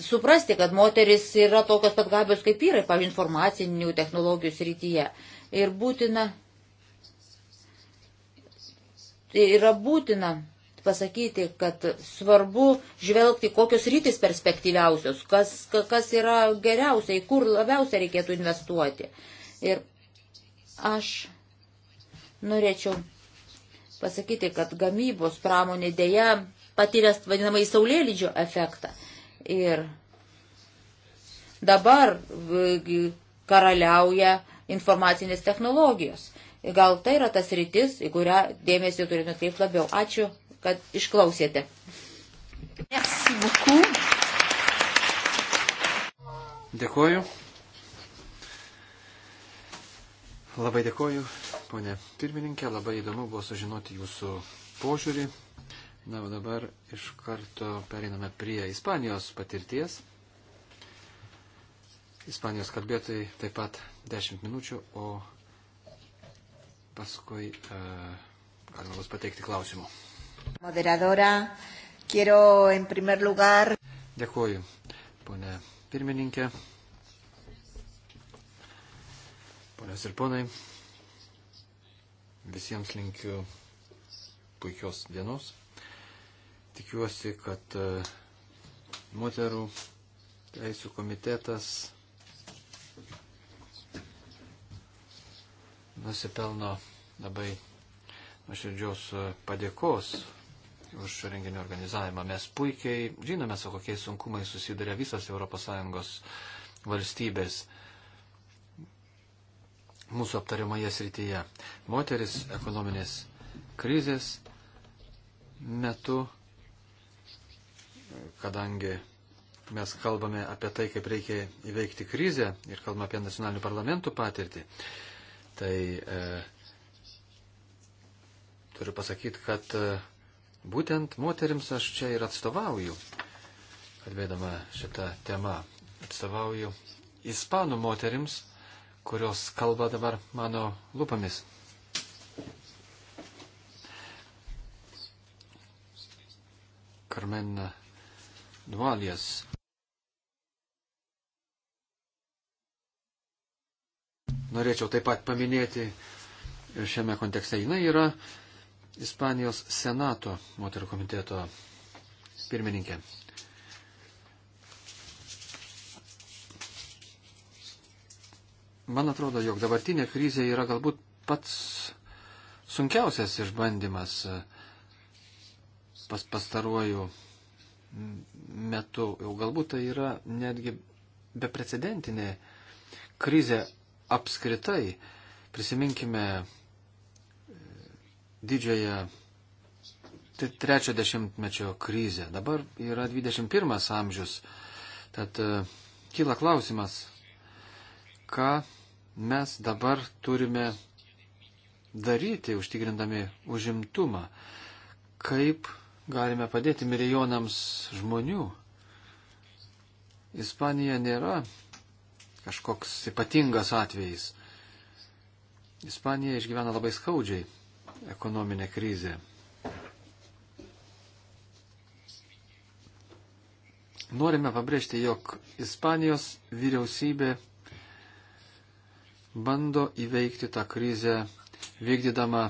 suprasti, kad moteris yra tokios pat gabios kaip vyrai, pavyzdžiui, informacinių technologijų srityje. Uh, ir būtina, tai yra būtina pasakyti, kad svarbu žvelgti, kokios rytis perspektyviausios, kas, kas yra geriausiai, kur labiausiai reikėtų investuoti. Ir aš norėčiau pasakyti, kad gamybos pramonė dėja patyrė vadinamai saulėlydžio efektą. Ir dabar karaliauja informacinės technologijos. Gal tai yra tas rytis, į kurią dėmesį turime taip labiau. Ačiū, kad išklausėte. Merci beaucoup. Dėkuoju. Labai dėkuoju, ponė pirmininkė, labai įdomu buvo sužinoti jūsų požiūrį. Na, o dabar iš karto pereiname prie Ispanijos patirties. Ispanijos kalbėtojai taip pat 10 minučių, o paskui e, galima bus pateikti klausimų. Moderadora, quiero en primer lugar. Dėkuoju, ponė pirmininkė. Ponios ir ponai, visiems linkiu puikios dienos. Tikiuosi, kad e, moterų teisų komitetas nusipelno labai nuoširdžiaus e, padėkos už renginio organizavimą. Mes puikiai žinome, su kokiais sunkumais susiduria visas ES valstybės mūsų aptariamoje srityje. Moteris ekonominės krizės metu, kadangi mes kalbame apie tai, kaip reikia įveikti krizę ir kalbame apie nacionalinių parlamentų patirtį, tai e, turiu pasakyti, kad e, būtent moteriams aš čia ir atstovauju, kalbėdama šitą temą, atstovauju ispanų moteriams, kurios kalba dabar mano lūpomis. Carmen Dualijas norėčiau taip pat paminėti šiame kontekste. Jis yra Ispanijos Senato moterų komiteto pirmininkė. Man atrodo, jog dabartinė krizė yra galbūt pats sunkiausias išbandymas e, pas pastaruoju metu. Jau galbūt tai yra netgi beprecedentinė krizė apskritai. Prisiminkime e, didžiąją trečio dešimtmečio krizę. Dabar yra 21 amžius. Tad e, kyla klausimas, ką mes dabar turime daryti, užtikrindami užimtumą. Kaip galime padėti milijonams žmonių. Ispanija nėra kažkoks ypatingas atvejis. Ispanija išgyvena labai skaudžiai ekonominę krizę. Norime pabrėžti, jog Ispanijos vyriausybė bando įveikti tą krizę vykdydama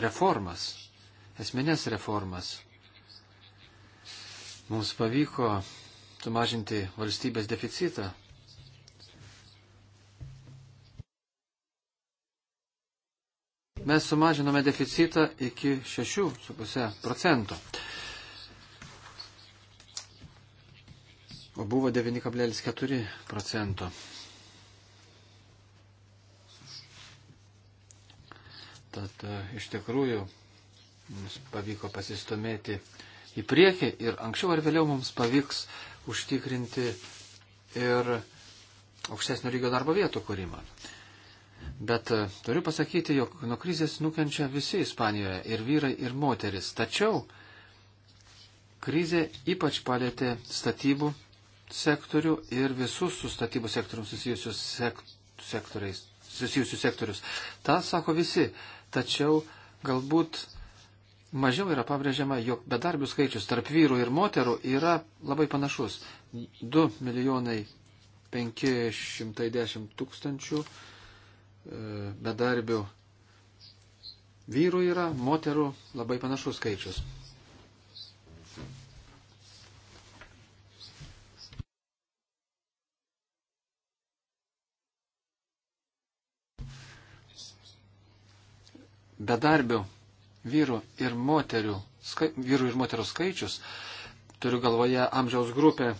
reformas, esminės reformas. Mums pavyko sumažinti valstybės deficitą. Mes sumažinome deficitą iki 6,5 procento. O buvo 9,4 procento. Tad e, iš tikrųjų mums pavyko pasistumėti į priekį ir anksčiau ar vėliau mums pavyks užtikrinti ir aukštesnio lygio darbo vietų kūrimą. Bet e, turiu pasakyti, jog nuo krizės nukenčia visi Ispanijoje, ir vyrai, ir moteris. Tačiau krizė ypač palėtė statybų sektorių ir visus su statybų sektorium susijusius sek sektoriais susijusius sektorius. Ta sako visi, tačiau galbūt mažiau yra pabrėžiama, jog bedarbių skaičius tarp vyrų ir moterų yra labai panašus. 2 milijonai 510 tūkstančių e, bedarbių vyrų yra, moterų labai panašus skaičius. Bedarbių vyrų ir moterių, skai, vyrų ir moterų skaičius, turiu galvoje amžiaus grupė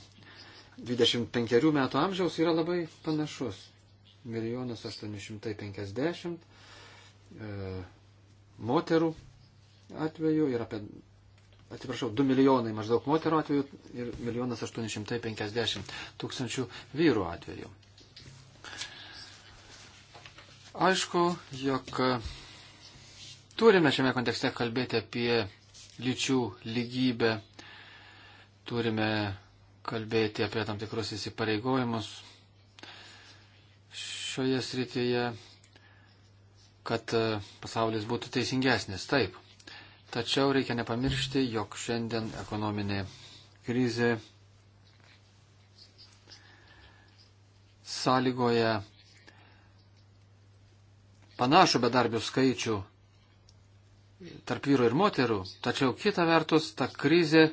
25 metų amžiaus yra labai panašus. Milijonas 850 e, moterų atveju ir apie, atsiprašau, 2 milijonai maždaug moterų atveju ir milijonas 850 tūkstančių vyrų atveju. Aišku, jog Turime šiame kontekste kalbėti apie lyčių lygybę, turime kalbėti apie tam tikrus įsipareigojimus šioje srityje, kad e, pasaulis būtų teisingesnis. Taip. Tačiau reikia nepamiršti, jog šiandien ekonominė krizė sąlygoja panašų bedarbių skaičių tarp vyrų ir moterų. Tačiau kita vertus, ta krizė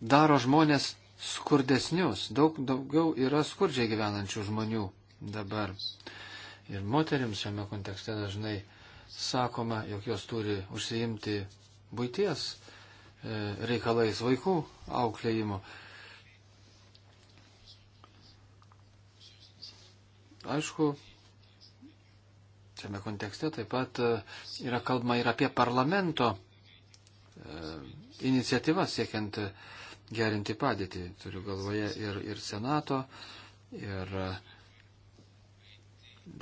daro žmonės skurdesnius. Daug daugiau yra skurdžiai gyvenančių žmonių dabar. Ir moteriams šiame kontekste dažnai sakoma, jog jos turi užsiimti būties e, reikalais vaikų auklėjimo. Aišku, Šiame kontekste taip pat e, yra kalbama ir apie parlamento e, iniciatyvas siekiant gerinti padėtį. Turiu galvoje ir, ir Senato, ir e,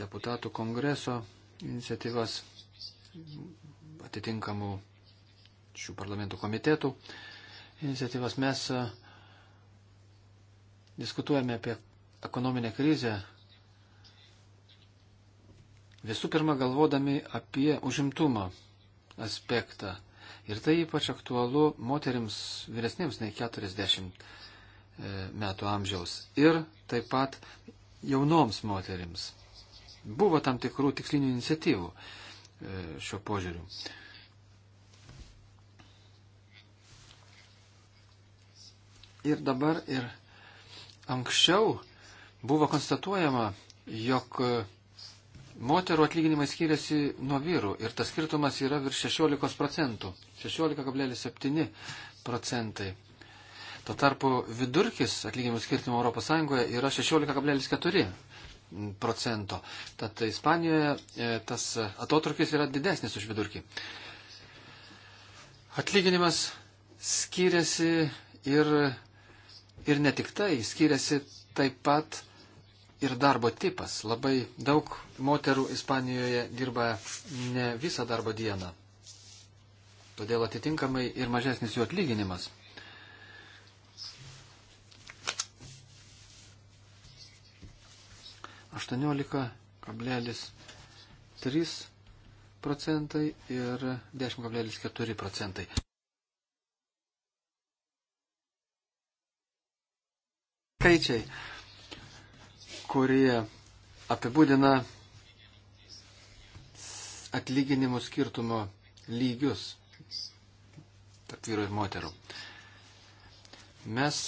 deputatų kongreso iniciatyvas atitinkamų šių parlamentų komitetų iniciatyvas. Mes diskutuojame apie ekonominę krizę Visų pirma, galvodami apie užimtumą aspektą. Ir tai ypač aktualu moteriams vyresnėms nei 40 e, metų amžiaus. Ir taip pat jaunoms moterims. Buvo tam tikrų tikslinių iniciatyvų e, šio požiūriu. Ir dabar ir anksčiau buvo konstatuojama, jog Moterų atlyginimai skiriasi nuo vyrų ir tas skirtumas yra virš 16 procentų. 16,7 procentai. Tuo tarpu vidurkis atlyginimų skirtumų ES yra 16,4 procento. Tad Ispanijoje e, tas atotrukis yra didesnis už vidurkį. Atlyginimas skiriasi ir, ir ne tik tai, skiriasi taip pat ir darbo tipas. Labai daug moterų Ispanijoje dirba ne visą darbo dieną. Todėl atitinkamai ir mažesnis jų atlyginimas. Aštuoniolika kablelis trys procentai ir dešimt kablelis keturi procentai. Skaičiai kurie apibūdina atlyginimų skirtumo lygius tarp vyrų ir moterų. Mes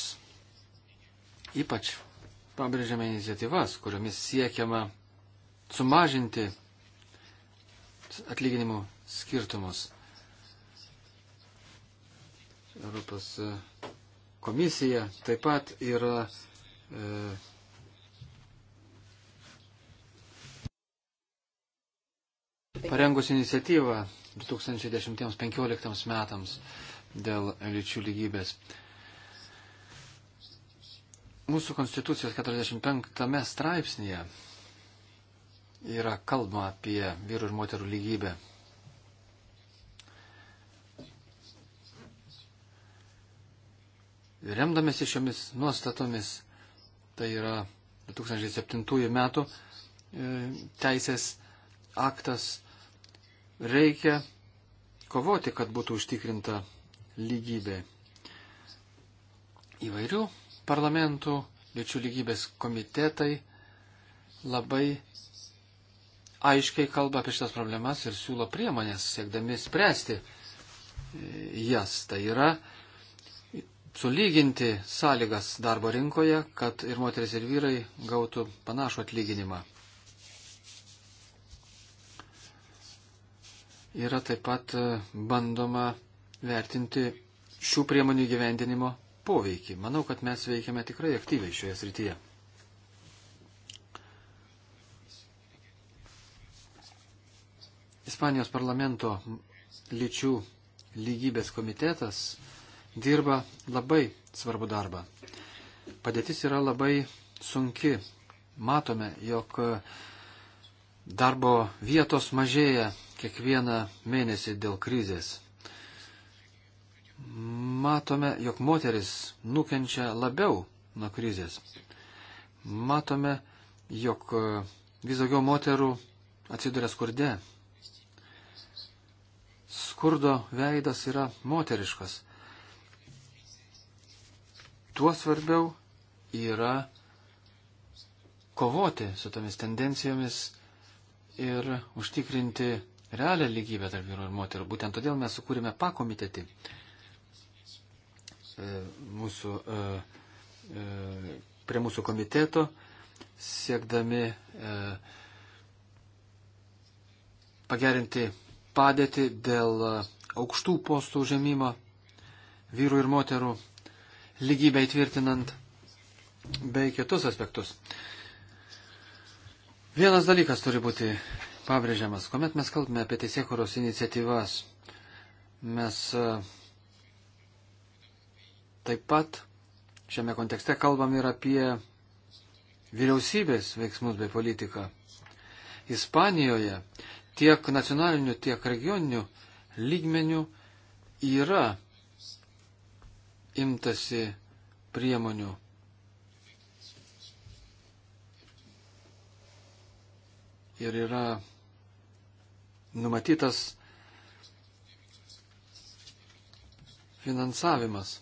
ypač pabrėžiame iniciatyvas, kuriomis siekiama sumažinti atlyginimų skirtumus. Europos e, komisija taip pat yra e, parengus iniciatyvą 2010-2015 metams dėl lyčių lygybės. Mūsų konstitucijos 45 straipsnėje yra kalbama apie vyrų ir moterų lygybę. Remdamėsi šiomis nuostatomis, tai yra 2007 metų e, teisės aktas Reikia kovoti, kad būtų užtikrinta lygybė. Įvairių parlamentų lyčių lygybės komitetai labai aiškiai kalba apie šitas problemas ir siūlo priemonės, siekdami spręsti jas. Tai yra sulyginti sąlygas darbo rinkoje, kad ir moteris ir vyrai gautų panašų atlyginimą. yra taip pat e, bandoma vertinti šių priemonių gyvendinimo poveikį. Manau, kad mes veikiame tikrai aktyviai šioje srityje. Ispanijos parlamento lyčių lygybės komitetas dirba labai svarbu darbą. Padėtis yra labai sunki. Matome, jog darbo vietos mažėja kiekvieną mėnesį dėl krizės. Matome, jog moteris nukenčia labiau nuo krizės. Matome, jog e, vis daugiau moterų atsiduria skurde. Skurdo veidas yra moteriškas. Tuo svarbiau yra kovoti su tomis tendencijomis ir užtikrinti realią lygybę tarp vyrų ir moterų. Būtent todėl mes sukūrėme pakomitetį e, mūsų, e, e, prie mūsų komiteto, siekdami pagerinti padėtį dėl aukštų postų užėmimo vyrų ir moterų lygybę įtvirtinant bei kitus aspektus. Vienas dalykas turi būti pabrėžiamas. Komet mes kalbame apie teisėkuros iniciatyvas, mes e, taip pat šiame kontekste kalbam ir apie vyriausybės veiksmus bei politiką. Ispanijoje tiek nacionaliniu, tiek regioniniu lygmeniu yra imtasi priemonių. Ir yra numatytas finansavimas,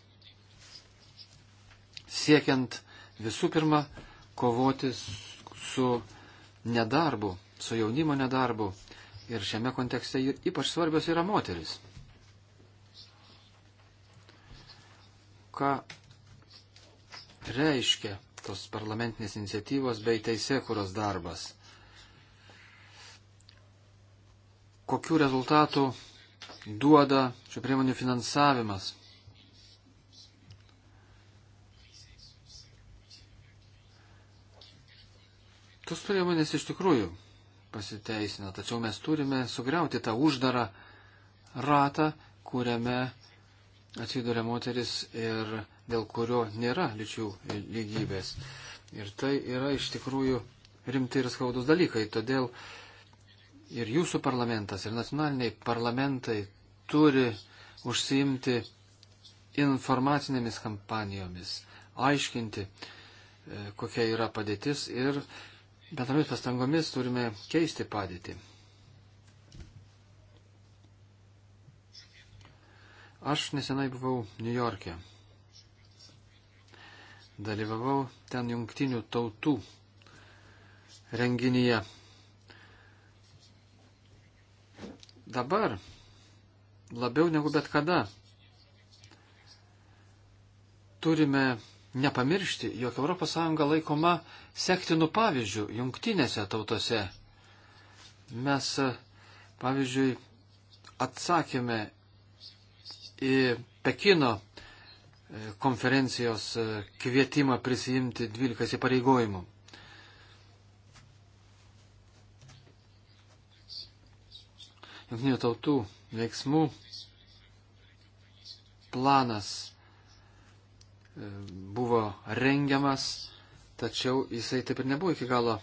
siekiant visų pirma kovoti su nedarbu, su jaunimo nedarbu. Ir šiame kontekste ypač svarbios yra moteris. Ką reiškia tos parlamentinės iniciatyvos bei teisėkuros darbas? kokiu rezultatu duoda šio priemonių finansavimas. Tos priemonės iš tikrųjų pasiteisina, tačiau mes turime sugriauti tą uždarą ratą, kuriame atsiduria moteris ir dėl kurio nėra lyčių lygybės. Ir tai yra iš tikrųjų rimti ir skaudus dalykai. Todėl uh, ir jūsų parlamentas, ir nacionaliniai parlamentai turi užsiimti informacinėmis kampanijomis, aiškinti, e, kokia yra padėtis ir bendromis pastangomis turime keisti padėtį. Aš nesenai buvau New York'e. Dalyvavau ten jungtinių tautų renginyje dabar labiau negu bet kada turime nepamiršti, jog ES laikoma sektinų pavyzdžių jungtinėse tautose. Mes, pavyzdžiui, atsakėme į Pekino e, konferencijos e, kvietimą prisijimti 12 įpareigojimų. jungtinių tautų veiksmų planas e, buvo rengiamas, tačiau jisai taip ir nebuvo iki galo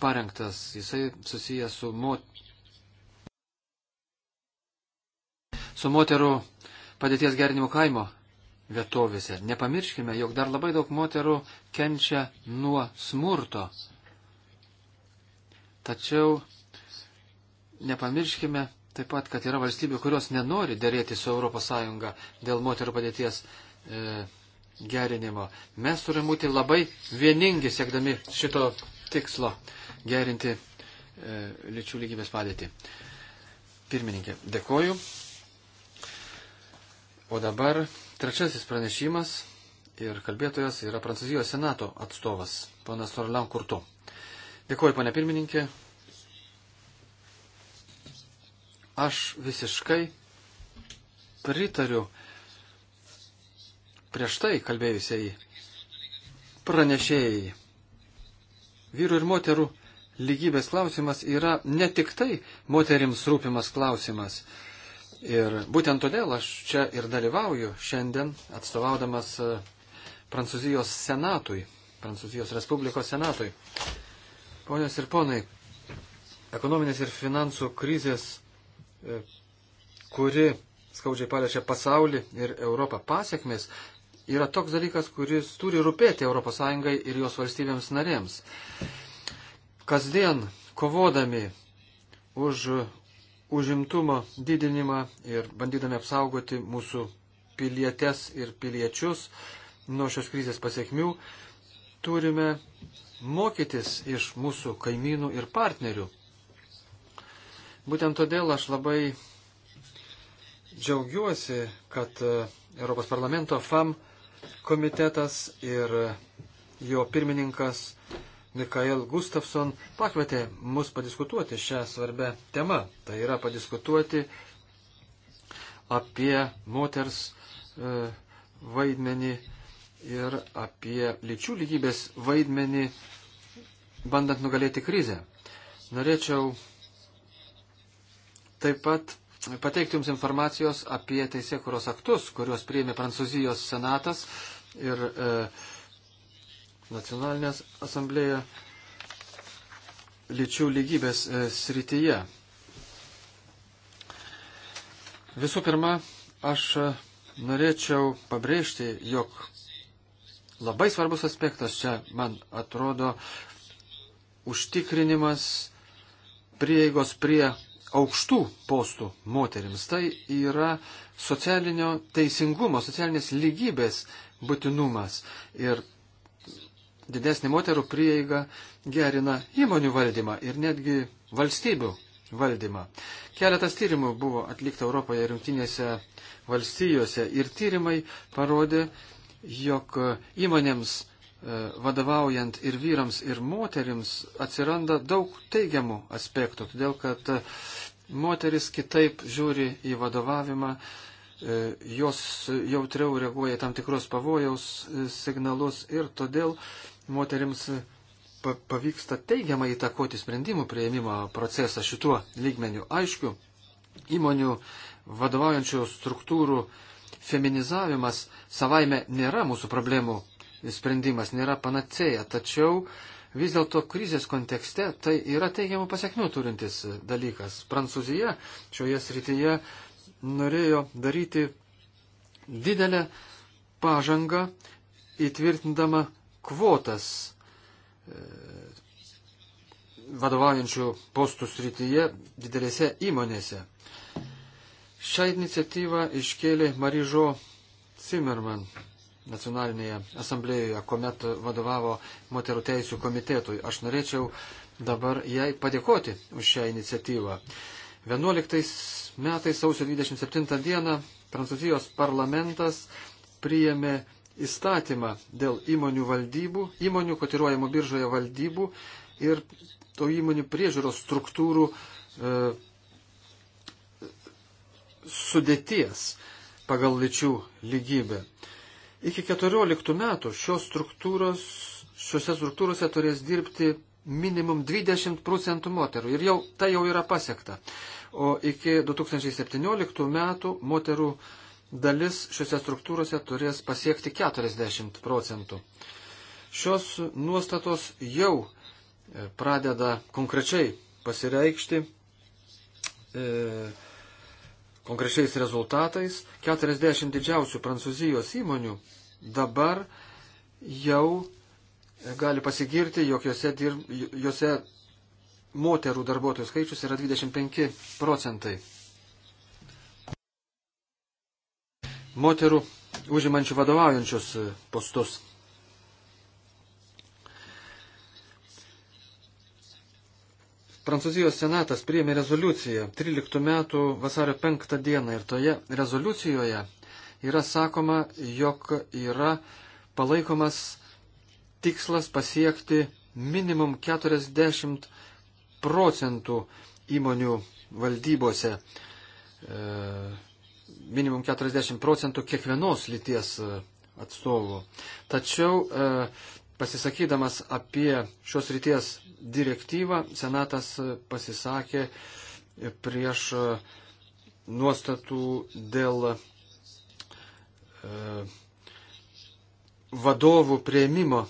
parengtas. Jisai susijęs su, mot... su moterų padėties gerinimo kaimo vietovėse. Nepamirškime, jog dar labai daug moterų kenčia nuo smurto. Tačiau nepamirškime taip pat, kad yra valstybių, kurios nenori dėrėti su ES dėl moterų padėties e, gerinimo. Mes turime būti labai vieningi siekdami šito tikslo gerinti e, lyčių lygybės padėtį. Pirmininkė, dėkoju. O dabar trečiasis pranešimas ir kalbėtojas yra Prancūzijos senato atstovas, ponas Orlan Kurtu. Dėkoju, ponė pirmininkė, Aš visiškai pritariu prieš tai kalbėjusiai pranešėjai. Vyrų ir moterų lygybės klausimas yra ne tik tai moterims rūpimas klausimas. Ir būtent todėl aš čia ir dalyvauju šiandien, atstovaudamas e, Prancūzijos senatui, Prancūzijos Respublikos senatui. Ponios ir ponai, ekonominės ir finansų krizės E, kuri skaudžiai paliečia pasaulį ir Europą pasiekmes, yra toks dalykas, kuris turi rūpėti ES ir jos valstybėms narėms. Kasdien kovodami už užimtumo didinimą ir bandydami apsaugoti mūsų pilietės ir piliečius nuo šios krizės pasiekmių, turime mokytis iš mūsų kaimynų ir partnerių. Būtent todėl aš labai džiaugiuosi, kad e, Europos parlamento FAM komitetas ir e, jo pirmininkas Mikael Gustafson pakvietė mus padiskutuoti šią svarbę temą. Tai yra padiskutuoti apie moters e, vaidmenį ir apie lyčių lygybės vaidmenį, bandant nugalėti krizę. Norėčiau taip pat pateikti Jums informacijos apie teisėkuros aktus, kuriuos priėmė Prancūzijos senatas ir e, nacionalinės asamblėje lyčių lygybės e, srityje. Visų pirma, aš e, norėčiau pabrėžti, jog labai svarbus aspektas čia, man atrodo, užtikrinimas prieigos prie aukštų postų moterims. Tai yra socialinio teisingumo, socialinės lygybės būtinumas. Ir didesnė moterų prieiga gerina įmonių valdymą ir netgi valstybių valdymą. Keletas tyrimų buvo atlikta Europoje ir jungtinėse valstijose ir tyrimai parodė, jog įmonėms E, vadovaujant ir vyrams, ir moterims atsiranda daug teigiamų aspektų, todėl kad e, moteris kitaip žiūri į vadovavimą, e, jos jautriau reaguoja į tam tikrus pavojaus signalus ir todėl moterims pavyksta teigiamai įtakoti sprendimų prieimimo procesą šituo lygmeniu. Aišku, įmonių vadovaujančių struktūrų feminizavimas savaime nėra mūsų problemų sprendimas, nėra panacėja, tačiau vis dėlto krizės kontekste tai yra teigiamų pasiekmių turintis dalykas. Prancūzija šioje srityje norėjo daryti didelę pažangą įtvirtindama kvotas e, vadovaujančių postų srityje didelėse įmonėse. Šią iniciatyvą iškėlė Maryžo Zimmerman nacionalinėje asamblėjoje, kuomet vadovavo moterų teisų komitetui. Aš norėčiau dabar jai padėkoti už šią iniciatyvą. 11 metais sausio 27 dieną Prancūzijos parlamentas priėmė įstatymą dėl įmonių valdybų, įmonių kotiruojamų biržoje valdybų ir to įmonių priežiūros struktūrų e, sudėties pagal lyčių lygybę. E, Iki 14 metų šios struktūros, šiuose struktūrose turės dirbti minimum 20 procentų moterų ir jau tai jau yra pasiekta. O iki 2017 metų moterų dalis šiuose struktūrose turės pasiekti 40 procentų. Šios nuostatos jau e, pradeda konkrečiai pasireikšti. E, konkrečiais rezultatais 40 didžiausių Prancūzijos įmonių dabar jau gali pasigirti, jog jose, dirb, jose moterų darbuotojų skaičius yra 25 procentai. Moterų užimančių vadovaujančius postus Prancūzijos senatas priėmė rezoliuciją 13 metų vasario 5 dieną ir toje rezoliucijoje yra sakoma, jog yra palaikomas tikslas pasiekti minimum 40 procentų įmonių valdybose, e, minimum 40 procentų kiekvienos lyties e, atstovų. Tačiau e, pasisakydamas apie šios ryties direktyvą, Senatas pasisakė prieš e, nuostatų dėl e, vadovų prieimimo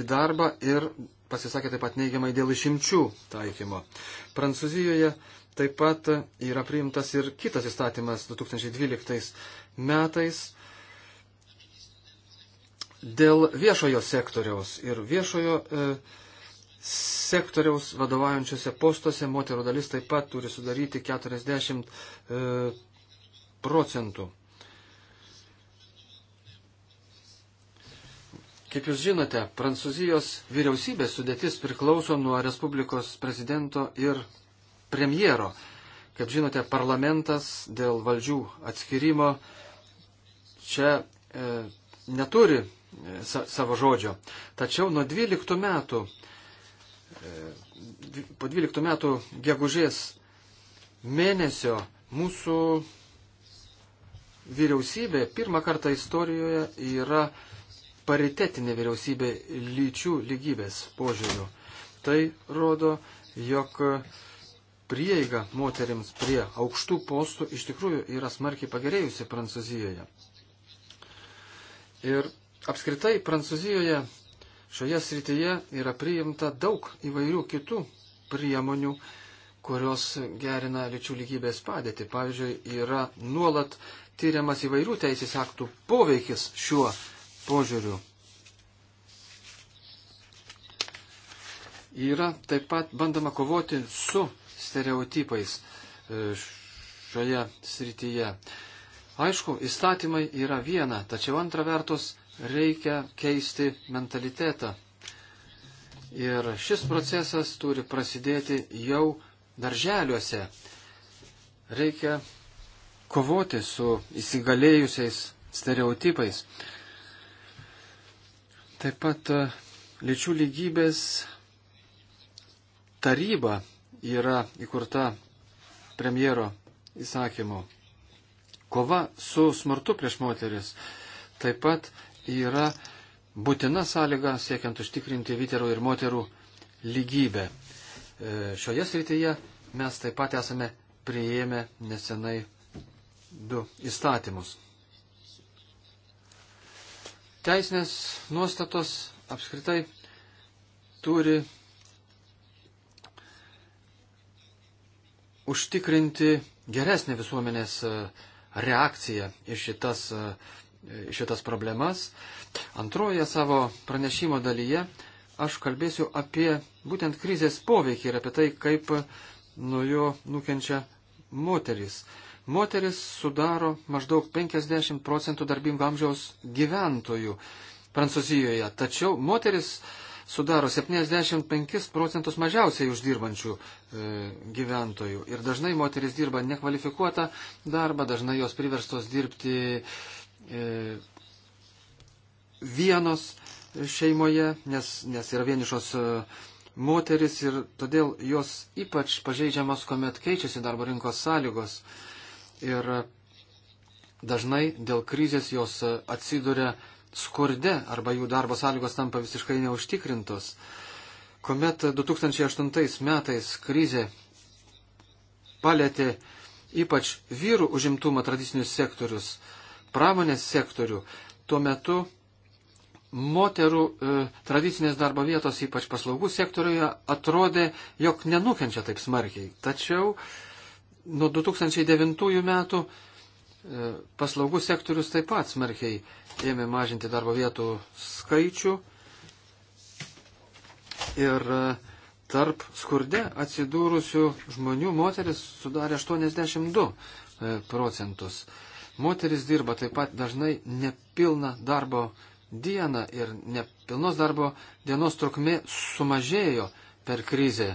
į darbą ir pasisakė taip pat neigiamai dėl išimčių taikymo. Prancūzijoje taip pat yra priimtas ir kitas įstatymas 2012 metais dėl viešojo sektoriaus ir viešojo e, sektoriaus vadovaujančiose postuose moterų dalis taip pat turi sudaryti 40 e, procentų. Kaip jūs žinote, Prancūzijos vyriausybės sudėtis priklauso nuo Respublikos prezidento ir premjero. Kaip žinote, parlamentas dėl valdžių atskirimo čia e, neturi sa, savo žodžio. Tačiau nuo 12 metų, e, po 12 metų gegužės mėnesio mūsų vyriausybė pirmą kartą istorijoje yra paritetinė vyriausybė lyčių lygybės požiūrių. Tai rodo, jog prieiga moteriams prie aukštų postų iš tikrųjų yra smarkiai pagerėjusi Prancūzijoje. Ir Apskritai Prancūzijoje šioje srityje yra priimta daug įvairių kitų priemonių, kurios gerina lyčių lygybės padėtį. Pavyzdžiui, yra nuolat tyriamas įvairių teisės aktų poveikis šiuo požiūriu. Yra taip pat bandoma kovoti su stereotipais e, šioje srityje. Aišku, įstatymai yra viena, tačiau antra vertus reikia keisti mentalitetą. Ir šis procesas turi prasidėti jau darželiuose. Reikia kovoti su įsigalėjusiais stereotipais. Taip pat e, lyčių lygybės taryba yra įkurta premjero įsakymu. Kova su smurtu prieš moteris taip pat yra būtina sąlyga siekiant užtikrinti vyterų ir moterų lygybę. E, šioje srityje mes taip pat esame prieėmę nesenai du įstatymus. Teisinės nuostatos apskritai turi užtikrinti geresnę visuomenės e, reakciją į šitas e, šitas problemas. Antroje savo pranešimo dalyje aš kalbėsiu apie būtent krizės poveikį ir apie tai, kaip nuo jo nukenčia moteris. Moteris sudaro maždaug 50 procentų darbingo amžiaus gyventojų Prancūzijoje, tačiau moteris sudaro 75 procentus mažiausiai uždirbančių e, gyventojų. Ir dažnai moteris dirba nekvalifikuotą darbą, dažnai jos priverstos dirbti E, vienos šeimoje, nes, nes yra vienišos e, moteris ir todėl jos ypač pažeidžiamos, kuomet keičiasi darbo rinkos sąlygos. Ir dažnai dėl krizės jos e, atsiduria skurde arba jų darbo sąlygos tampa visiškai neužtikrintos. Komet 2008 metais krizė palėtė ypač vyrų užimtumą tradicinius sektorius, pramonės sektorių, tuo metu moterų e, tradicinės darbo vietos, ypač paslaugų sektoriuje, atrodė, jog nenukenčia taip smarkiai. Tačiau nuo 2009 metų e, paslaugų sektorius taip pat smarkiai ėmė mažinti darbo vietų skaičių ir e, tarp skurde atsidūrusių žmonių moteris sudarė 82 e, procentus. E, Moteris dirba taip pat dažnai nepilną darbo dieną ir nepilnos darbo dienos trukmė sumažėjo per krizę.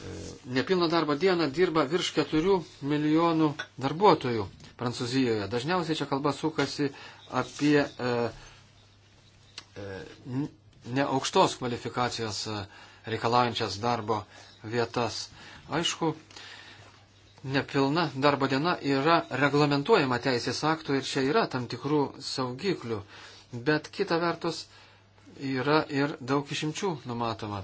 E, Nepilno darbo dieną dirba virš 4 milijonų darbuotojų Prancūzijoje. Dažniausiai čia kalba sukasi apie e, e, neaukštos kvalifikacijos e, reikalaujančias darbo vietas. Aišku, e, nepilna darbo diena yra reglamentuojama teisės aktų ir čia yra tam tikrų saugiklių, bet kita vertus yra ir daug išimčių numatoma.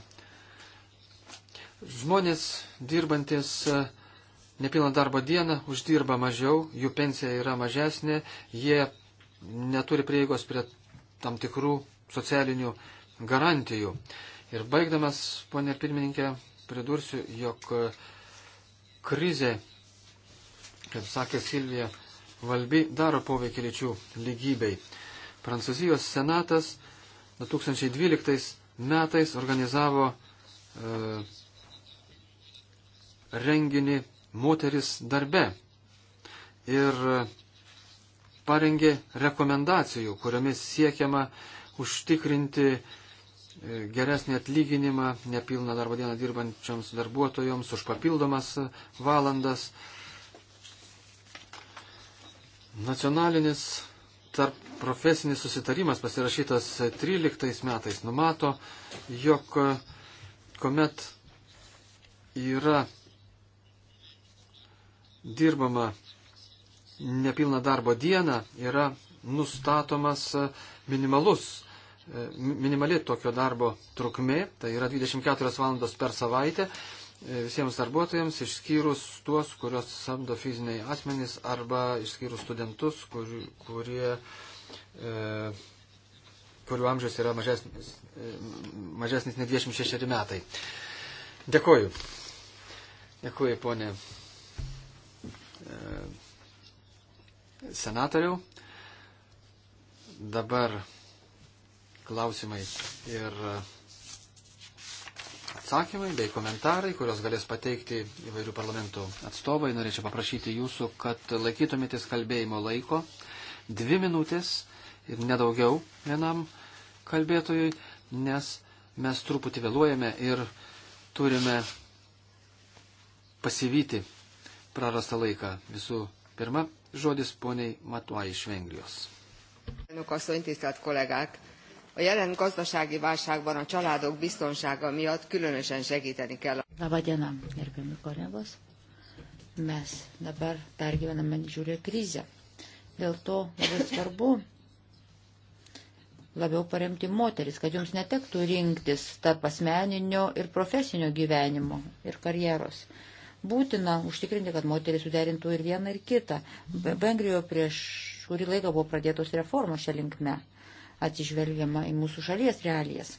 Žmonės dirbantis e, nepilną darbo dieną uždirba mažiau, jų pensija yra mažesnė, jie neturi prieigos prie tam tikrų socialinių garantijų. Ir baigdamas, ponė pirmininkė, pridursiu, jog krizė, kaip sakė Silvija Valbi, daro poveikį lyčių lygybei. Prancūzijos senatas 2012 metais organizavo e, renginį moteris darbe ir parengė rekomendacijų, kuriomis siekiama užtikrinti geresnį atlyginimą nepilną darbo dieną dirbančiams darbuotojams už papildomas valandas. Nacionalinis tarp profesinis susitarimas pasirašytas 13 metais numato, jog kuomet yra dirbama nepilna darbo diena, yra nustatomas minimalus E, minimali tokio darbo trukmė, tai yra 24 valandos per savaitę e, visiems darbuotojams, išskyrus tuos, kurios samdo fiziniai asmenys arba išskyrus studentus, kur, kurie, e, kurių amžius yra mažesnis, e, mažesnis nei 26 metai. Dėkoju. Dėkoju, ponė e, senatoriau. Dabar klausimai ir e, atsakymai bei komentarai, kurios galės pateikti įvairių parlamentų atstovai. Norėčiau paprašyti jūsų, kad laikytumėtės kalbėjimo laiko. Dvi minutės ir nedaugiau vienam kalbėtojui, nes mes truputį vėluojame ir turime pasivyti prarastą laiką. Visų pirma, žodis poniai Matuai iš Vengrijos. Elnök asszony, tisztelt kollégák! A jelen gazdasági válságban a családok biztonsága miatt különösen segíteni kell. Labą dieną, gerbiami kolegos. Mes dabar pergyvename didžiulę krizę. Dėl to labai svarbu labiau paremti moteris, kad jums netektų rinktis tarp asmeninio ir profesinio gyvenimo ir karjeros. Būtina užtikrinti, kad moteris suderintų ir vieną ir kitą. Vengrijoje prieš kurį laiką buvo pradėtos reformos šią linkmę atsižvelgiama į mūsų šalies realijas.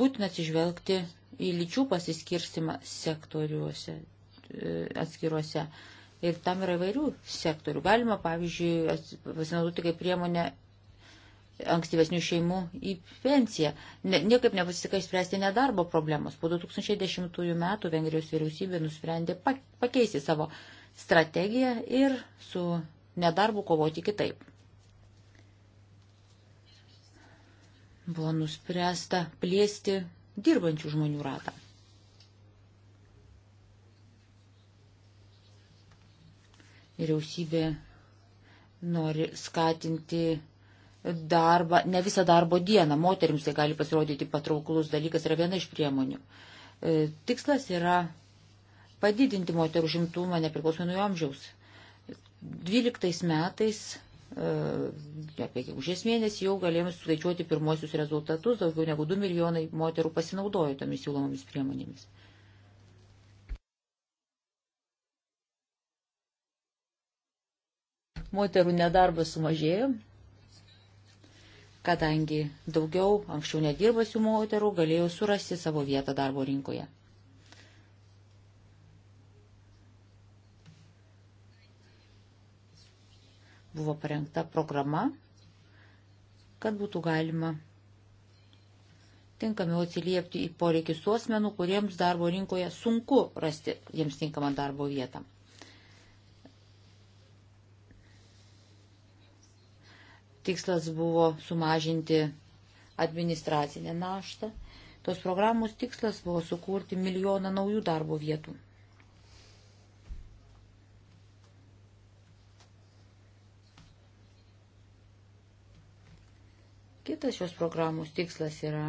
Būtina atsižvelgti į lyčių pasiskirstimą sektoriuose, e, atskiruose. Ir tam yra įvairių sektorių. Galima, pavyzdžiui, pasinaudoti kaip priemonę ankstyvesnių šeimų į pensiją. Ne, niekaip nepasiseka išspręsti nedarbo problemos. Po 2010 metų Vengrijos vyriausybė nusprendė pakeisti savo strategiją ir su nedarbu kovoti kitaip. Buvo nuspręsta plėsti dirbančių žmonių ratą. Vyriausybė nori skatinti darbą, ne visą darbo dieną. Moterims tai gali pasirodyti patrauklus dalykas, yra viena iš priemonių. E, tikslas yra padidinti moterų žimtumą nepriklausomai nuo amžiaus. 12 metais, e, apie gegužės mėnesį, jau galėjome suskaičiuoti pirmosius rezultatus, daugiau negu 2 milijonai moterų pasinaudojo tomis siūlomomis priemonėmis. Moterų nedarbas sumažėjo, kadangi daugiau anksčiau nedirbusių moterų galėjo surasti savo vietą darbo rinkoje. Buvo parengta programa, kad būtų galima tinkamiau atsiliepti į poreikius tų asmenų, kuriems darbo rinkoje sunku rasti jiems tinkamą darbo vietą. Tikslas buvo sumažinti administracinę naštą. Tos programos tikslas buvo sukurti milijoną naujų darbo vietų. Kitas šios programos tikslas yra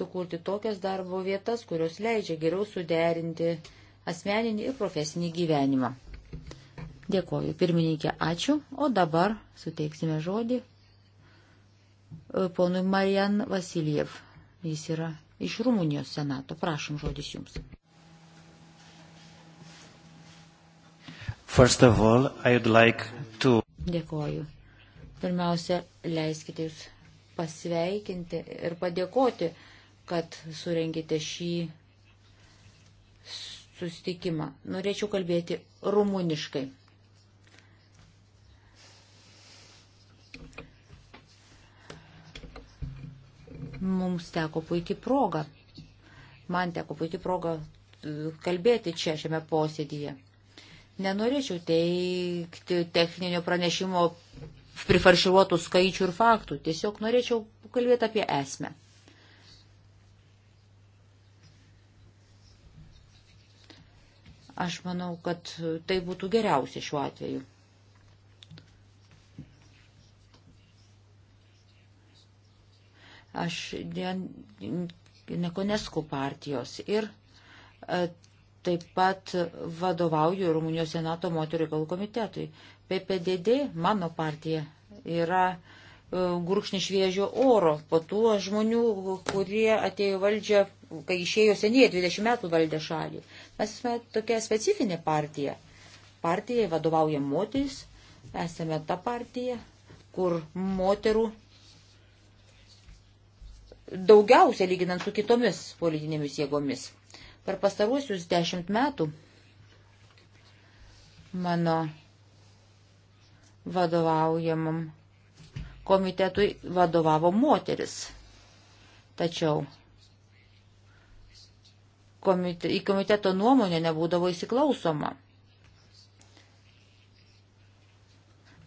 sukurti tokias darbo vietas, kurios leidžia geriau suderinti asmeninį ir profesinį gyvenimą. Dėkoju, pirmininkė, ačiū. O dabar suteiksime žodį e, ponui Marian Vasiliev. Jis yra iš Rumunijos senato. Prašom žodis jums. First of all, I would like to... Dėkoju. Pirmiausia, leiskite jūs pasveikinti ir padėkoti, kad surengėte šį sustikimą. Norėčiau kalbėti rumuniškai. Mums teko puikiai proga. Man teko puikiai proga e, kalbėti čia šiame posėdyje. Nenorėčiau teikti techninio pranešimo prifarširuotų skaičių ir faktų. Tiesiog norėčiau kalbėti apie esmę. Aš manau, kad tai būtų geriausia šiuo atveju. Aš nekonesku partijos ir e, taip pat vadovauju Rumunijos Senato moterų reikalų komitetui. PPDD, mano partija, yra e, gurkšnis šviežio oro po tuo žmonių, kurie atėjo valdžią, kai išėjo senieji 20 metų valdė šalį. Mes esame tokia specifinė partija. Partijai vadovauja moteris, esame ta partija, kur moterų daugiausia lyginant su kitomis politinėmis jėgomis. Per pastaruosius dešimt metų mano vadovaujamam komitetui vadovavo moteris. Tačiau komite, į komiteto nuomonę nebūdavo įsiklausoma.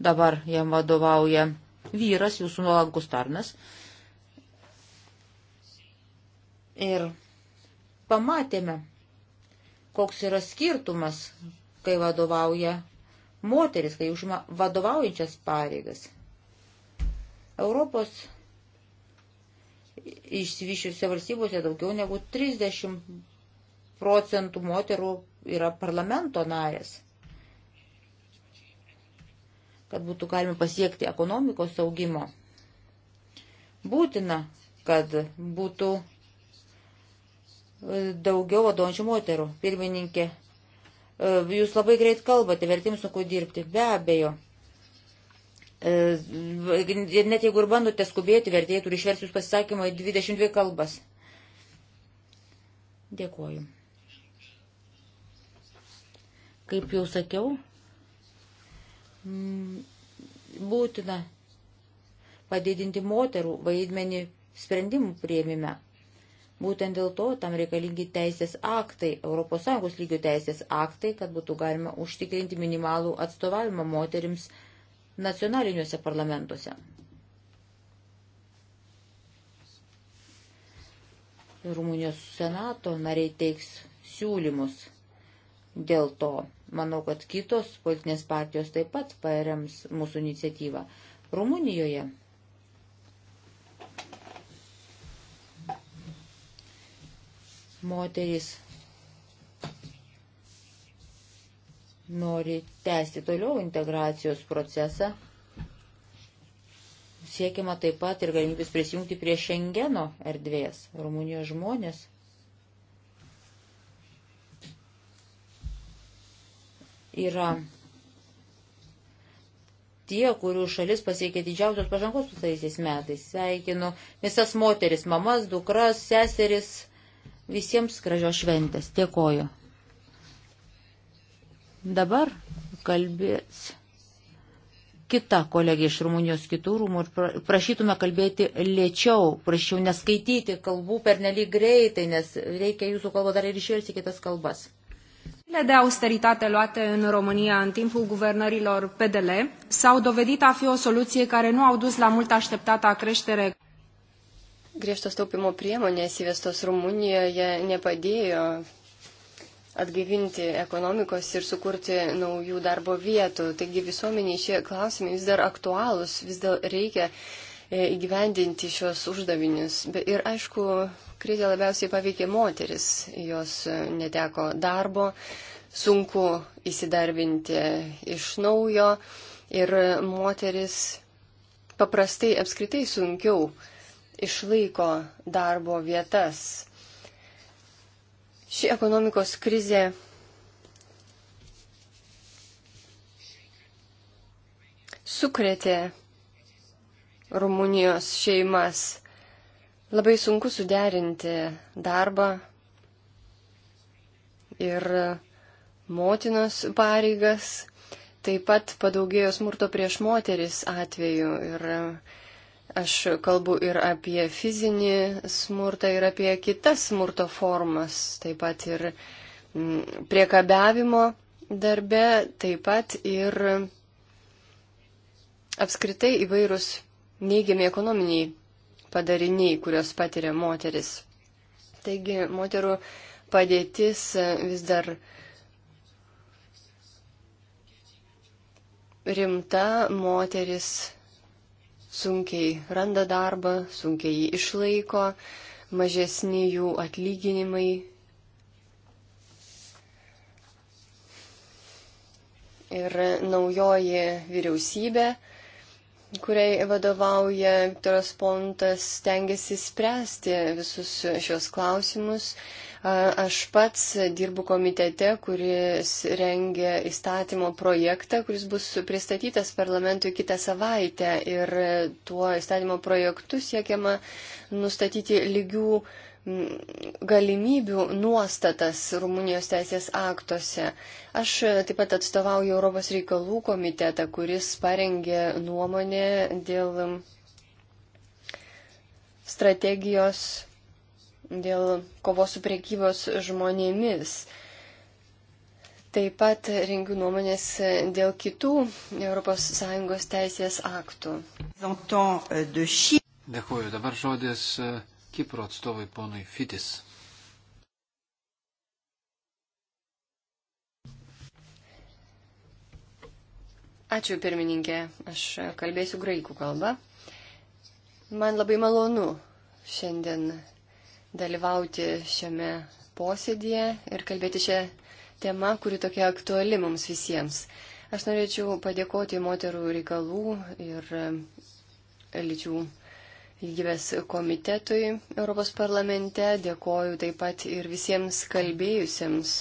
Dabar jam vadovauja vyras, jūsų nuolankus tarnas, Ir pamatėme, koks yra skirtumas, kai vadovauja moteris, kai užima vadovaujančias pareigas. Europos išsivyščiuose valstybėse daugiau negu 30 procentų moterų yra parlamento narės. Kad būtų galima pasiekti ekonomikos saugimo, būtina, kad būtų daugiau vadončių moterų. Pirmininkė, e, jūs labai greit kalbate, vertims sunku dirbti. Be abejo. E, ir net jeigu ir bandote skubėti, vertėjai turi išversti jūs pasisakymą į 22 kalbas. Dėkuoju. Kaip jau sakiau, būtina padidinti moterų vaidmenį sprendimų prieimime. Būtent dėl to tam reikalingi teisės aktai, ES lygių teisės aktai, kad būtų galima užtikrinti minimalų atstovavimą moterims nacionaliniuose parlamentuose. Rumunijos senato nariai teiks siūlymus dėl to. Manau, kad kitos politinės partijos taip pat parems mūsų iniciatyvą. Rumunijoje moterys nori tęsti toliau integracijos procesą. Siekima taip pat ir galimybės prisijungti prie Šengeno erdvės. Rumunijos žmonės yra tie, kurių šalis pasiekė didžiausios pažangos pasaisiais metais. Sveikinu visas moteris, mamas, dukras, seseris Visiems gražios šventės. Dėkoju. Dabar kalbės kita kolegė iš Rumunijos kitų rūmų ir prašytume kalbėti lėčiau, prašiau neskaityti kalbų per nelik greitai, nes reikia jūsų kalbą dar ir išversti kitas kalbas. de austeritate luate în România în timpul guvernărilor PDL s-au dovedit a fi o soluție care nu au dus la mult așteptata creștere griežtos taupimo priemonės įvestos Rumunijoje nepadėjo atgaivinti ekonomikos ir sukurti naujų darbo vietų. Taigi visuomeniai šie klausimai vis dar aktualūs, vis dar reikia e, įgyvendinti šios uždavinius. Ir aišku, krizė labiausiai paveikė moteris, jos e, neteko darbo, sunku įsidarbinti iš naujo ir moteris paprastai apskritai sunkiau išlaiko darbo vietas. Ši ekonomikos krizė sukrėtė Rumunijos šeimas. Labai sunku suderinti darbą ir motinos pareigas. Taip pat padaugėjo smurto prieš moteris atveju ir Aš kalbu ir apie fizinį smurtą, ir apie kitas smurto formas, taip pat ir mm, priekabiavimo darbe, taip pat ir apskritai įvairūs neigiami ekonominiai padariniai, kurios patiria moteris. Taigi moterų padėtis e, vis dar rimta, moteris sunkiai randa darbą, sunkiai jį išlaiko, mažesni jų atlyginimai. Ir naujoji vyriausybė, kuriai vadovauja Viktoras Pontas, tengiasi spręsti visus šios klausimus Aš pats dirbu komitete, kuris rengia įstatymo projektą, kuris bus pristatytas parlamentui kitą savaitę. Ir tuo įstatymo projektu siekiama nustatyti lygių galimybių nuostatas Rumunijos teisės aktuose. Aš taip pat atstovauju Europos reikalų komitetą, kuris parengė nuomonę dėl strategijos dėl kovos su priekybos žmonėmis. Taip pat rengiu nuomonės dėl kitų ES teisės aktų. Dėkuoju. Dabar žodis e, Kipro atstovui ponui Fitis. Ačiū pirmininkė, aš kalbėsiu graikų kalbą. Man labai malonu šiandien dalyvauti šiame posėdėje ir kalbėti šią temą, kuri tokia aktuali mums visiems. Aš norėčiau padėkoti moterų reikalų ir e, lyčių lygybės komitetui Europos parlamente. Dėkoju taip pat ir visiems kalbėjusiems.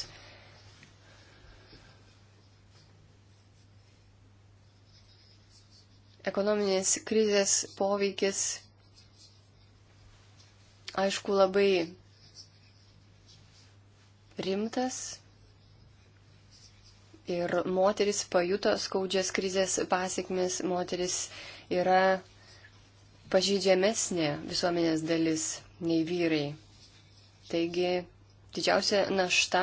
Ekonominės krizės poveikis aišku, labai rimtas ir moteris pajuto skaudžias krizės pasiekmes, moteris yra pažydžiamesnė visuomenės dalis nei vyrai. Taigi didžiausia našta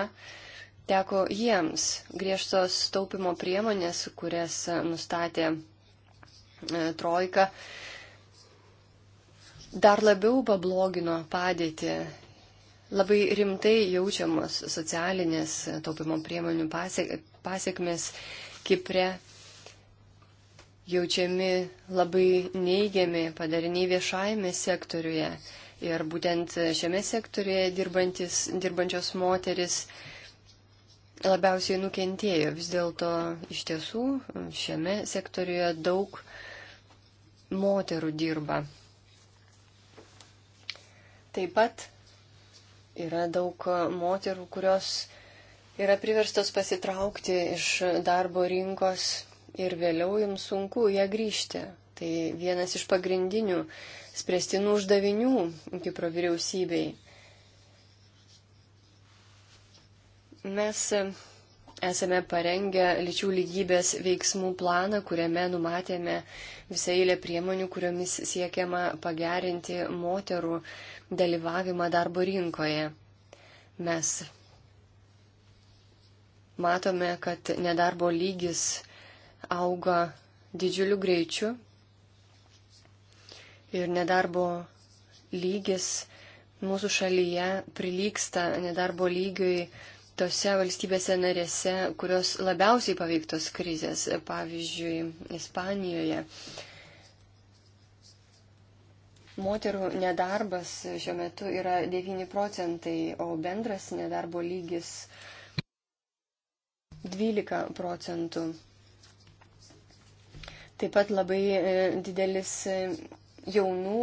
teko jiems griežtos taupimo priemonės, kurias nustatė e, Trojka, dar labiau pablogino padėtį. Labai rimtai jaučiamos socialinės taupimo priemonių pasiekmes Kipre jaučiami labai neigiami padariniai viešajame sektoriuje. Ir būtent šiame sektoriuje dirbančios moteris labiausiai nukentėjo. Vis dėlto iš tiesų šiame sektoriuje daug moterų dirba. Taip pat yra daug moterų, kurios yra priverstos pasitraukti iš darbo rinkos ir vėliau jums sunku ją grįžti. Tai vienas iš pagrindinių spręstinų uždavinių Kipro vyriausybei. Mes esame parengę lyčių lygybės veiksmų planą, kuriame numatėme visą eilę priemonių, kuriomis siekiama pagerinti moterų dalyvavimą darbo rinkoje. Mes matome, kad nedarbo lygis auga didžiuliu greičiu ir nedarbo lygis mūsų šalyje prilyksta nedarbo lygiui tose valstybėse narėse, kurios labiausiai paveiktos krizės, pavyzdžiui, Ispanijoje. Moterų nedarbas šiuo metu yra 9 procentai, o bendras nedarbo lygis 12 procentų. Taip pat labai e, didelis e, jaunų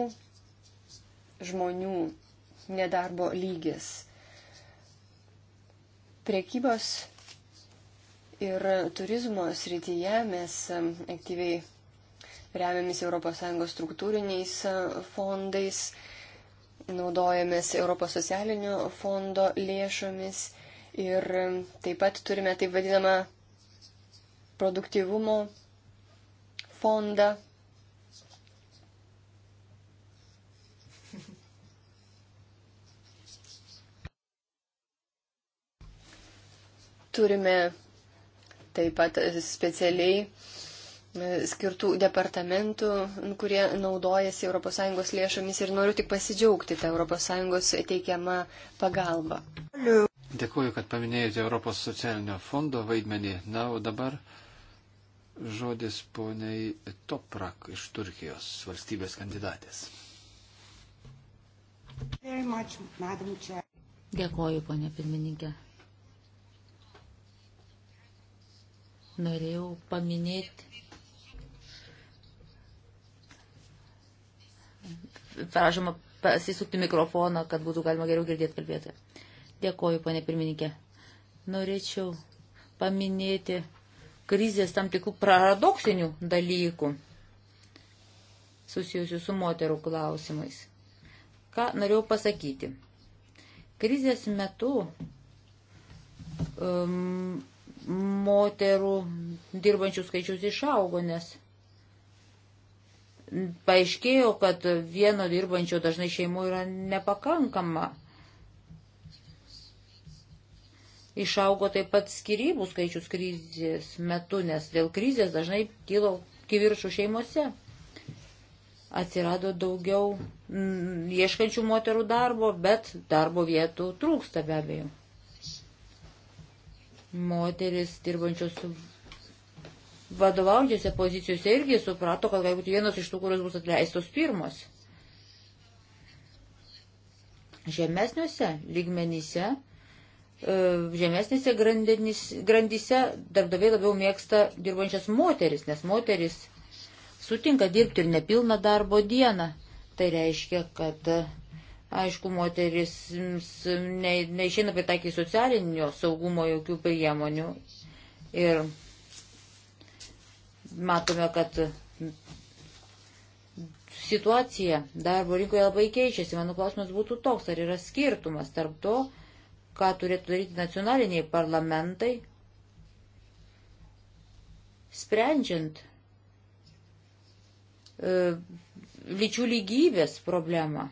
žmonių nedarbo lygis Prekybos ir turizmo srityje mes aktyviai remiamis ES struktūriniais e, fondais, naudojamės ES fondo lėšomis ir taip pat turime taip vadinamą produktyvumo fondą, Turime taip pat specialiai e, skirtų departamentų, kurie naudojasi ES lėšomis ir noriu tik pasidžiaugti tą ES teikiamą pagalbą. Dėkuoju, kad paminėjote Europos socialinio fondo vaidmenį. Na, o dabar žodis poniai Toprak iš Turkijos valstybės kandidatės. Dėkuoju, ponė pirmininkė. norėjau paminėti. Prašoma pasisukti mikrofoną, kad būtų galima geriau girdėti kalbėtoją. Dėkoju, ponė pirmininkė. Norėčiau paminėti krizės tam tikrų paradoksinių dalykų susijusių su moterų klausimais. Ką norėjau pasakyti? Krizės metu um, moterų dirbančių skaičius išaugo, nes paaiškėjo, kad vieno dirbančio dažnai šeimų yra nepakankama. Išaugo taip pat skirybų skaičius krizės metu, nes dėl krizės dažnai kilo kiviršų šeimose. Atsirado daugiau m, mm, ieškančių moterų darbo, bet darbo vietų trūksta be abejo moteris dirbančios vadovaujančiose pozicijose irgi suprato, kad galbūt vienas iš tų, kurios bus atleistos pirmos. Žemesniuose lygmenyse, e, žemesnėse grandyse darbdaviai labiau mėgsta dirbančias moteris, nes moteris sutinka dirbti ir nepilną darbo dieną. Tai reiškia, kad Aišku, moteris mm, ne, neišina pritaikyti socialinio saugumo jokių priemonių. Ir matome, kad situacija darbo rinkoje labai keičiasi. Mano klausimas būtų toks, ar yra skirtumas tarp to, ką turėtų daryti nacionaliniai parlamentai, sprendžiant e, lyčių lygybės problemą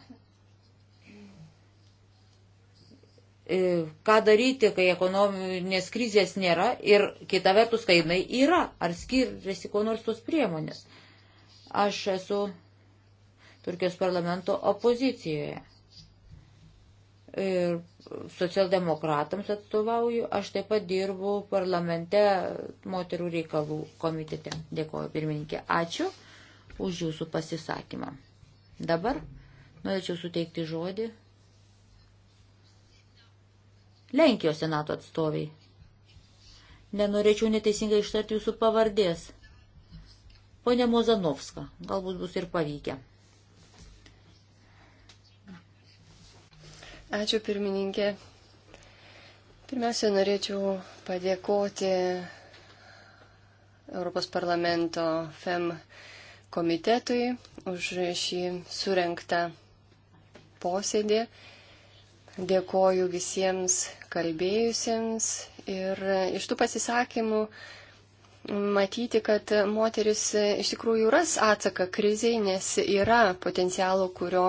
E, ką daryti, kai ekonominės krizės nėra ir kita vertus, kai jinai yra, ar skiriasi kuo nors tos priemonės. Aš esu Turkijos parlamento opozicijoje. Ir socialdemokratams atstovauju, aš taip pat dirbu parlamente moterų reikalų komitete. Dėkuoju, pirmininkė. Ačiū už jūsų pasisakymą. Dabar norėčiau suteikti žodį Lenkijos senato atstoviai. Nenorėčiau neteisingai ištarti jūsų pavardės. Pone Mozanovska, galbūt bus ir pavykę. Ačiū pirmininkė. Pirmiausia, norėčiau padėkoti Europos parlamento FEM komitetui už šį surenktą posėdį. Dėkoju visiems kalbėjusiems ir iš tų pasisakymų matyti, kad moteris iš tikrųjų ras atsaką kriziai, nes yra potencialo, kurio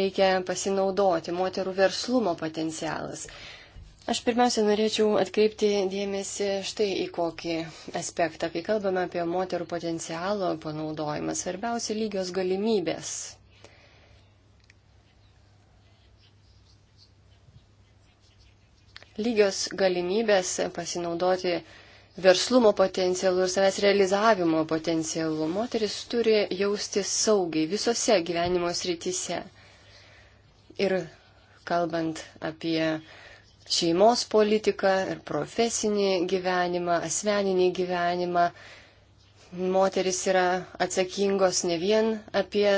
reikia pasinaudoti, moterų verslumo potencialas. Aš pirmiausia norėčiau atkreipti dėmesį štai į kokį aspektą, kai kalbame apie moterų potencialo panaudojimą. Svarbiausia lygios galimybės lygios galimybės pasinaudoti verslumo potencialu ir savęs realizavimo potencialu. Moteris turi jausti saugiai visose gyvenimo srityse. Ir kalbant apie šeimos politiką ir profesinį gyvenimą, asmeninį gyvenimą, moteris yra atsakingos ne vien apie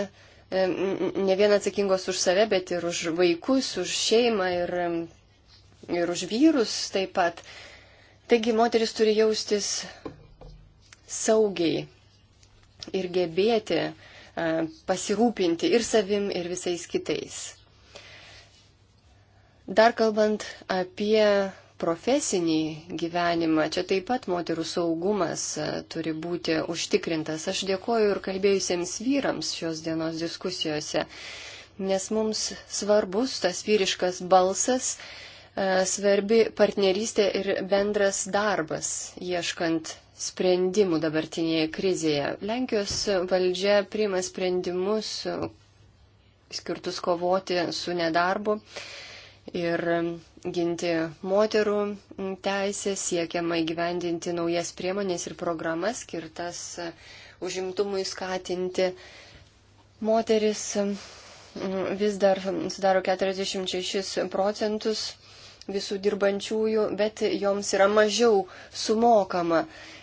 ne vien atsakingos už save, bet ir už vaikus, už šeimą ir ir už vyrus taip pat. Taigi moteris turi jaustis saugiai ir gebėti pasirūpinti ir savim, ir visais kitais. Dar kalbant apie profesinį gyvenimą, čia taip pat moterų saugumas turi būti užtikrintas. Aš dėkoju ir kalbėjusiems vyrams šios dienos diskusijose, nes mums svarbus tas vyriškas balsas, E, svarbi partnerystė ir bendras darbas ieškant sprendimų dabartinėje krizėje. Lenkijos valdžia priima sprendimus skirtus kovoti su nedarbu ir ginti moterų teisę, siekiama įgyvendinti naujas priemonės ir programas skirtas užimtumui skatinti. Moteris vis dar sudaro 46 procentus visų dirbančiųjų, bet joms yra mažiau sumokama.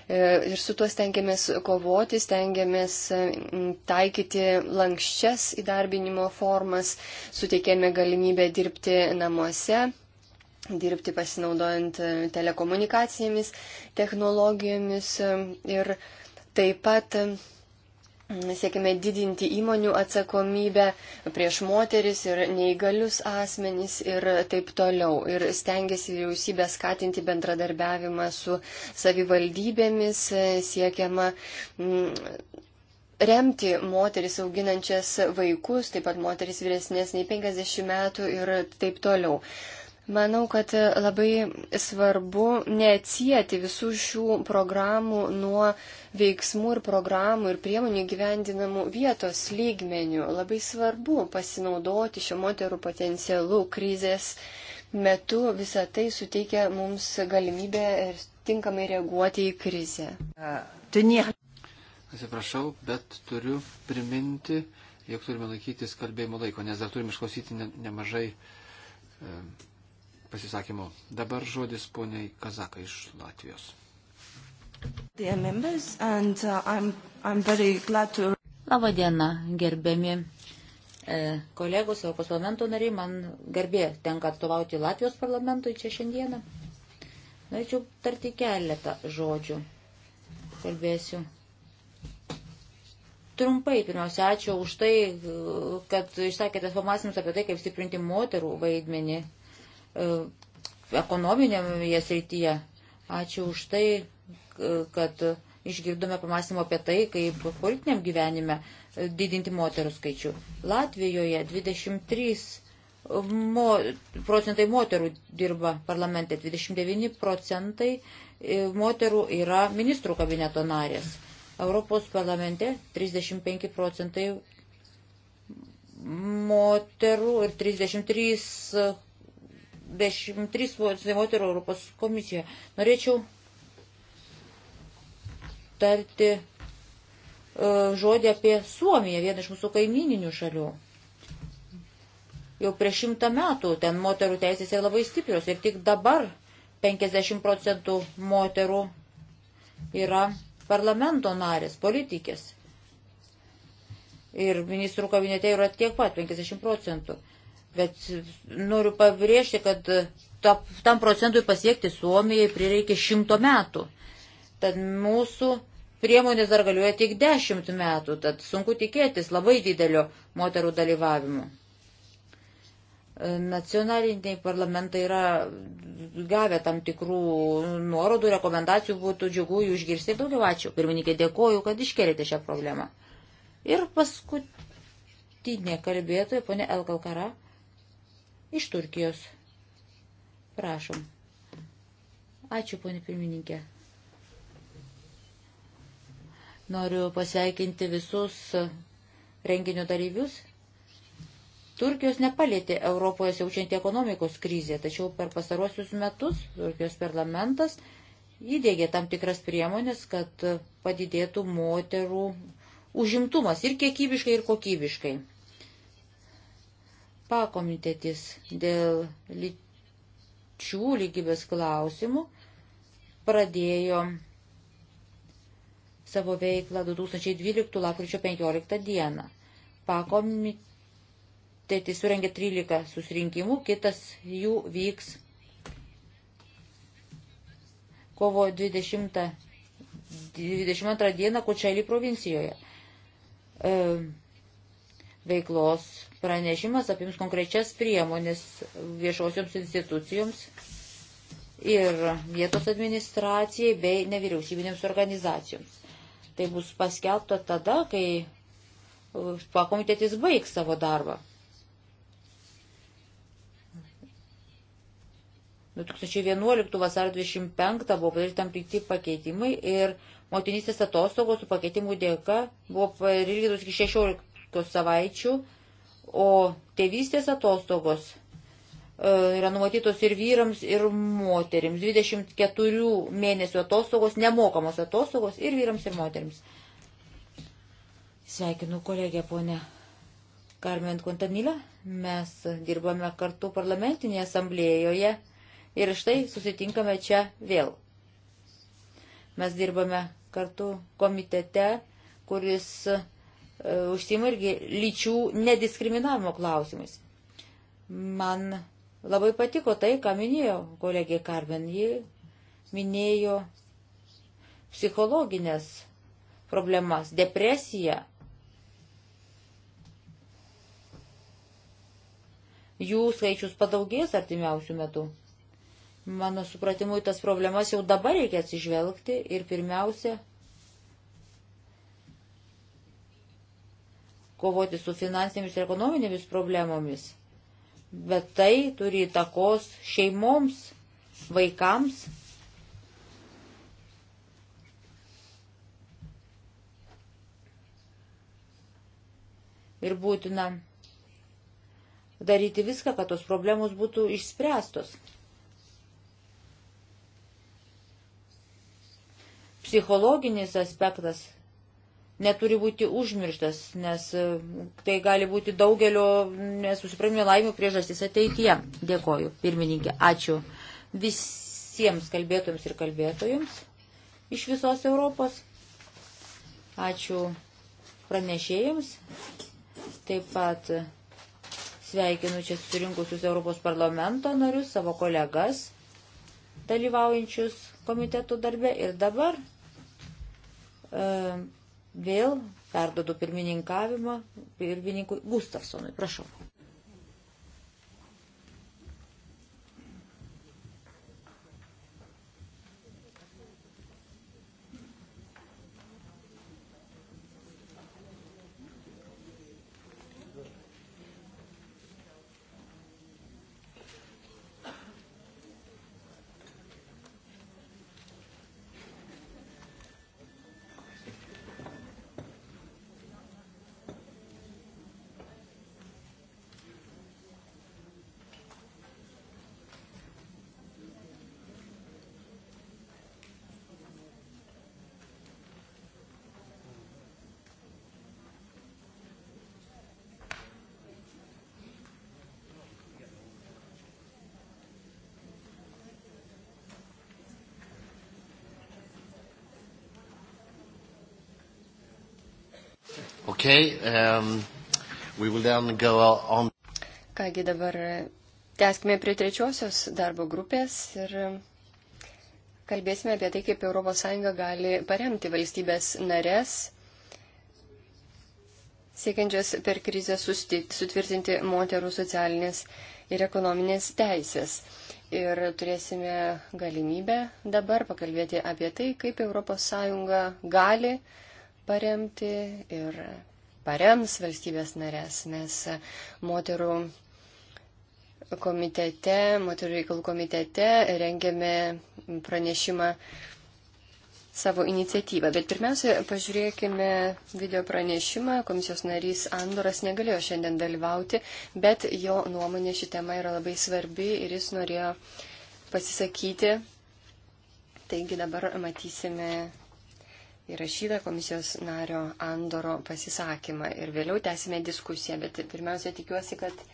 E, ir su tuo stengiamės kovoti, stengiamės e, taikyti lankščias įdarbinimo formas, suteikėme galimybę dirbti namuose, dirbti pasinaudojant e, telekomunikacijomis, technologijomis ir taip pat Siekime didinti įmonių atsakomybę prieš moteris ir neįgalius asmenys ir taip toliau. Ir stengiasi vyriausybė skatinti bendradarbiavimą su savivaldybėmis, siekiama mm, remti moteris auginančias vaikus, taip pat moteris vyresnės nei 50 metų ir taip toliau. Manau, kad labai svarbu neatsijėti visų šių programų nuo veiksmų ir programų ir priemonių gyvendinamų vietos lygmenių. Labai svarbu pasinaudoti šio moterų potencialu krizės metu. Visą tai suteikia mums galimybę ir tinkamai reaguoti į krizę. Atsiprašau, bet turiu priminti, jog turime laikytis kalbėjimo laiko, nes dar turime išklausyti ne, nemažai. E, pasisakymu. Dabar žodis poniai Kazakai iš Latvijos. And, uh, I'm, I'm to... Labą dieną, gerbiami e, kolegos, Europos parlamento nariai. Man garbė tenka atstovauti Latvijos parlamentui čia šiandieną. Norėčiau tarti keletą žodžių. Kalbėsiu trumpai, pirmiausia, ačiū už tai, kad išsakėte informacijoms apie tai, kaip stiprinti moterų vaidmenį E, ekonominėje srityje. Ačiū už tai, e, kad išgirdome pamastymą apie tai, kaip politiniam gyvenime didinti moterų skaičių. Latvijoje 23 mo, procentai moterų dirba parlamente, 29 procentai e, moterų yra ministrų kabineto narės. Europos parlamente 35 procentai moterų ir 33 23 procentai moterų Europos komisijoje. Norėčiau tarti e, žodį apie Suomiją, vieną iš mūsų kaimininių šalių. Jau prieš šimtą metų ten moterų teisės yra labai stiprios ir tik dabar 50 procentų moterų yra parlamento narės, politikės. Ir ministrų kabinete yra tiek pat 50 procentų. Bet noriu pabrėžti, kad ta, tam procentui pasiekti Suomijai prireikė šimto metų. Tad mūsų priemonės dar galioja tik dešimt metų, tad sunku tikėtis labai didelio moterų dalyvavimo. E, nacionaliniai parlamentai yra gavę tam tikrų nuorodų, rekomendacijų, būtų džiugu jų išgirsti ir daugiau ačiū. Pirmininkė, dėkoju, kad iškelėte šią problemą. Ir paskutinė kalbėtoja, ponė Elkalkara iš Turkijos. Prašom. Ačiū, ponė pirmininkė. Noriu pasveikinti visus renginio dalyvius. Turkijos nepalėtė Europoje siaučianti ekonomikos krizė, tačiau per pastaruosius metus Turkijos parlamentas įdėgė tam tikras priemonės, kad padidėtų moterų užimtumas ir kiekybiškai, ir kokybiškai pakomitetis dėl lyčių lygybės klausimų pradėjo savo veiklą 2012 lapkričio 15 dieną. Pakomitetis surengė 13 susirinkimų, kitas jų vyks kovo 20, 22 dieną Kučelį provincijoje. E, veiklos pranešimas apims konkrečias priemonės viešosioms institucijoms ir vietos administracijai bei nevyriausybinėms organizacijoms. Tai bus paskelbta tada, kai uh, pakomitetis baigs savo darbą. 2011 vasar 25 buvo padaryti tam tikti pakeitimai ir motinystės atostogos su pakeitimu dėka buvo parilgytos iki 16 14 savaičių, o tėvystės atostogos e, yra numatytos ir vyrams, ir moterims. 24 mėnesių atostogos, nemokamos atostogos ir vyrams, ir moterims. Sveikinu kolegę ponę Karmen Kontanilę. Mes dirbame kartu parlamentinėje asamblėjoje ir štai susitinkame čia vėl. Mes dirbame kartu komitete, kuris E, užsima irgi lyčių nediskriminavimo klausimais. Man labai patiko tai, ką minėjo kolegė Karmen. Ji minėjo psichologinės problemas, depresiją. Jų skaičius padaugės artimiausių metų. Mano supratimu, tas problemas jau dabar reikia atsižvelgti ir pirmiausia kovoti su finansinėmis ir ekonominėmis problemomis, bet tai turi įtakos šeimoms, vaikams. Ir būtina daryti viską, kad tos problemos būtų išspręstos. Psichologinis aspektas neturi būti užmirštas, nes e, tai gali būti daugelio nesusipratimų laimų priežastis ateityje. Dėkoju, pirmininkė. Ačiū visiems kalbėtojams ir kalbėtojams iš visos Europos. Ačiū pranešėjams. Taip pat sveikinu čia susirinkusius Europos parlamento narius, savo kolegas, dalyvaujančius komitetų darbe. Ir dabar. E, vėl perdodu pirmininkavimą pirmininkui Gustafsonui. Prašau. Okay, um, we will then go on. Kągi dabar tęskime prie trečiosios darbo grupės ir kalbėsime apie tai, kaip ES gali paremti valstybės narės siekiančias per krizę sutvirtinti moterų socialinės ir ekonominės teisės. Ir turėsime galimybę dabar pakalbėti apie tai, kaip ES gali paremti ir parems valstybės narės, nes moterų komitete, moterų reikalų komitete rengėme pranešimą savo iniciatyvą. Bet pirmiausia, pažiūrėkime video pranešimą. Komisijos narys Andoras negalėjo šiandien dalyvauti, bet jo nuomonė ši tema yra labai svarbi ir jis norėjo pasisakyti. Taigi dabar matysime įrašytą komisijos nario Andoro pasisakymą ir vėliau tęsime diskusiją, bet pirmiausia tikiuosi, kad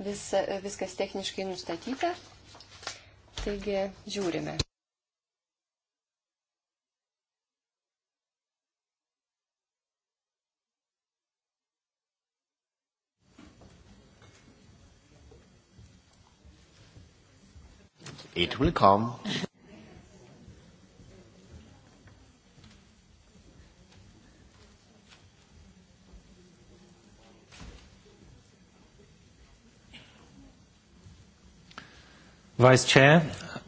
vis, viskas techniškai nustatyta. Taigi žiūrime. It will come. Vice Chair,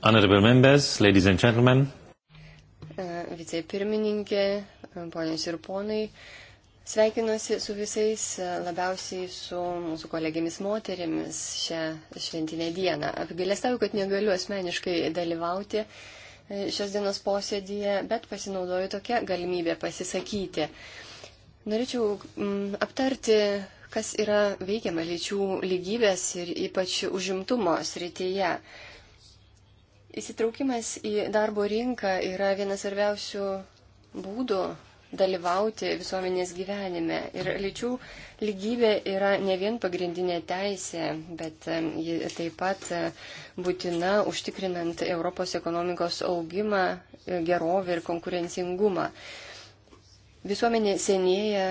honorable members, ladies and gentlemen. E, Vicepirmininkė, ponios ir ponai, sveikinuosi su visais, e, labiausiai su mūsų kolegėmis moterimis šią šventinę dieną. Apgailestauju, kad negaliu asmeniškai dalyvauti e, šios dienos posėdėje, bet pasinaudoju tokią galimybę pasisakyti. Norėčiau aptarti kas yra veikiama lyčių lygybės ir ypač užimtumo srityje. Įsitraukimas į darbo rinką yra vienas svarbiausių būdų dalyvauti visuomenės gyvenime. Ir lyčių lygybė yra ne vien pagrindinė teisė, bet ji taip pat e, būtina užtikrinant Europos ekonomikos augimą, e, gerovę ir konkurencingumą. Visuomenė senėja,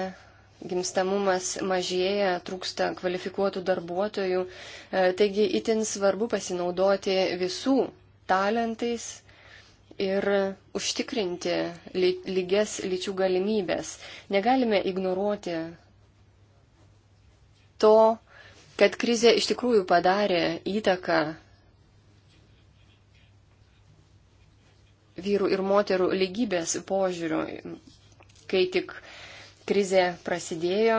gimstamumas mažėja, trūksta kvalifikuotų darbuotojų. E, taigi itin svarbu pasinaudoti visų talentais ir užtikrinti lygias lyčių galimybės. Negalime ignoruoti to, kad krizė iš tikrųjų padarė įtaką vyrų ir moterų lygybės požiūriu, kai tik krizė prasidėjo,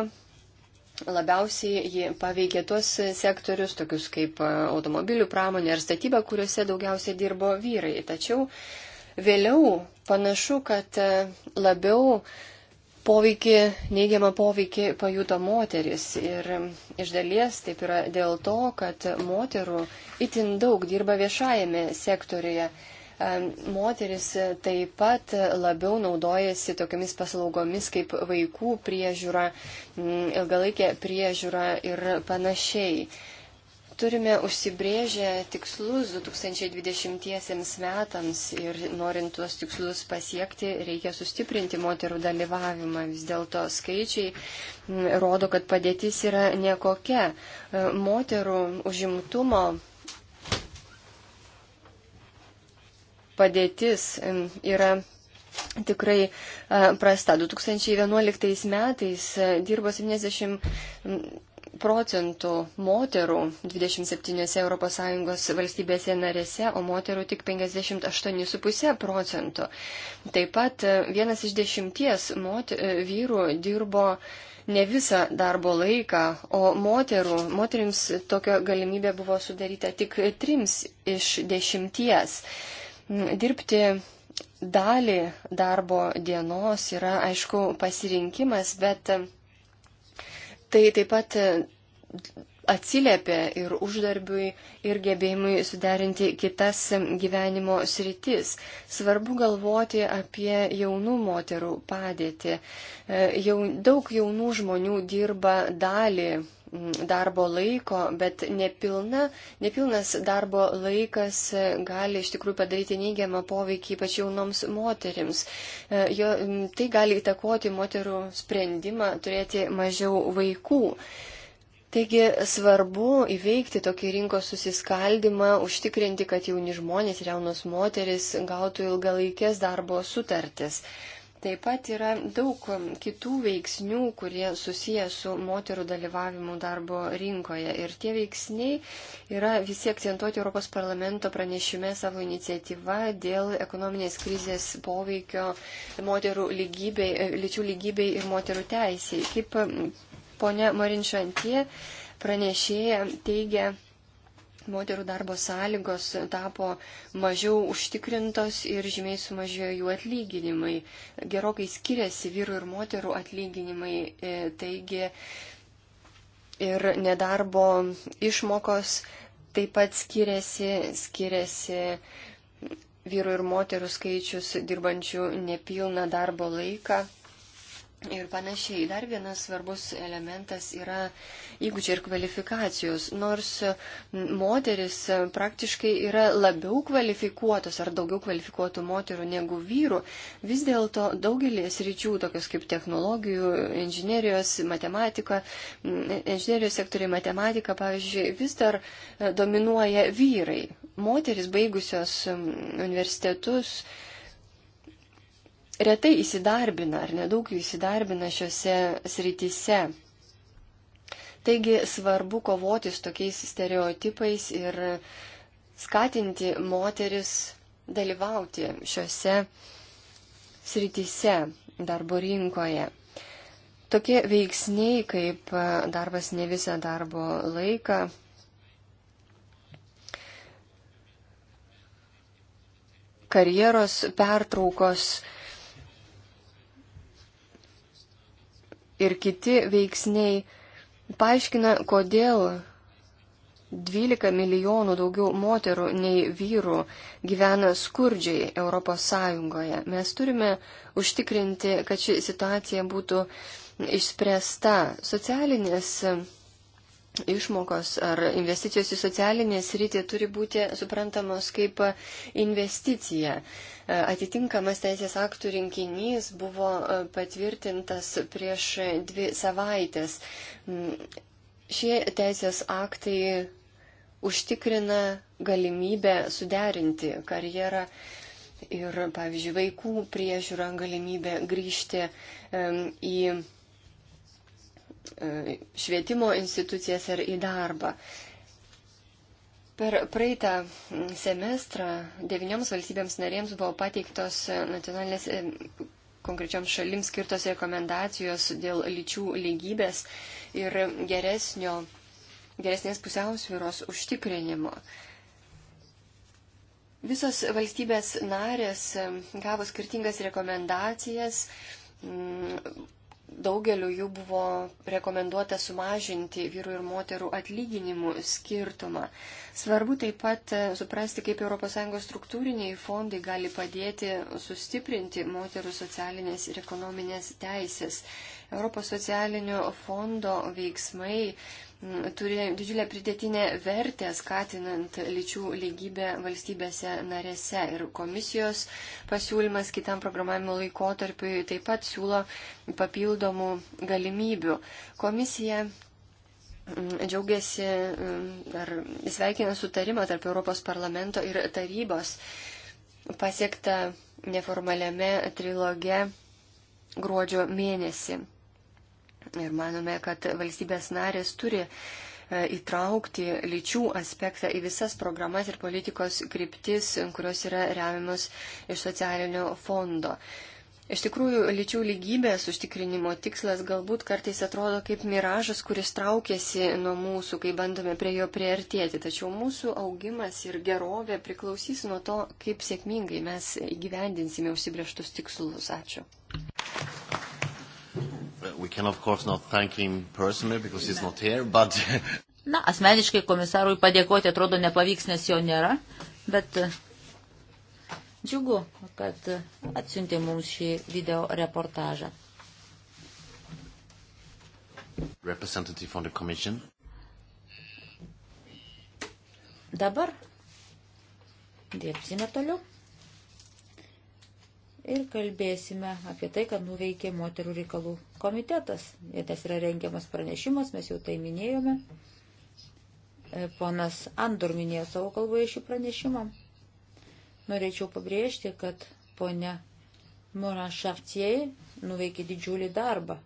labiausiai ji paveikė tuos sektorius, tokius kaip automobilių pramonė ir statyba, kuriuose daugiausiai dirbo vyrai. Tačiau vėliau panašu, kad labiau poveikį, neigiamą poveikį pajuto moteris. Ir iš dalies taip yra dėl to, kad moterų itin daug dirba viešajame sektoriuje moteris taip pat labiau naudojasi tokiamis paslaugomis kaip vaikų priežiūra, ilgalaikė priežiūra ir panašiai. Turime užsibrėžę tikslus 2020 metams ir norint tuos tikslus pasiekti, reikia sustiprinti moterų dalyvavimą. Vis dėlto skaičiai rodo, kad padėtis yra nekokia. Moterų užimtumo padėtis yra tikrai prasta. 2011 metais dirbo 70 procentų moterų 27 ES valstybėse narėse, o moterų tik 58,5 procentų. Taip pat vienas iš dešimties moter, vyrų dirbo ne visą darbo laiką, o moterų, moterims tokia galimybė buvo sudaryta tik trims iš dešimties. Dirbti dalį darbo dienos yra, aišku, pasirinkimas, bet tai taip pat atsiliepia ir uždarbiui, ir gebėjimui suderinti kitas gyvenimo sritis. Svarbu galvoti apie jaunų moterų padėtį. Jau, daug jaunų žmonių dirba dalį darbo laiko, bet nepilna, nepilnas darbo laikas gali iš tikrųjų padaryti neigiamą poveikį ypač jaunoms moterims. E, jo, tai gali įtakoti moterų sprendimą turėti mažiau vaikų. Taigi svarbu įveikti tokį rinkos susiskaldimą, užtikrinti, kad jauni žmonės ir jaunos moteris gautų ilgalaikės darbo sutartis. Taip pat yra daug kitų veiksnių, kurie susiję su moterų dalyvavimu darbo rinkoje. Ir tie veiksniai yra visi akcentuoti Europos parlamento pranešime savo iniciatyva dėl ekonominės krizės poveikio moterų lygybei, lyčių lygybei ir moterų teisiai. Kaip ponia Marinšantie pranešėja teigia moterų darbo sąlygos tapo mažiau užtikrintos ir žymiai sumažėjo jų atlyginimai. Gerokai skiriasi vyrų ir moterų atlyginimai, e, taigi ir nedarbo išmokos taip pat skiriasi, skiriasi vyrų ir moterų skaičius dirbančių nepilną darbo laiką. Ir panašiai, dar vienas svarbus elementas yra įgūdžiai ir kvalifikacijos. Nors moteris praktiškai yra labiau kvalifikuotos ar daugiau kvalifikuotų moterų negu vyrų, vis dėlto daugelis ryčių, tokios kaip technologijų, inžinierijos, matematika, inžinierijos sektoriai matematika, pavyzdžiui, vis dar e, dominuoja vyrai. Moteris baigusios universitetus retai įsidarbina ar nedaug jų įsidarbina šiuose srityse. Taigi svarbu kovoti su tokiais stereotipais ir skatinti moteris dalyvauti šiuose srityse darbo rinkoje. Tokie veiksniai kaip darbas ne visą darbo laiką, karjeros pertraukos, ir kiti veiksniai paaiškina, kodėl 12 milijonų daugiau moterų nei vyrų gyvena skurdžiai ES. Mes turime užtikrinti, kad ši situacija būtų išspręsta. Socialinės išmokos ar investicijos į socialinę sritį turi būti suprantamos kaip investicija. Atitinkamas teisės aktų rinkinys buvo e, patvirtintas prieš dvi savaitės. Mm, šie teisės aktai užtikrina galimybę suderinti karjerą ir, pavyzdžiui, vaikų priežiūrą, galimybę grįžti į E, švietimo institucijas ar į darbą. Per praeitą semestrą devinioms valstybėms narėms buvo pateiktos nacionalinės e, konkrečioms šalims skirtos rekomendacijos dėl lyčių lygybės ir geresnio, geresnės pusiausvyros užtikrinimo. Visos valstybės narės e, gavo skirtingas rekomendacijas daugeliu jų buvo rekomenduota sumažinti vyrų ir moterų atlyginimų skirtumą. Svarbu taip pat e, suprasti, kaip ES struktūriniai fondai gali padėti sustiprinti moterų socialinės ir ekonominės teisės. ES fondo veiksmai turi didžiulę pridėtinę vertę skatinant lyčių lygybę valstybėse narėse. Ir komisijos pasiūlymas kitam programavimo laikotarpiui taip pat siūlo papildomų galimybių. Komisija mm, džiaugiasi mm, ar sveikina sutarimą tarp Europos parlamento ir tarybos pasiektą neformaliame triloge gruodžio mėnesį. Ir manome, kad valstybės narės turi e, įtraukti lyčių aspektą į visas programas ir politikos kryptis, kurios yra remiamos iš socialinio fondo. Iš tikrųjų, lyčių lygybės užtikrinimo tikslas galbūt kartais atrodo kaip miražas, kuris traukiasi nuo mūsų, kai bandome prie jo prieartėti. Tačiau mūsų augimas ir gerovė priklausys nuo to, kaip sėkmingai mes įgyvendinsime užsibrieštus tikslus. Ačiū we can of course not thank him personally because he's not here, but... (laughs) Na, asmeniškai komisarui padėkoti atrodo nepavyks, nes jo nėra, bet e, džiugu, kad atsiuntė mums šį video reportažą. Representative on the commission. Dabar dirbsime toliau ir kalbėsime apie tai, kad nuveikė moterų reikalų komitetas. Ir tas yra rengiamas pranešimas, mes jau tai minėjome. E, ponas Andor minėjo savo kalboje šį pranešimą. Norėčiau pabrėžti, kad ponia Moran Šartier nuveikė didžiulį darbą.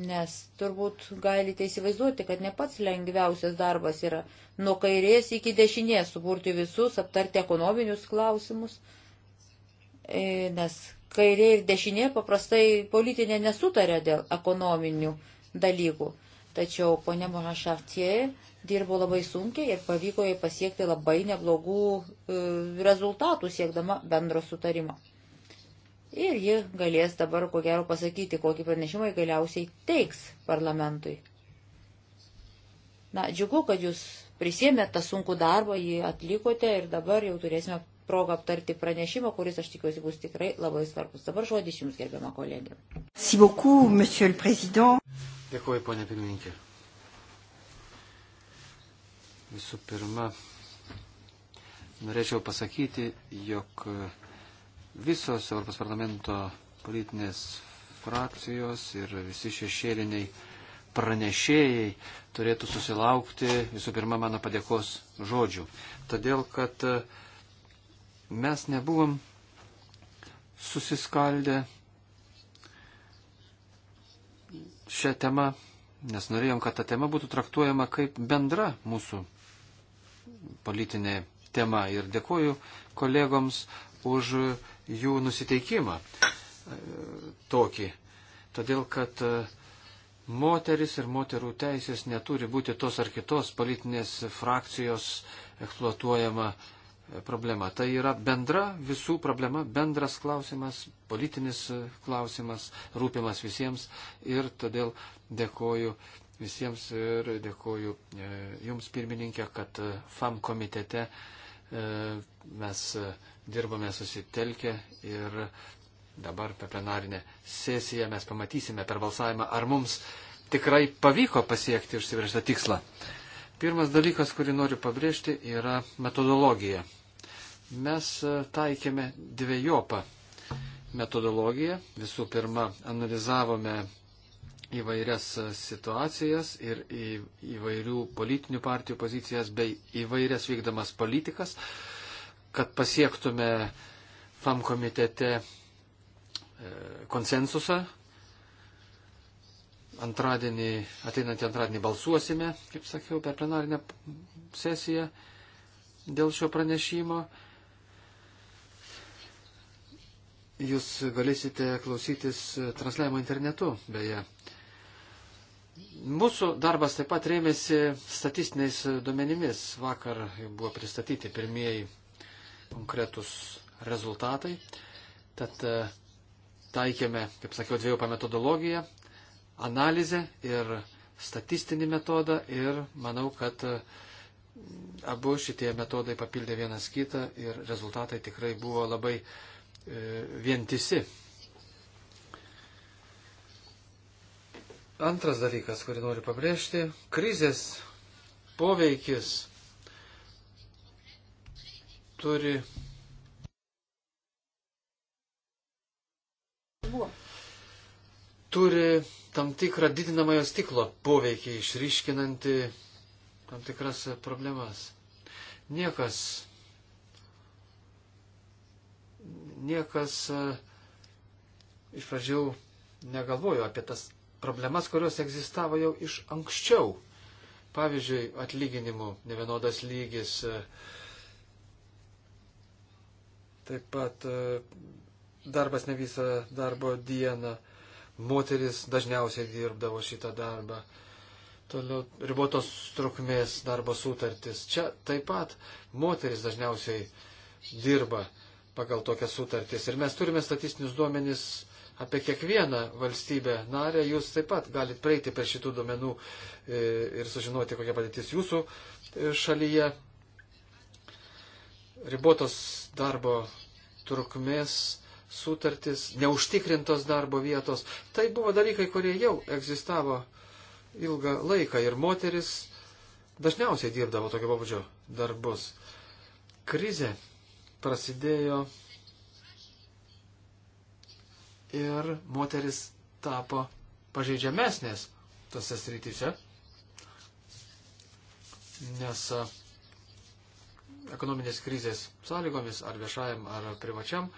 Nes turbūt galite įsivaizduoti, kad ne pats lengviausias darbas yra nuo kairės iki dešinės suburti visus, aptarti ekonominius klausimus – E, nes kairė ir dešinė paprastai politinė nesutarė dėl ekonominių dalykų. Tačiau ponė Morašaftie dirbo labai sunkiai ir pavyko jai pasiekti labai neblogų e, rezultatų siekdama bendro sutarimo. Ir ji galės dabar, ko gero, pasakyti, kokį pranešimą galiausiai teiks parlamentui. Na, džiugu, kad jūs prisėmėt tą sunkų darbą, jį atlikote ir dabar jau turėsime progą aptarti pranešimą, kuris, aš tikiuosi, bus tikrai labai svarbus. Dabar žodis Jums, gerbiama kolegė. Dėkuoju, ponė pirmininkė. Visų pirma, norėčiau pasakyti, jog visos Europos parlamento politinės frakcijos ir visi šešėliniai pranešėjai turėtų susilaukti visų pirma mano padėkos žodžių. Todėl, kad Mes nebuvom susiskaldę šią temą, nes norėjom, kad ta tema būtų traktuojama kaip bendra mūsų politinė tema. Ir dėkoju kolegoms už jų nusiteikimą e, tokį. Todėl, kad e, moteris ir moterų teisės neturi būti tos ar kitos politinės frakcijos eksploatuojama uh, problema. Tai yra bendra visų problema, bendras klausimas, politinis klausimas, rūpimas visiems. Ir todėl dėkoju visiems ir dėkoju e, Jums, pirmininkė, kad e, FAM komitete e, mes dirbame susitelkę ir dabar per plenarinę sesiją mes pamatysime per balsavimą, ar mums tikrai pavyko pasiekti užsibrėžtą tikslą. Pirmas dalykas, kurį noriu pabrėžti, yra metodologija. Mes e, taikėme dviejopą metodologiją. Visų pirma, analizavome įvairias e, situacijas ir į, įvairių politinių partijų pozicijas bei įvairias vykdamas politikas, kad pasiektume FAM komitete e, konsensusą. Antradienį, ateinantį antradienį balsuosime, kaip sakiau, per plenarinę sesiją dėl šio pranešimo. Jūs galėsite klausytis transliavimo internetu, beje. Mūsų darbas taip pat rėmėsi statistiniais duomenimis. Vakar buvo pristatyti pirmieji konkretus rezultatai. Tad e, taikėme, kaip sakiau, dviejopą metodologiją - analizę ir statistinį metodą ir manau, kad e, abu šitie metodai papildė vienas kitą ir rezultatai tikrai buvo labai E, vientisi. Antras dalykas, kurį noriu pabrėžti, krizės poveikis turi turi tam tikrą didinamojo stiklo poveikį, išryškinantį tam tikras problemas. Niekas niekas e, iš pradžių negalvojo apie tas problemas, kurios egzistavo jau iš anksčiau. Pavyzdžiui, atlyginimų nevienodas lygis, e, taip pat e, darbas ne visą darbo dieną, moteris dažniausiai dirbdavo šitą darbą, toliau ribotos trukmės darbo sutartis. Čia taip pat moteris dažniausiai dirba pagal tokias sutartis. Ir mes turime statistinius duomenis apie kiekvieną valstybę narę. Jūs taip pat galite prieiti prie šitų duomenų e, ir sužinoti, kokia padėtis jūsų e, šalyje. Ribotos darbo trukmės sutartis, neužtikrintos darbo vietos. Tai buvo dalykai, kurie jau egzistavo ilgą laiką ir moteris dažniausiai dirbdavo tokio pabudžio darbus. Krize prasidėjo ir moteris tapo pažeidžiamesnės tose srityse, nes ekonominės krizės sąlygomis ar viešajam ar privačiam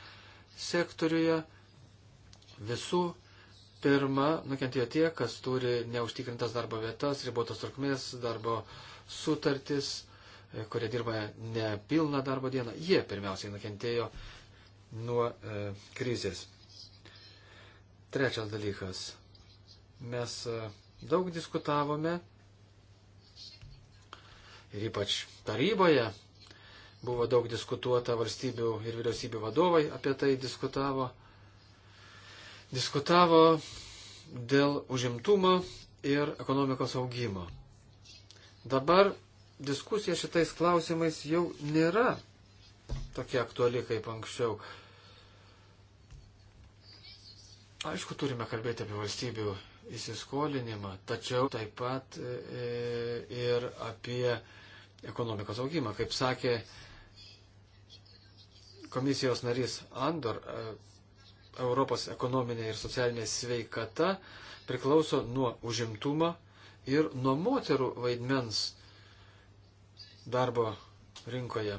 sektoriuje visų pirma nukentėjo tie, kas turi neužtikrintas darbo vietas, ribotos trukmės, darbo sutartis, kurie dirba ne pilną darbo dieną, jie pirmiausiai nukentėjo nuo e, krizės. Trečias dalykas. Mes e, daug diskutavome ir ypač taryboje buvo daug diskutuota, valstybių ir vyriausybių vadovai apie tai diskutavo. Diskutavo dėl užimtumo ir ekonomikos augimo. Dabar diskusija šitais klausimais jau nėra tokia aktuali kaip anksčiau. Aišku, turime kalbėti apie valstybių įsiskolinimą, tačiau taip pat e, e, ir apie ekonomikos augimą. Kaip sakė komisijos narys Andor, e, Europos ekonominė ir socialinė sveikata priklauso nuo užimtumo ir nuo moterų vaidmens darbo rinkoje.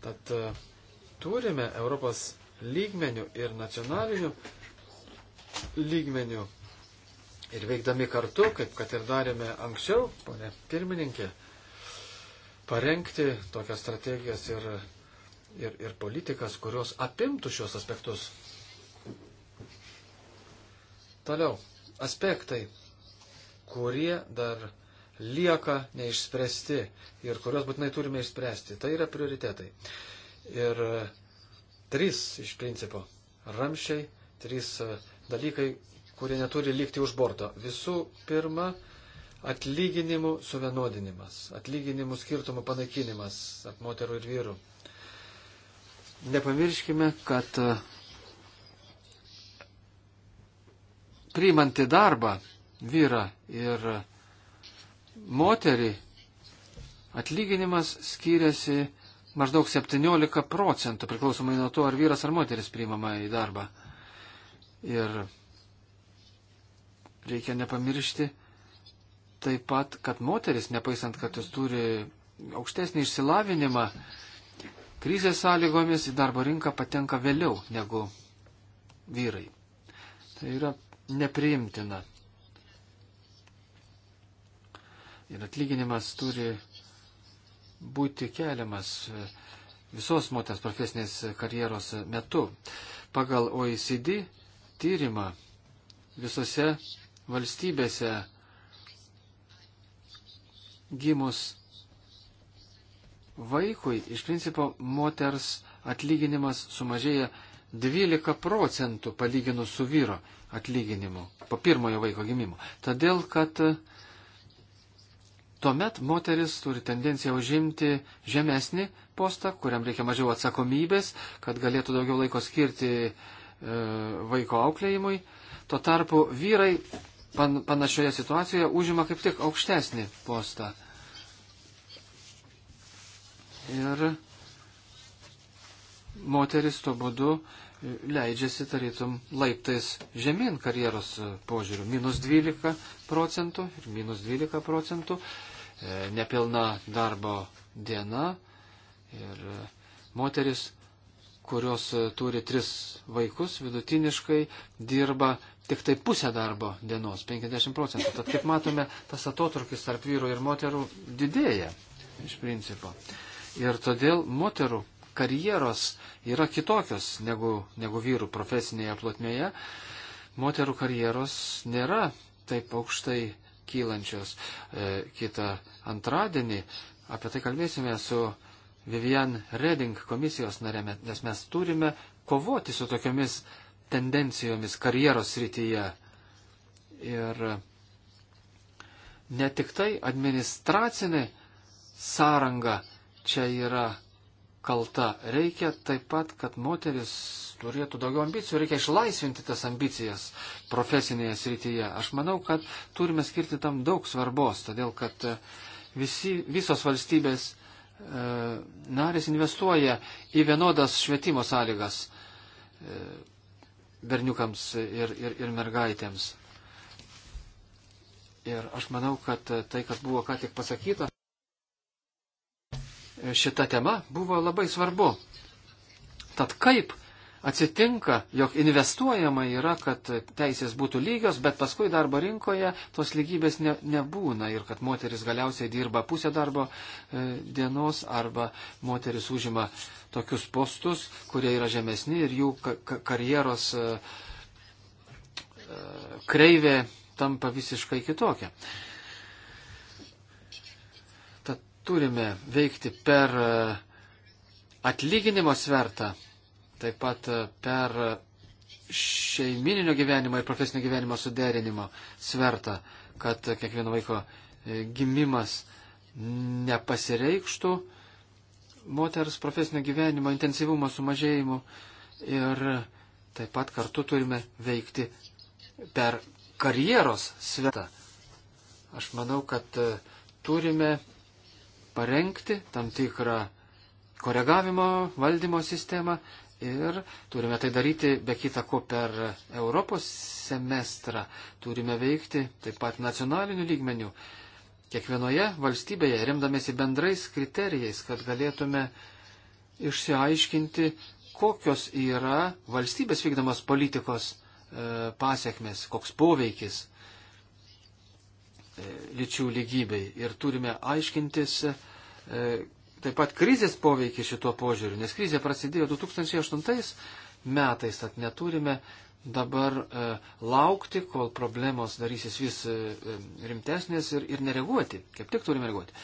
Tad e, turime Europos lygmenių ir nacionalinių lygmenių ir veikdami kartu, kaip kad ir darėme anksčiau, ponė pirmininkė, parengti tokias strategijas ir, ir, ir politikas, kurios apimtų šios aspektus. Toliau, aspektai, kurie dar lieka neišspręsti ir kuriuos būtinai turime išspręsti. Tai yra prioritetai. Ir e, trys iš principo ramšiai, trys e, dalykai, kurie neturi likti už borto. Visų pirma, atlyginimų suvienodinimas, atlyginimų skirtumų panaikinimas tarp moterų ir vyrų. Nepamirškime, kad e, priimanti darbą vyrą ir moterį atlyginimas skiriasi maždaug 17 procentų, priklausomai nuo to, ar vyras ar moteris priimama į darbą. Ir reikia nepamiršti taip pat, kad moteris, nepaisant, kad jis turi aukštesnį išsilavinimą, krizės sąlygomis į darbo rinką patenka vėliau negu vyrai. Tai yra nepriimtina. ir atlyginimas turi būti keliamas visos moters profesinės karjeros metu. Pagal OECD tyrimą visose valstybėse gimus vaikui iš principo moters atlyginimas sumažėja 12 procentų palyginus su vyro atlyginimu po pirmojo vaiko gimimo. Todėl, kad uh, tuomet moteris turi tendenciją užimti žemesnį postą, kuriam reikia mažiau atsakomybės, kad galėtų daugiau laiko skirti e, vaiko auklėjimui. Tuo tarpu vyrai pan, panašioje situacijoje užima kaip tik aukštesnį postą. Ir moteris tuo būdu leidžiasi tarytum laiptais žemyn karjeros požiūrių. Minus 12 procentų ir minus 12 procentų E, nepilna darbo diena ir e, moteris, kurios e, turi tris vaikus, vidutiniškai dirba tik tai pusę darbo dienos, 50 procentų. Tad kaip matome, tas atotrukis tarp vyrų ir moterų didėja iš principo. Ir todėl moterų karjeros yra kitokios negu, negu vyrų profesinėje plotmėje. Moterų karjeros nėra taip aukštai kylančios. E, Kita antradienį apie tai kalbėsime su Vivian Reding komisijos narėme, nes mes turime kovoti su tokiamis tendencijomis karjeros srityje. Ir ne tik tai administracinė sąranga čia yra kalta. Reikia taip pat, kad moteris turėtų daugiau ambicijų, reikia išlaisvinti tas ambicijas profesinėje srityje. Aš manau, kad turime skirti tam daug svarbos, todėl kad e, visi, visos valstybės e, narės investuoja į vienodas švietimo sąlygas e, berniukams ir, ir, ir mergaitėms. Ir aš manau, kad e, tai, kas buvo ką tik pasakyta, šita tema buvo labai svarbu. Tad kaip atsitinka, jog investuojama yra, kad teisės būtų lygios, bet paskui darbo rinkoje tos lygybės ne, nebūna ir kad moteris galiausiai dirba pusę darbo e, dienos arba moteris užima tokius postus, kurie yra žemesni ir jų ka ka karjeros e, e kreivė tampa visiškai kitokia. E, turime veikti per e, atlyginimo svertą, taip pat e, per šeimininio gyvenimo ir profesinio gyvenimo suderinimo svertą, kad kiekvieno vaiko e, gimimas nepasireikštų moters profesinio gyvenimo intensyvumo sumažėjimu ir taip pat kartu turime veikti per karjeros svetą. Aš manau, kad turime parengti tam tikrą koregavimo valdymo sistemą ir turime tai daryti be kita ko per Europos semestrą. Turime veikti taip pat nacionaliniu lygmeniu. Kiekvienoje valstybėje remdamėsi bendrais kriterijais, kad galėtume išsiaiškinti, kokios yra valstybės vykdomos politikos e, pasiekmes, koks poveikis E, lyčių lygybei ir turime aiškintis e, taip pat krizės poveikį šituo požiūriu, nes krizė prasidėjo 2008 metais, tad neturime dabar e, laukti, kol problemos darysis vis rimtesnės ir, ir nereaguoti, kaip tik turime reaguoti.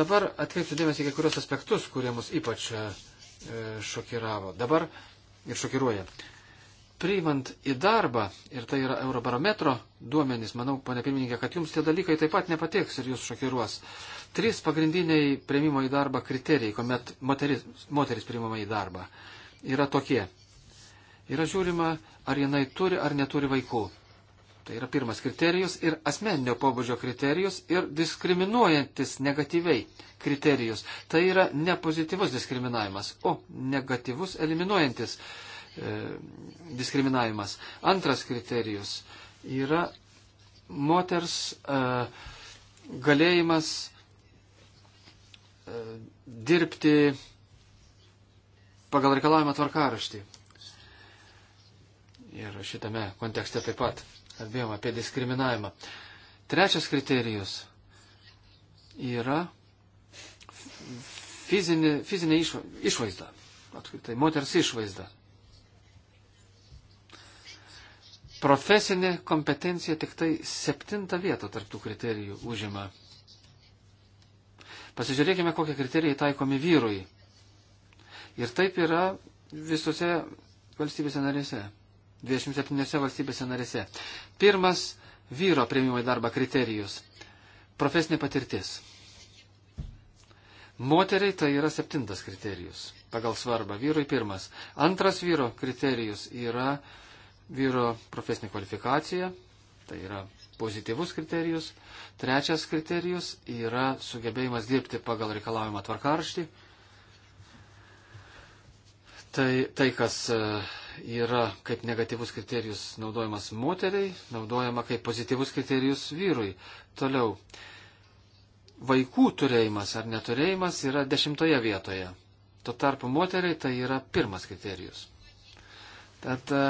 Dabar atkreipsiu dėmesį į kai kurios aspektus, kurie mus ypač šokiravo dabar ir šokiruoja priimant į darbą, ir tai yra Eurobarometro duomenys, manau, ponė pirmininkė, kad jums tie dalykai taip pat nepatiks ir jūs šokiruos. Trys pagrindiniai prieimimo į darbą kriterijai, kuomet moteris, moteris priimama į darbą, yra tokie. Yra žiūrima, ar jinai turi ar neturi vaikų. Tai yra pirmas kriterijus ir asmeninio pobūdžio kriterijus ir diskriminuojantis negatyviai kriterijus. Tai yra ne pozityvus diskriminavimas, o negatyvus eliminuojantis diskriminavimas E, diskriminavimas. Antras kriterijus yra moters e, galėjimas e, dirbti pagal reikalavimą tvarkaraštį. Ir šitame kontekste taip pat kalbėjom apie diskriminavimą. Trečias kriterijus yra fizinė, fizinė išva, išvaizda, apskritai moters išvaizda. Profesinė kompetencija tik tai septinta vieta tarptų kriterijų užima. Pasižiūrėkime, kokie kriterijai taikomi vyrui. Ir taip yra visose valstybėse narėse. 27 valstybėse narėse. Pirmas vyro prieimimo į darbą kriterijus. Profesinė patirtis. Moteriai tai yra septintas kriterijus pagal svarbą. Vyrui pirmas. Antras vyro kriterijus yra vyro profesinė kvalifikacija, tai yra pozityvus kriterijus. Trečias kriterijus yra sugebėjimas dirbti pagal reikalavimą tvarkaraštį. Tai, tai, kas e, yra kaip negatyvus kriterijus naudojamas moteriai, naudojama kaip pozityvus kriterijus vyrui. Toliau, vaikų turėjimas ar neturėjimas yra dešimtoje vietoje. Tuo tarpu moteriai tai yra pirmas kriterijus. Tad e,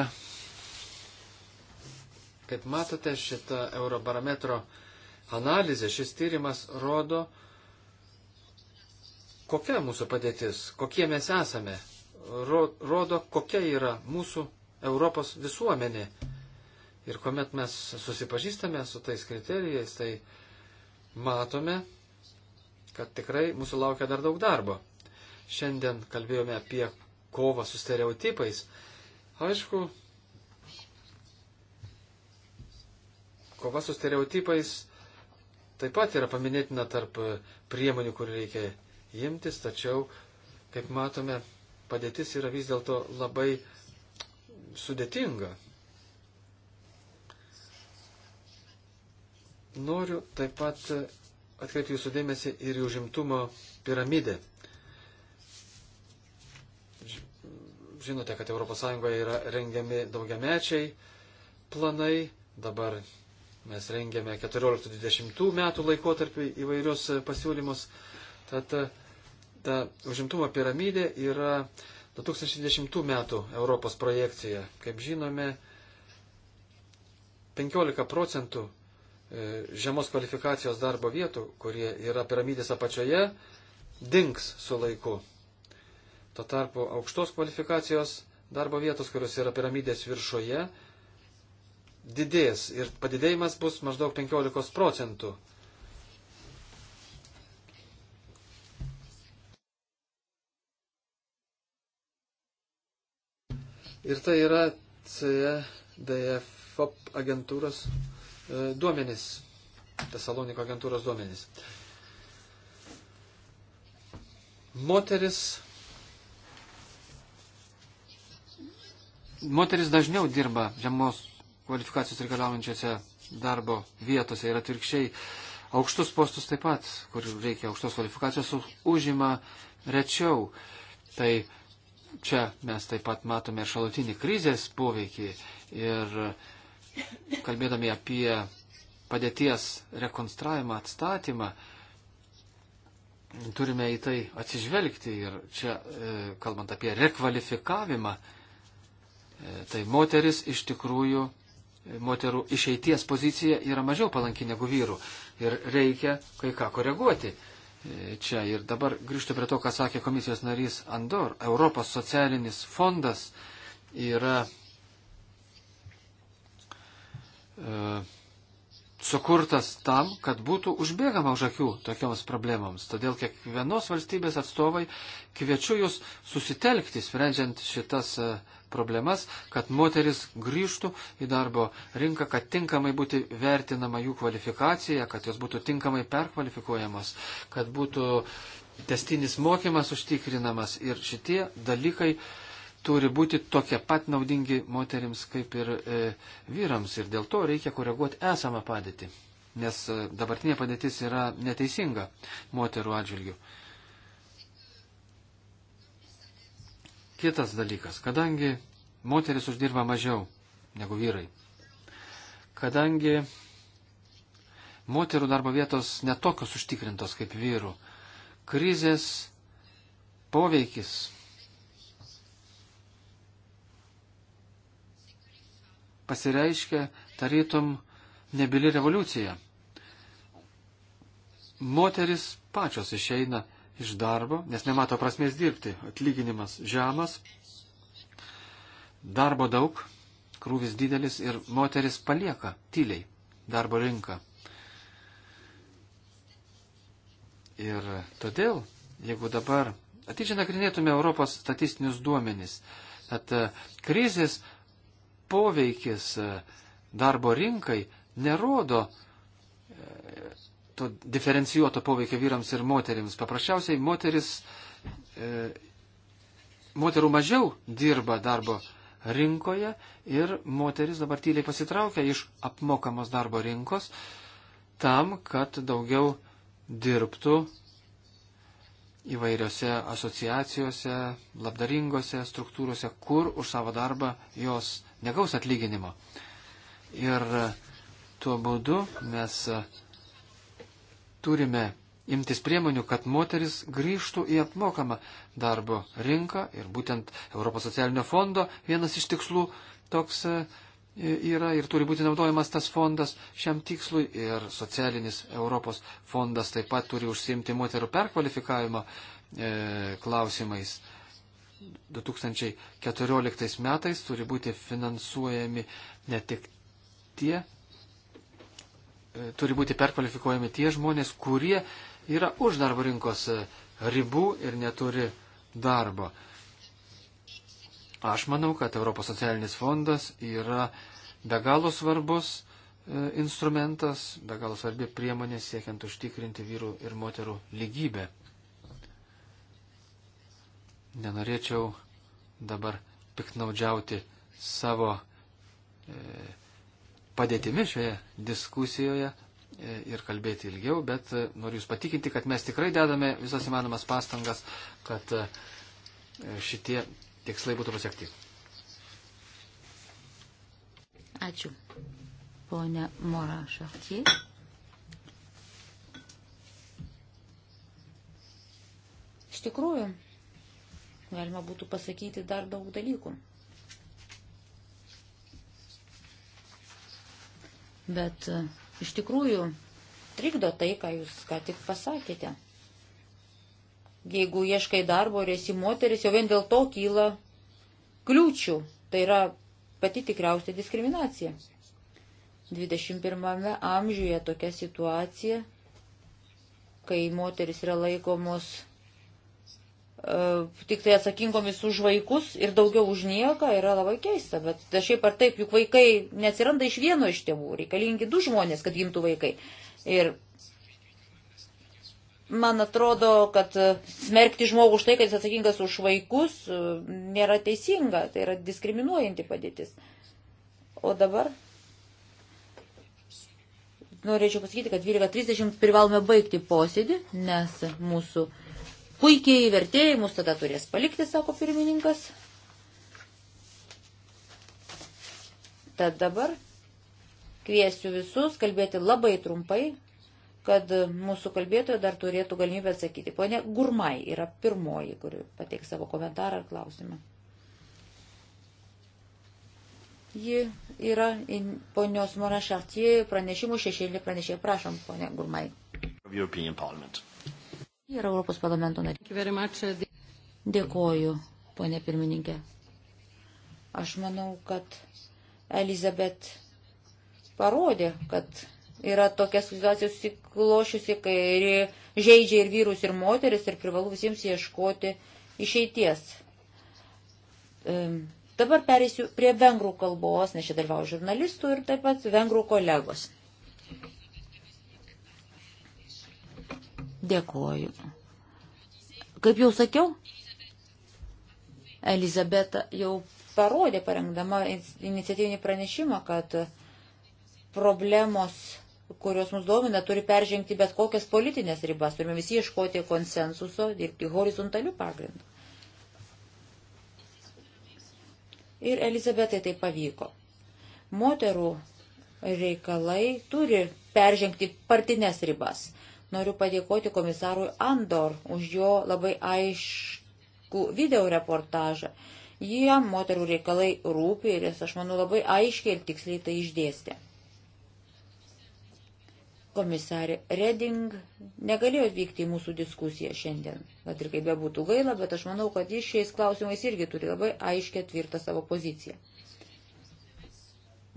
Kaip matote, šita Eurobarometro analizė, šis tyrimas rodo, kokia mūsų padėtis, kokie mes esame, rodo, kokia yra mūsų Europos visuomenė. Ir kuomet mes susipažįstame su tais kriterijais, tai matome, kad tikrai mūsų laukia dar daug darbo. Šiandien kalbėjome apie kovą su stereotipais. Aišku, kova su stereotipais taip pat yra paminėtina tarp priemonių, kur reikia imtis, tačiau, kaip matome, padėtis yra vis dėlto labai sudėtinga. Noriu taip pat atkreipti jūsų dėmesį ir į užimtumo piramidę. Žinote, kad ES yra rengiami daugiamečiai planai, dabar Mes rengėme 14-20 metų laikotarpį įvairius e, pasiūlymus. Tad e, ta užimtumo piramidė yra 2010 metų Europos projekcija. Kaip žinome, 15 procentų e, žemos kvalifikacijos darbo vietų, kurie yra piramidės apačioje, dinks su laiku. Tuo tarpu aukštos kvalifikacijos darbo vietos, kurios yra piramidės viršoje, didės ir padidėjimas bus maždaug 15 procentų. Ir tai yra CDFOP agentūros e, duomenys, Tesaloniko agentūros duomenys. Moteris moteris dažniau dirba žemos kvalifikacijos reikalaujančiose darbo vietose ir atvirkščiai aukštus postus taip pat, kur reikia aukštos kvalifikacijos, užima rečiau. Tai čia mes taip pat matome ir šalutinį krizės poveikį ir kalbėdami apie padėties rekonstravimą, atstatymą, turime į tai atsižvelgti ir čia, e, kalbant apie rekvalifikavimą, e, tai moteris iš tikrųjų moterų išeities pozicija yra mažiau palanki negu vyrų. Ir reikia kai ką koreguoti. E, čia ir dabar grįžtu prie to, ką sakė komisijos narys Andor. Europos socialinis fondas yra e, sukurtas tam, kad būtų užbėgama už akių tokioms problemams. Todėl kiekvienos valstybės atstovai kviečiu jūs susitelkti, sprendžiant šitas. E, problemas, kad moteris grįžtų į darbo rinką, kad tinkamai būtų vertinama jų kvalifikacija, kad jos būtų tinkamai perkvalifikuojamos, kad būtų testinis mokymas užtikrinamas ir šitie dalykai turi būti tokie pat naudingi moteriams kaip ir e, vyrams ir dėl to reikia koreguoti esamą padėtį, nes e, dabartinė padėtis yra neteisinga moterų atžvilgių. Kitas dalykas, kadangi moteris uždirba mažiau negu vyrai, kadangi moterų darbo vietos netokios užtikrintos kaip vyrų, krizės poveikis pasireiškia tarytum nebili revoliucija. Moteris pačios išeina iš darbo, nes nemato prasmės dirbti. Atlyginimas žemas, darbo daug, krūvis didelis ir moteris palieka tyliai darbo rinką. Ir todėl, jeigu dabar atidžiai nagrinėtume Europos statistinius duomenis, kad e, krizės poveikis e, darbo rinkai nerodo to diferencijuoto poveikio vyrams ir moteriams. Paprasčiausiai moteris, e, moterų mažiau dirba darbo rinkoje ir moteris dabar tyliai pasitraukia iš apmokamos darbo rinkos tam, kad daugiau dirbtų įvairiose asociacijose, labdaringose struktūrose, kur už savo darbą jos negaus atlyginimo. Ir tuo būdu mes turime imtis priemonių, kad moteris grįžtų į apmokamą darbo rinką ir būtent Europos socialinio fondo vienas iš tikslų toks e, yra ir turi būti naudojamas tas fondas šiam tikslui ir socialinis Europos fondas taip pat turi užsiimti moterų perkvalifikavimo e, klausimais. 2014 metais turi būti finansuojami ne tik tie turi būti perkvalifikuojami tie žmonės, kurie yra už darbo rinkos e, ribų ir neturi darbo. Aš manau, kad Europos socialinis fondas yra be galo svarbus e, instrumentas, be galo svarbi priemonė siekiant užtikrinti vyrų ir moterų lygybę. Nenorėčiau dabar piknaudžiauti savo e, padėtimi šioje diskusijoje e, ir kalbėti ilgiau, bet e, noriu Jūs patikinti, kad mes tikrai dedame visas įmanomas pastangas, kad e, šitie tikslai būtų pasiekti. Ačiū. Pone Mora Šartie. Iš tikrųjų, galima būtų pasakyti dar daug dalykų. bet e, iš tikrųjų trikdo tai, ką jūs ką tik pasakėte. Jeigu ieškai darbo ir esi moteris, jau vien dėl to kyla kliūčių. Tai yra pati tikriausia diskriminacija. 21 amžiuje tokia situacija, kai moteris yra laikomos E, tik tai atsakingomis už vaikus ir daugiau už nieką yra labai keista. Bet šiaip ar taip, juk vaikai neatsiranda iš vieno iš tėvų, reikalingi du žmonės, kad gimtų vaikai. Ir man atrodo, kad smerkti žmogų už tai, kad jis atsakingas už vaikus, e, nėra teisinga, tai yra diskriminuojanti padėtis. O dabar norėčiau pasakyti, kad 12.30 privalome baigti posėdį, nes mūsų puikiai vertėjai mus tada turės palikti, sako pirmininkas. Tad dabar kviesiu visus kalbėti labai trumpai, kad mūsų kalbėtojai dar turėtų galimybę atsakyti. Pone Gurmai yra pirmoji, kuri pateiks savo komentarą ar klausimą. Ji yra ponios Mona Šartie pranešimų šešėlį pranešė. Prašom, ponė Gurmai. European Parliament ir Europos parlamento nariai. Dėkoju, ponė pirmininkė. Aš manau, kad Elizabet parodė, kad yra tokia situacija susiklošiusi, kai žaidžia ir vyrus, ir moteris, ir privalu visiems ieškoti išeities. Dabar perėsiu prie vengrų kalbos, nes čia dalyvauja žurnalistų ir taip pat vengrų kolegos. Dėkoju. Kaip jau sakiau, Elizabeta jau parodė parengdama iniciatyvinį pranešimą, kad problemos, kurios mus domina, turi peržengti bet kokias politinės ribas. Turime visi iškoti konsensuso, dirbti horizontalių pagrindų. Ir Elizabetai tai pavyko. Moterų reikalai turi peržengti partinės ribas. Noriu padėkoti komisarui Andor už jo labai aišku video reportažą. Jie moterų reikalai rūpi ir jis, aš manau, labai aiškiai ir tiksliai tai išdėstė. Komisarė Reding negalėjo atvykti į mūsų diskusiją šiandien. Bet ir kaip be būtų gaila, bet aš manau, kad jis šiais klausimais irgi turi labai aiškę tvirtą savo poziciją.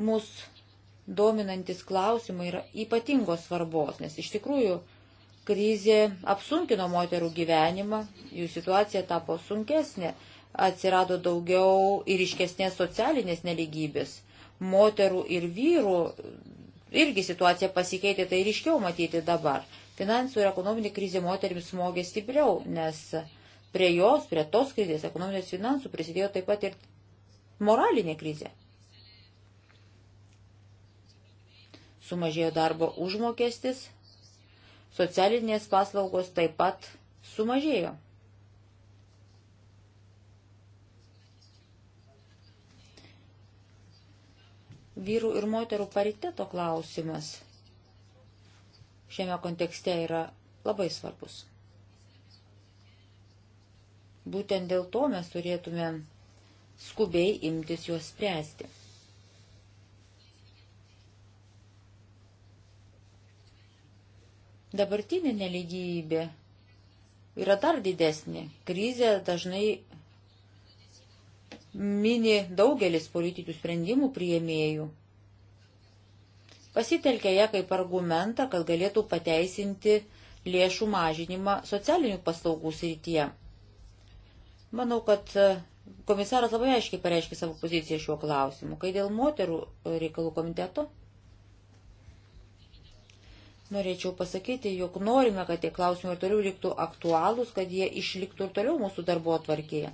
Mūsų dominantis klausimai yra ypatingos svarbos, nes iš tikrųjų krizė apsunkino moterų gyvenimą, jų situacija tapo sunkesnė, atsirado daugiau ir iškesnės socialinės neligybės. Moterų ir vyrų irgi situacija pasikeitė, tai ryškiau matyti dabar. Finansų ir ekonominė krizė moterims smogė stipriau, nes prie jos, prie tos krizės, ekonominės finansų prisidėjo taip pat ir moralinė krizė. Sumažėjo darbo užmokestis, Socialinės paslaugos taip pat sumažėjo. Vyrų ir moterų pariteto klausimas šiame kontekste yra labai svarbus. Būtent dėl to mes turėtume skubiai imtis juos spręsti. Dabartinė neligybė yra dar didesnė. Krizė dažnai mini daugelis politinių sprendimų priėmėjų. Pasitelkia ją kaip argumentą, kad galėtų pateisinti lėšų mažinimą socialinių paslaugų srityje. Manau, kad e, komisaras labai aiškiai pareiškė savo poziciją šiuo klausimu, kai dėl moterų reikalų komiteto Norėčiau pasakyti, jog norime, kad tie klausimai ir toliau liktų aktualūs, kad jie išliktų ir toliau mūsų darbo atvarkėje.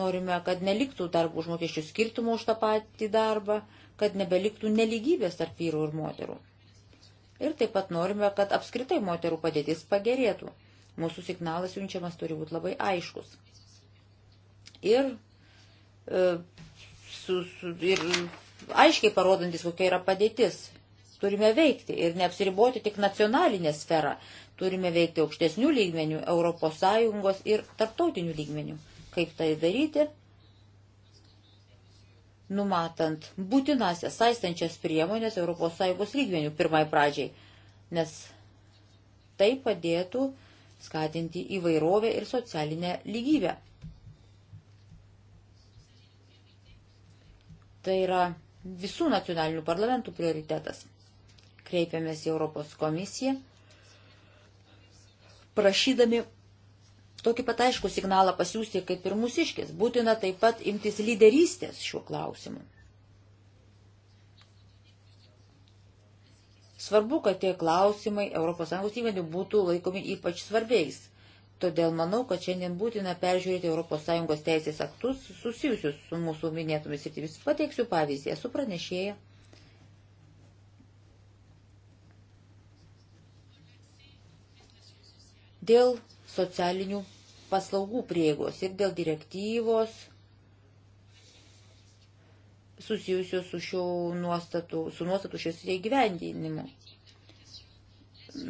Norime, kad neliktų darbų užmokesčių skirtumų už tą patį darbą, kad nebeliktų neligybės tarp vyrų ir moterų. Ir taip pat norime, kad apskritai moterų padėtis pagerėtų. Mūsų signalas siunčiamas turi būti labai aiškus. Ir, e, su, su, ir aiškiai parodantis, kokia yra padėtis Turime veikti ir neapsiriboti tik nacionalinę sferą. Turime veikti aukštesnių lygmenių, ES ir tarptautinių lygmenių. Kaip tai daryti? Numatant būtinasias saistančias priemonės ES lygmenių pirmai pradžiai, nes tai padėtų skatinti įvairovę ir socialinę lygybę. Tai yra visų nacionalinių parlamentų prioritetas kreipėmės į Europos komisiją, prašydami tokį pat aišku signalą pasiūsti kaip ir mūsiškis. Būtina taip pat imtis lyderystės šiuo klausimu. Svarbu, kad tie klausimai ES įmonių būtų laikomi ypač svarbiais. Todėl manau, kad šiandien būtina peržiūrėti ES teisės aktus susijusius su mūsų minėtomis sritimis. Pateiksiu pavyzdį. Esu pranešėja dėl socialinių paslaugų prieigos ir dėl direktyvos susijusios su šio nuostatų, su nuostatų šios įgyvendinimu.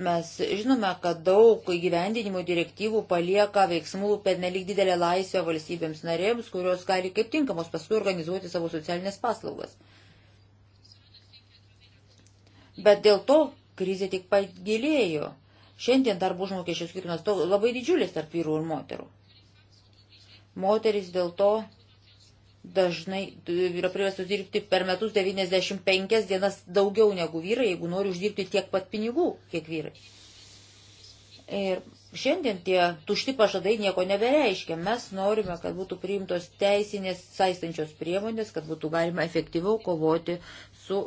Mes žinome, kad daug įgyvendinimo direktyvų palieka veiksmų pernelyg didelę laisvę valstybėms narėms, kurios gali kaip tinkamos paskui organizuoti savo socialinės paslaugas. Bet dėl to krizė tik pagilėjo. Šiandien darbo užmokesčio skirtumas labai didžiulis tarp vyrų ir moterų. Moteris dėl to dažnai yra privestos dirbti per metus 95 dienas daugiau negu vyrai, jeigu nori uždirbti tiek pat pinigų, kiek vyrai. Ir šiandien tie tušti pažadai nieko nebereiškia. Mes norime, kad būtų priimtos teisinės saistančios priemonės, kad būtų galima efektyviau kovoti su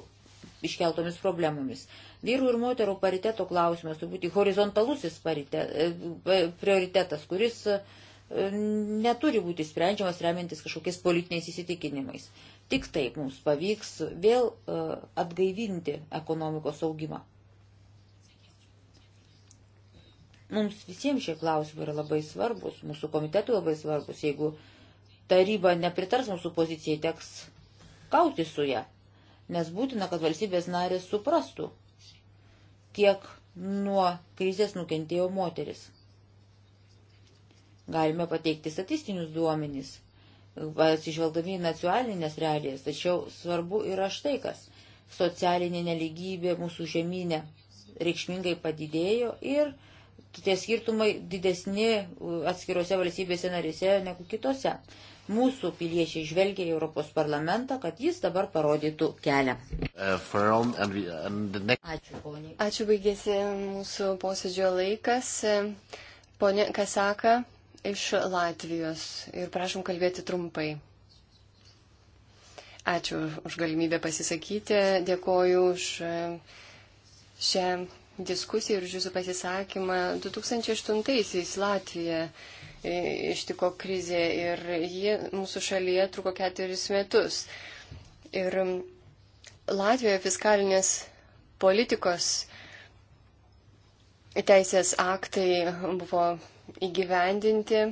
iškeltomis problemomis. Vyrų ir moterų pariteto klausimas turi būti horizontalusis parite, e, prioritetas, kuris e, neturi būti sprendžiamas remiantis kažkokiais politiniais įsitikinimais. Tik taip mums pavyks vėl e, atgaivinti ekonomikos augimą. Mums visiems šie klausimai yra labai svarbus, mūsų komitetui labai svarbus. Jeigu taryba nepritars mūsų pozicijai, teks kauti su ją nes būtina, kad valstybės narės suprastų, kiek nuo krizės nukentėjo moteris. Galime pateikti statistinius duomenys, atsižvelgdami į nacionalinės realijas, tačiau svarbu yra štai kas - socialinė neligybė mūsų žemynė reikšmingai padidėjo ir tie skirtumai didesni atskiruose valstybėse narėse negu kitose. Mūsų piliečiai žvelgia į Europos parlamentą, kad jis dabar parodytų kelią. Ačiū, poniai. Ačiū, baigėsi mūsų posėdžio laikas. Pone Kasaka iš Latvijos ir prašom kalbėti trumpai. Ačiū už galimybę pasisakyti. Dėkoju už šią diskusiją ir už jūsų pasisakymą. 2008-aisiais Latvija e, ištiko krizė ir ji mūsų šalyje truko ketveris metus. Ir Latvijoje fiskalinės politikos teisės aktai buvo įgyvendinti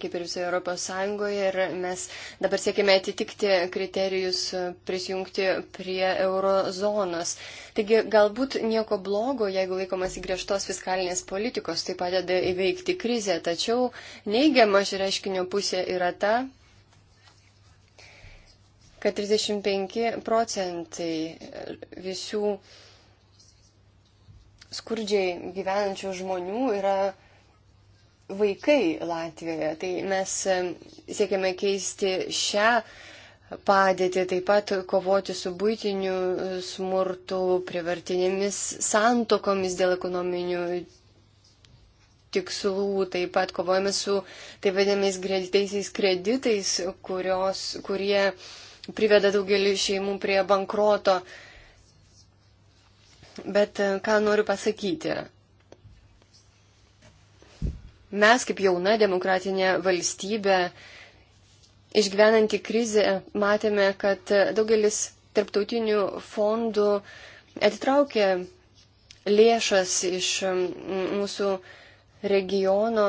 kaip ir visoje Europos Sąjungoje, ir mes dabar siekime atitikti kriterijus e, prisijungti prie eurozonos. Taigi galbūt nieko blogo, jeigu laikomasi griežtos fiskalinės politikos, tai padeda įveikti krizę, tačiau neigiama šio reiškinio pusė yra ta, kad 35 procentai visų skurdžiai gyvenančių žmonių yra vaikai Latvijoje. Tai mes siekiame keisti šią padėtį, taip pat kovoti su būtiniu smurtu, privartinėmis santokomis dėl ekonominių tikslų, taip pat kovojame su taip vadinamais greitais kreditais, kurios, kurie priveda daugelį šeimų prie bankroto. Bet ką noriu pasakyti? mes kaip jauna demokratinė valstybė, išgyvenanti krizę, matėme, kad daugelis tarptautinių fondų atitraukė lėšas iš mūsų regiono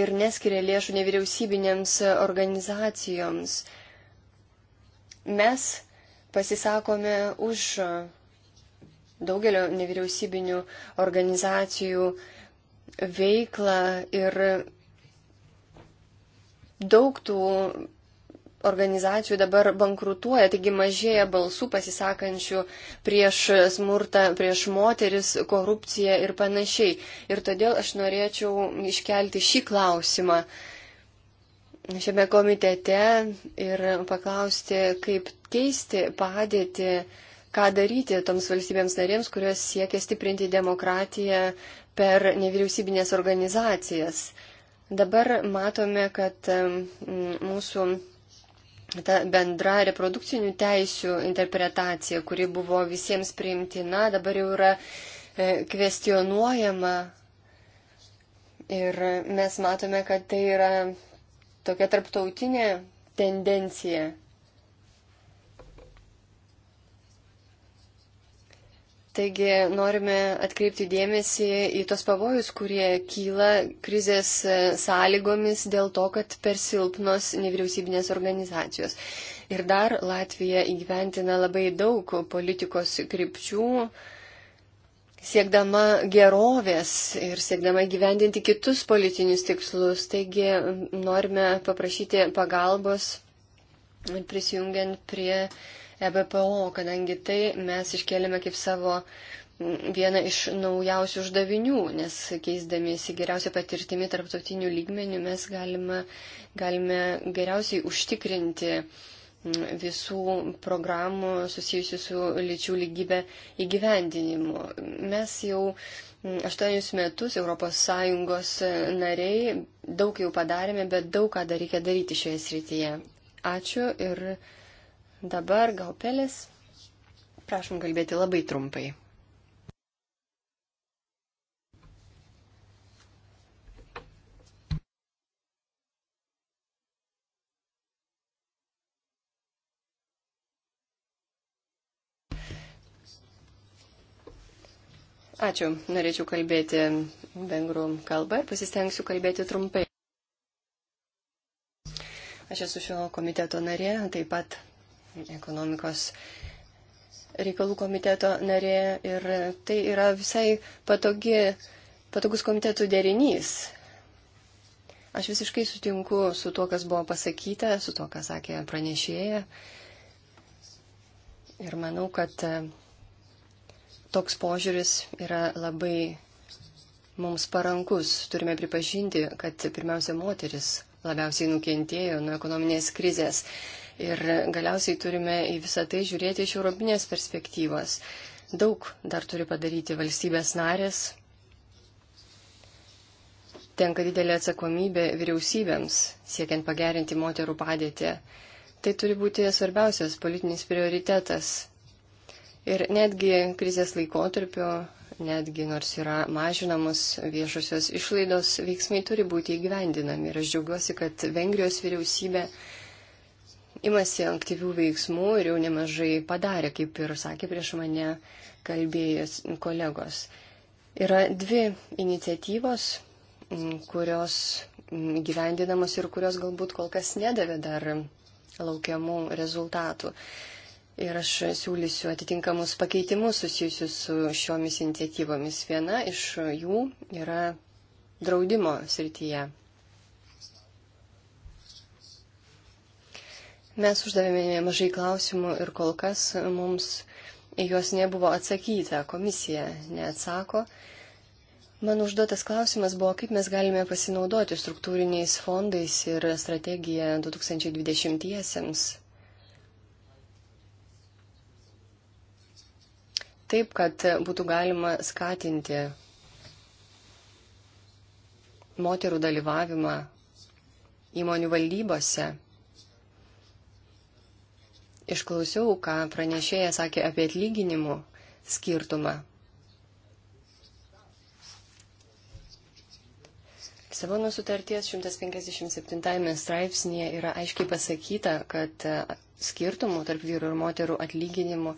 ir neskiria lėšų nevyriausybinėms organizacijoms. Mes pasisakome už daugelio nevyriausybinių organizacijų uh, veiklą ir daug tų organizacijų dabar bankrutuoja, taigi mažėja balsų pasisakančių prieš smurtą, prieš moteris, korupciją ir panašiai. Ir todėl aš norėčiau iškelti šį klausimą šiame komitete ir paklausti, kaip keisti padėtį, ką daryti toms valstybėms narėms, kurios siekia stiprinti demokratiją, per nevyriausybinės organizacijas. Dabar matome, kad mūsų ta bendra reprodukcinių teisių interpretacija, kuri buvo visiems priimtina, dabar jau yra e, kvestionuojama. Ir mes matome, kad tai yra tokia tarptautinė tendencija. Taigi norime atkreipti dėmesį į tos pavojus, kurie kyla krizės e, sąlygomis dėl to, kad per silpnos nevyriausybinės organizacijos. Ir dar Latvija įgyventina labai daug politikos krypčių, siekdama gerovės ir siekdama gyvendinti kitus politinius tikslus. Taigi norime paprašyti pagalbos prisijungiant prie EBPO, kadangi tai mes iškėlėme kaip savo vieną iš naujausių uždavinių, nes keisdamiesi geriausia patirtimi tarptautinių lygmenių mes galime, galime geriausiai užtikrinti visų programų susijusių su lyčių lygybė įgyvendinimu. Mes jau aštuonius metus ES e, nariai daug jau padarėme, bet daug ką dar reikia daryti šioje srityje. Ačiū ir Dabar gal pelės. Prašom kalbėti labai trumpai. Ačiū. Norėčiau kalbėti vengrų kalbą ir pasistengsiu kalbėti trumpai. Aš esu šio komiteto narė, taip pat ekonomikos reikalų komiteto narė ir tai yra visai patogi, patogus komitetų derinys. Aš visiškai sutinku su tuo, kas buvo pasakyta, su tuo, ką sakė pranešėja. Ir manau, kad e, toks požiūris yra labai mums parankus. Turime pripažinti, kad pirmiausia moteris labiausiai nukentėjo nuo ekonominės krizės. Ir galiausiai turime į visą tai žiūrėti iš europinės perspektyvos. Daug dar turi padaryti valstybės narės. Tenka didelė atsakomybė vyriausybėms, siekiant pagerinti moterų padėtį. Tai turi būti svarbiausias politinis prioritetas. Ir netgi krizės laikotarpio netgi nors yra mažinamos viešosios išlaidos, veiksmai turi būti įgyvendinami. Ir aš džiaugiuosi, kad Vengrijos vyriausybė imasi aktyvių veiksmų ir jau nemažai padarė, kaip ir sakė prieš mane kalbėjęs kolegos. Yra dvi iniciatyvos, kurios gyvendinamos ir kurios galbūt kol kas nedavė dar laukiamų rezultatų. Ir aš siūlysiu atitinkamus pakeitimus susijusius su šiomis iniciatyvomis. Viena iš jų yra draudimo srityje Mes uždavėme nemažai klausimų ir kol kas mums į juos nebuvo atsakyta, komisija neatsako. Man užduotas klausimas buvo, kaip mes galime pasinaudoti struktūriniais fondais ir strategiją 2020-iesiems. Taip, kad būtų galima skatinti moterų dalyvavimą įmonių valdybose Išklausiau, ką pranešėja sakė apie atlyginimų skirtumą. Savono sutarties 157 straipsnėje yra aiškiai pasakyta, kad e, skirtumų tarp vyrų ir moterų atlyginimų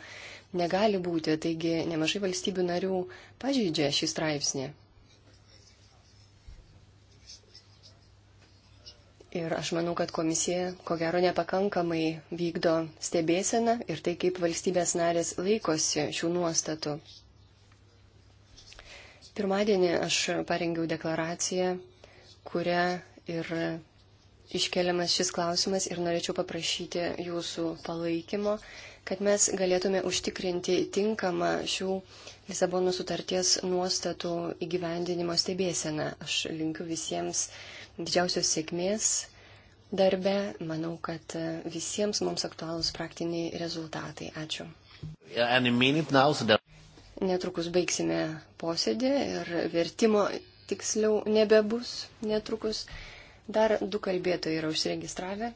negali būti, taigi nemažai valstybių narių pažeidžia šį straipsnį. Ir aš manau, kad komisija ko gero nepakankamai vykdo stebėseną ir tai, kaip valstybės narės laikosi šių nuostatų. Pirmadienį aš parengiau deklaraciją, kurią ir iškeliamas šis klausimas ir norėčiau paprašyti jūsų palaikymo, kad mes galėtume užtikrinti tinkamą šių Lisabono sutarties nuostatų įgyvendinimo stebėseną. Aš linkiu visiems uh, didžiausios sėkmės darbe. Manau, kad visiems mums aktualūs praktiniai rezultatai. Ačiū. Netrukus baigsime posėdį ir vertimo tiksliau nebebus netrukus. Dar du kalbėtojai yra užsiregistravę.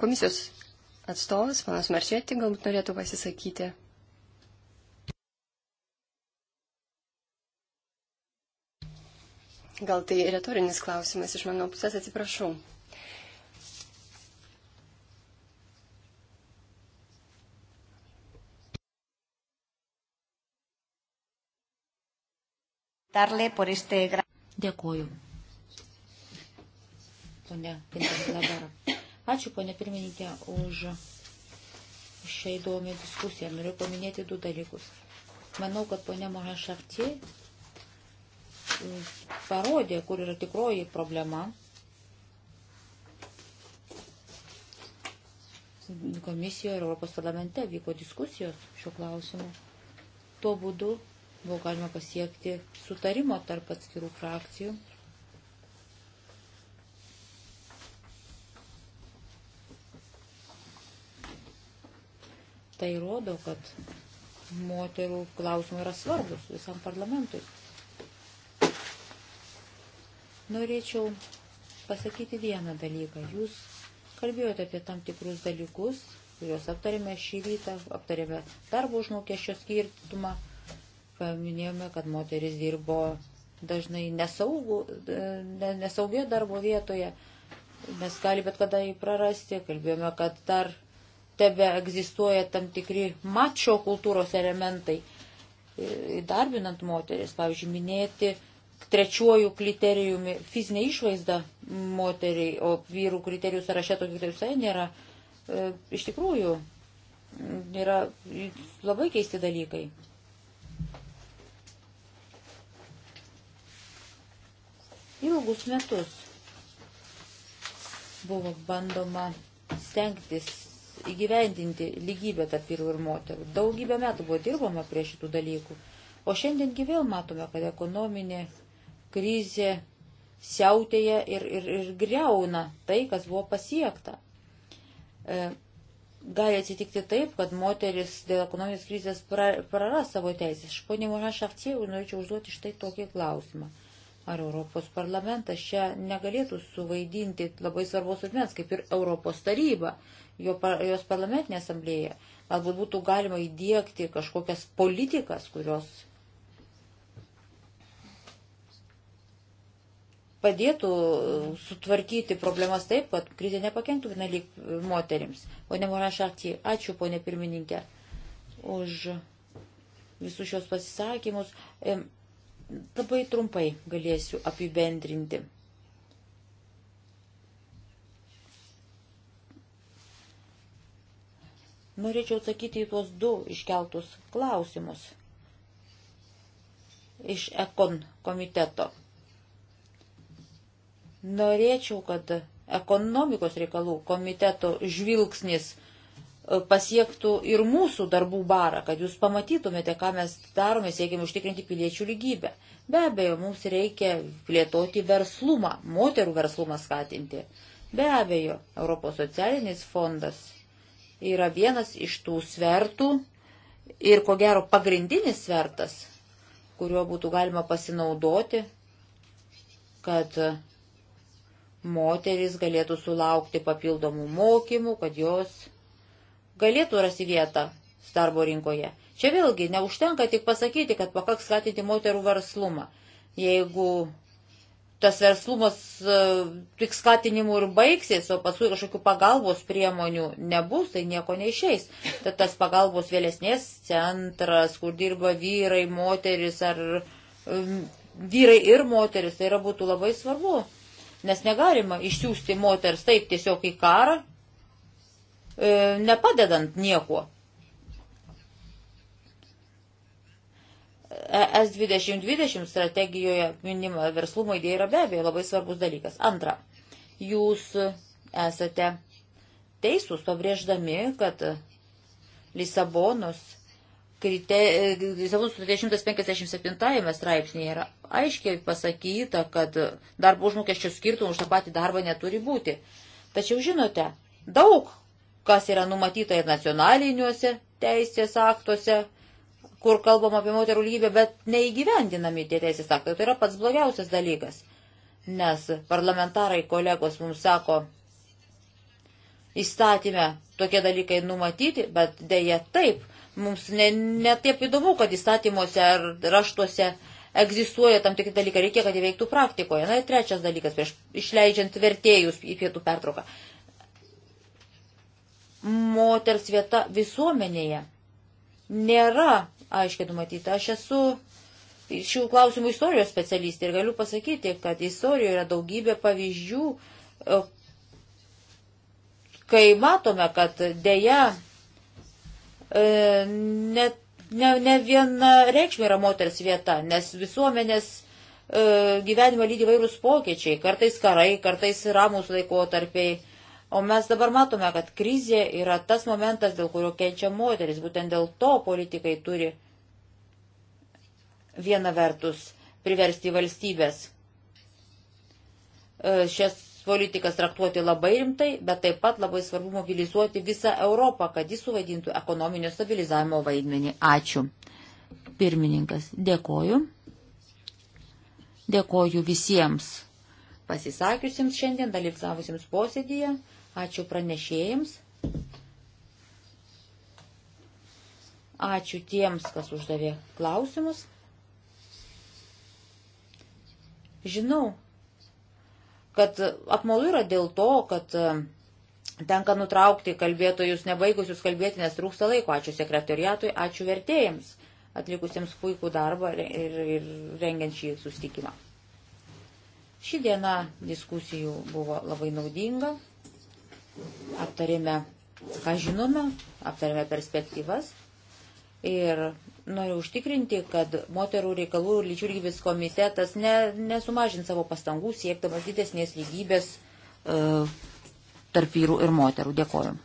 Komisijos atstovas, panas Maršėti, galbūt norėtų pasisakyti. Gal tai retorinis klausimas iš mano pusės, atsiprašau. Dėkuoju. Pone Pintelabara. Ačiū, ponė pirmininkė, už šią įdomią diskusiją. Noriu paminėti du dalykus. Manau, kad ponė Mohašartė parodė, kur yra tikroji problema. Komisijoje ir Europos parlamente vyko diskusijos šiuo klausimu. Tuo būdu buvo galima pasiekti sutarimo tarp atskirų frakcijų. Tai rodo, kad moterų klausimai yra svarbus visam parlamentui. Norėčiau pasakyti vieną dalyką. Jūs kalbėjote apie tam tikrus dalykus, kuriuos aptarėme šį rytą, aptarėme darbo užmokesčio skirtumą, paminėjome, kad moteris dirbo dažnai nesaugų, e, nesaugio darbo vietoje, mes gali bet kada jį prarasti, kalbėjome, kad dar tebe egzistuoja tam tikri mačio kultūros elementai, e, įdarbinant moteris, pavyzdžiui, minėti trečiuoju kriterijumi fizinė išvaizda moteriai, o vyrų kriterijų sąraše tokių kriterijų visai nėra. E, iš tikrųjų, yra labai keisti dalykai. Ilgus metus buvo bandoma stengtis įgyvendinti lygybę tarp vyrų ir moterų. Daugybę metų buvo dirbama prie šitų dalykų. O šiandiengi vėl matome, kad ekonominė krizė siautėja ir, ir, ir greuna tai, kas buvo pasiekta. E, gali atsitikti taip, kad moteris dėl ekonominės krizės pra, praras savo teisės. Pone Mona Šafcijų, norėčiau užduoti štai tokį klausimą. Ar Europos parlamentas čia negalėtų suvaidinti labai svarbos vaidmens, kaip ir Europos taryba, jo, jos parlamentinė asamblėje? Galbūt būtų galima įdėkti kažkokias politikas, kurios padėtų sutvarkyti problemas taip, kad krizė nepakenktų vienalyg moterims. Pone Morašartį, ačiū, ponė pirmininkė, už visus šios pasisakymus. Labai trumpai galėsiu apibendrinti. Norėčiau atsakyti į tuos du iškeltus klausimus iš ekon komiteto. Norėčiau, kad ekonomikos reikalų komiteto žvilgsnis e, pasiektų ir mūsų darbų barą, kad jūs pamatytumėte, ką mes darome, siekiam užtikrinti piliečių lygybę. Be abejo, mums reikia plėtoti verslumą, moterų verslumą skatinti. Be abejo, Europos socialinis fondas yra vienas iš tų svertų ir ko gero pagrindinis svertas, kuriuo būtų galima pasinaudoti, kad moteris galėtų sulaukti papildomų mokymų, kad jos galėtų rasti vietą darbo rinkoje. Čia vėlgi neužtenka tik pasakyti, kad pakaks skatinti moterų verslumą. Jeigu tas verslumas e, tik skatinimu ir baigsis, o paskui kažkokių pagalbos priemonių nebus, tai nieko neišeis. Tad tas pagalbos vėlesnės centras, kur dirba vyrai, moteris ar vyrai ir moteris, tai yra būtų labai svarbu nes negalima išsiųsti moters taip tiesiog į karą, e, nepadedant nieko. ES 2020 strategijoje minima verslumo idėja yra be abejo labai svarbus dalykas. Antra, jūs esate teisūs pabrėždami, kad Lisabonos Lisabos e, sutarties 157 straipsnėje yra aiškiai pasakyta, kad darbo užmokesčio skirtumų už tą patį darbą neturi būti. Tačiau žinote, daug kas yra numatyta ir nacionaliniuose teisės aktuose, kur kalbam apie moterų lygybę, bet neįgyvendinami tie teisės aktai. Tai yra pats blogiausias dalykas. Nes parlamentarai kolegos mums sako, įstatymę tokie dalykai numatyti, bet dėja taip Mums netaip ne, ne įdomu, kad įstatymuose ar raštuose egzistuoja tam tikri dalykai, reikia, kad jie veiktų praktikoje. Na ir trečias dalykas, prieš išleidžiant vertėjus į pietų pertrauką. Moters vieta visuomenėje nėra aiškiai numatyta. Aš esu šių klausimų istorijos specialistė ir galiu pasakyti, kad istorijoje yra daugybė pavyzdžių, kai matome, kad dėja E, ne, ne, ne viena reikšmė yra moters vieta, nes visuomenės e, gyvenimą lydi vairūs pokyčiai, kartais karai, kartais ramus laikotarpiai. O mes dabar matome, kad krizė yra tas momentas, dėl kurio kenčia moteris. Būtent dėl to politikai turi viena vertus priversti valstybės e, šias politikas traktuoti labai rimtai, bet taip pat labai svarbu mobilizuoti visą Europą, kad jis suvaidintų ekonominio stabilizavimo vaidmenį. Ačiū. Pirmininkas, dėkoju. Dėkoju visiems pasisakiusiems šiandien, dalyvavusiems posėdėje. Ačiū pranešėjams. Ačiū tiems, kas uždavė klausimus. Žinau, kad apmaudu yra dėl to, kad e, tenka nutraukti kalbėtojus, nebaigusius kalbėti, nes trūksta laiko. Ačiū sekretoriatui, ačiū vertėjams, atlikusiems puikų darbą ir, ir rengiant šį sustikimą. Ši diena diskusijų buvo labai naudinga. Aptarėme, ką žinome, aptarėme perspektyvas. Ir noriu užtikrinti, kad moterų reikalų ir lyčių lygybės komitetas ne, nesumažins savo pastangų siekdamas didesnės lygybės e, tarp vyrų ir moterų. Dėkoju.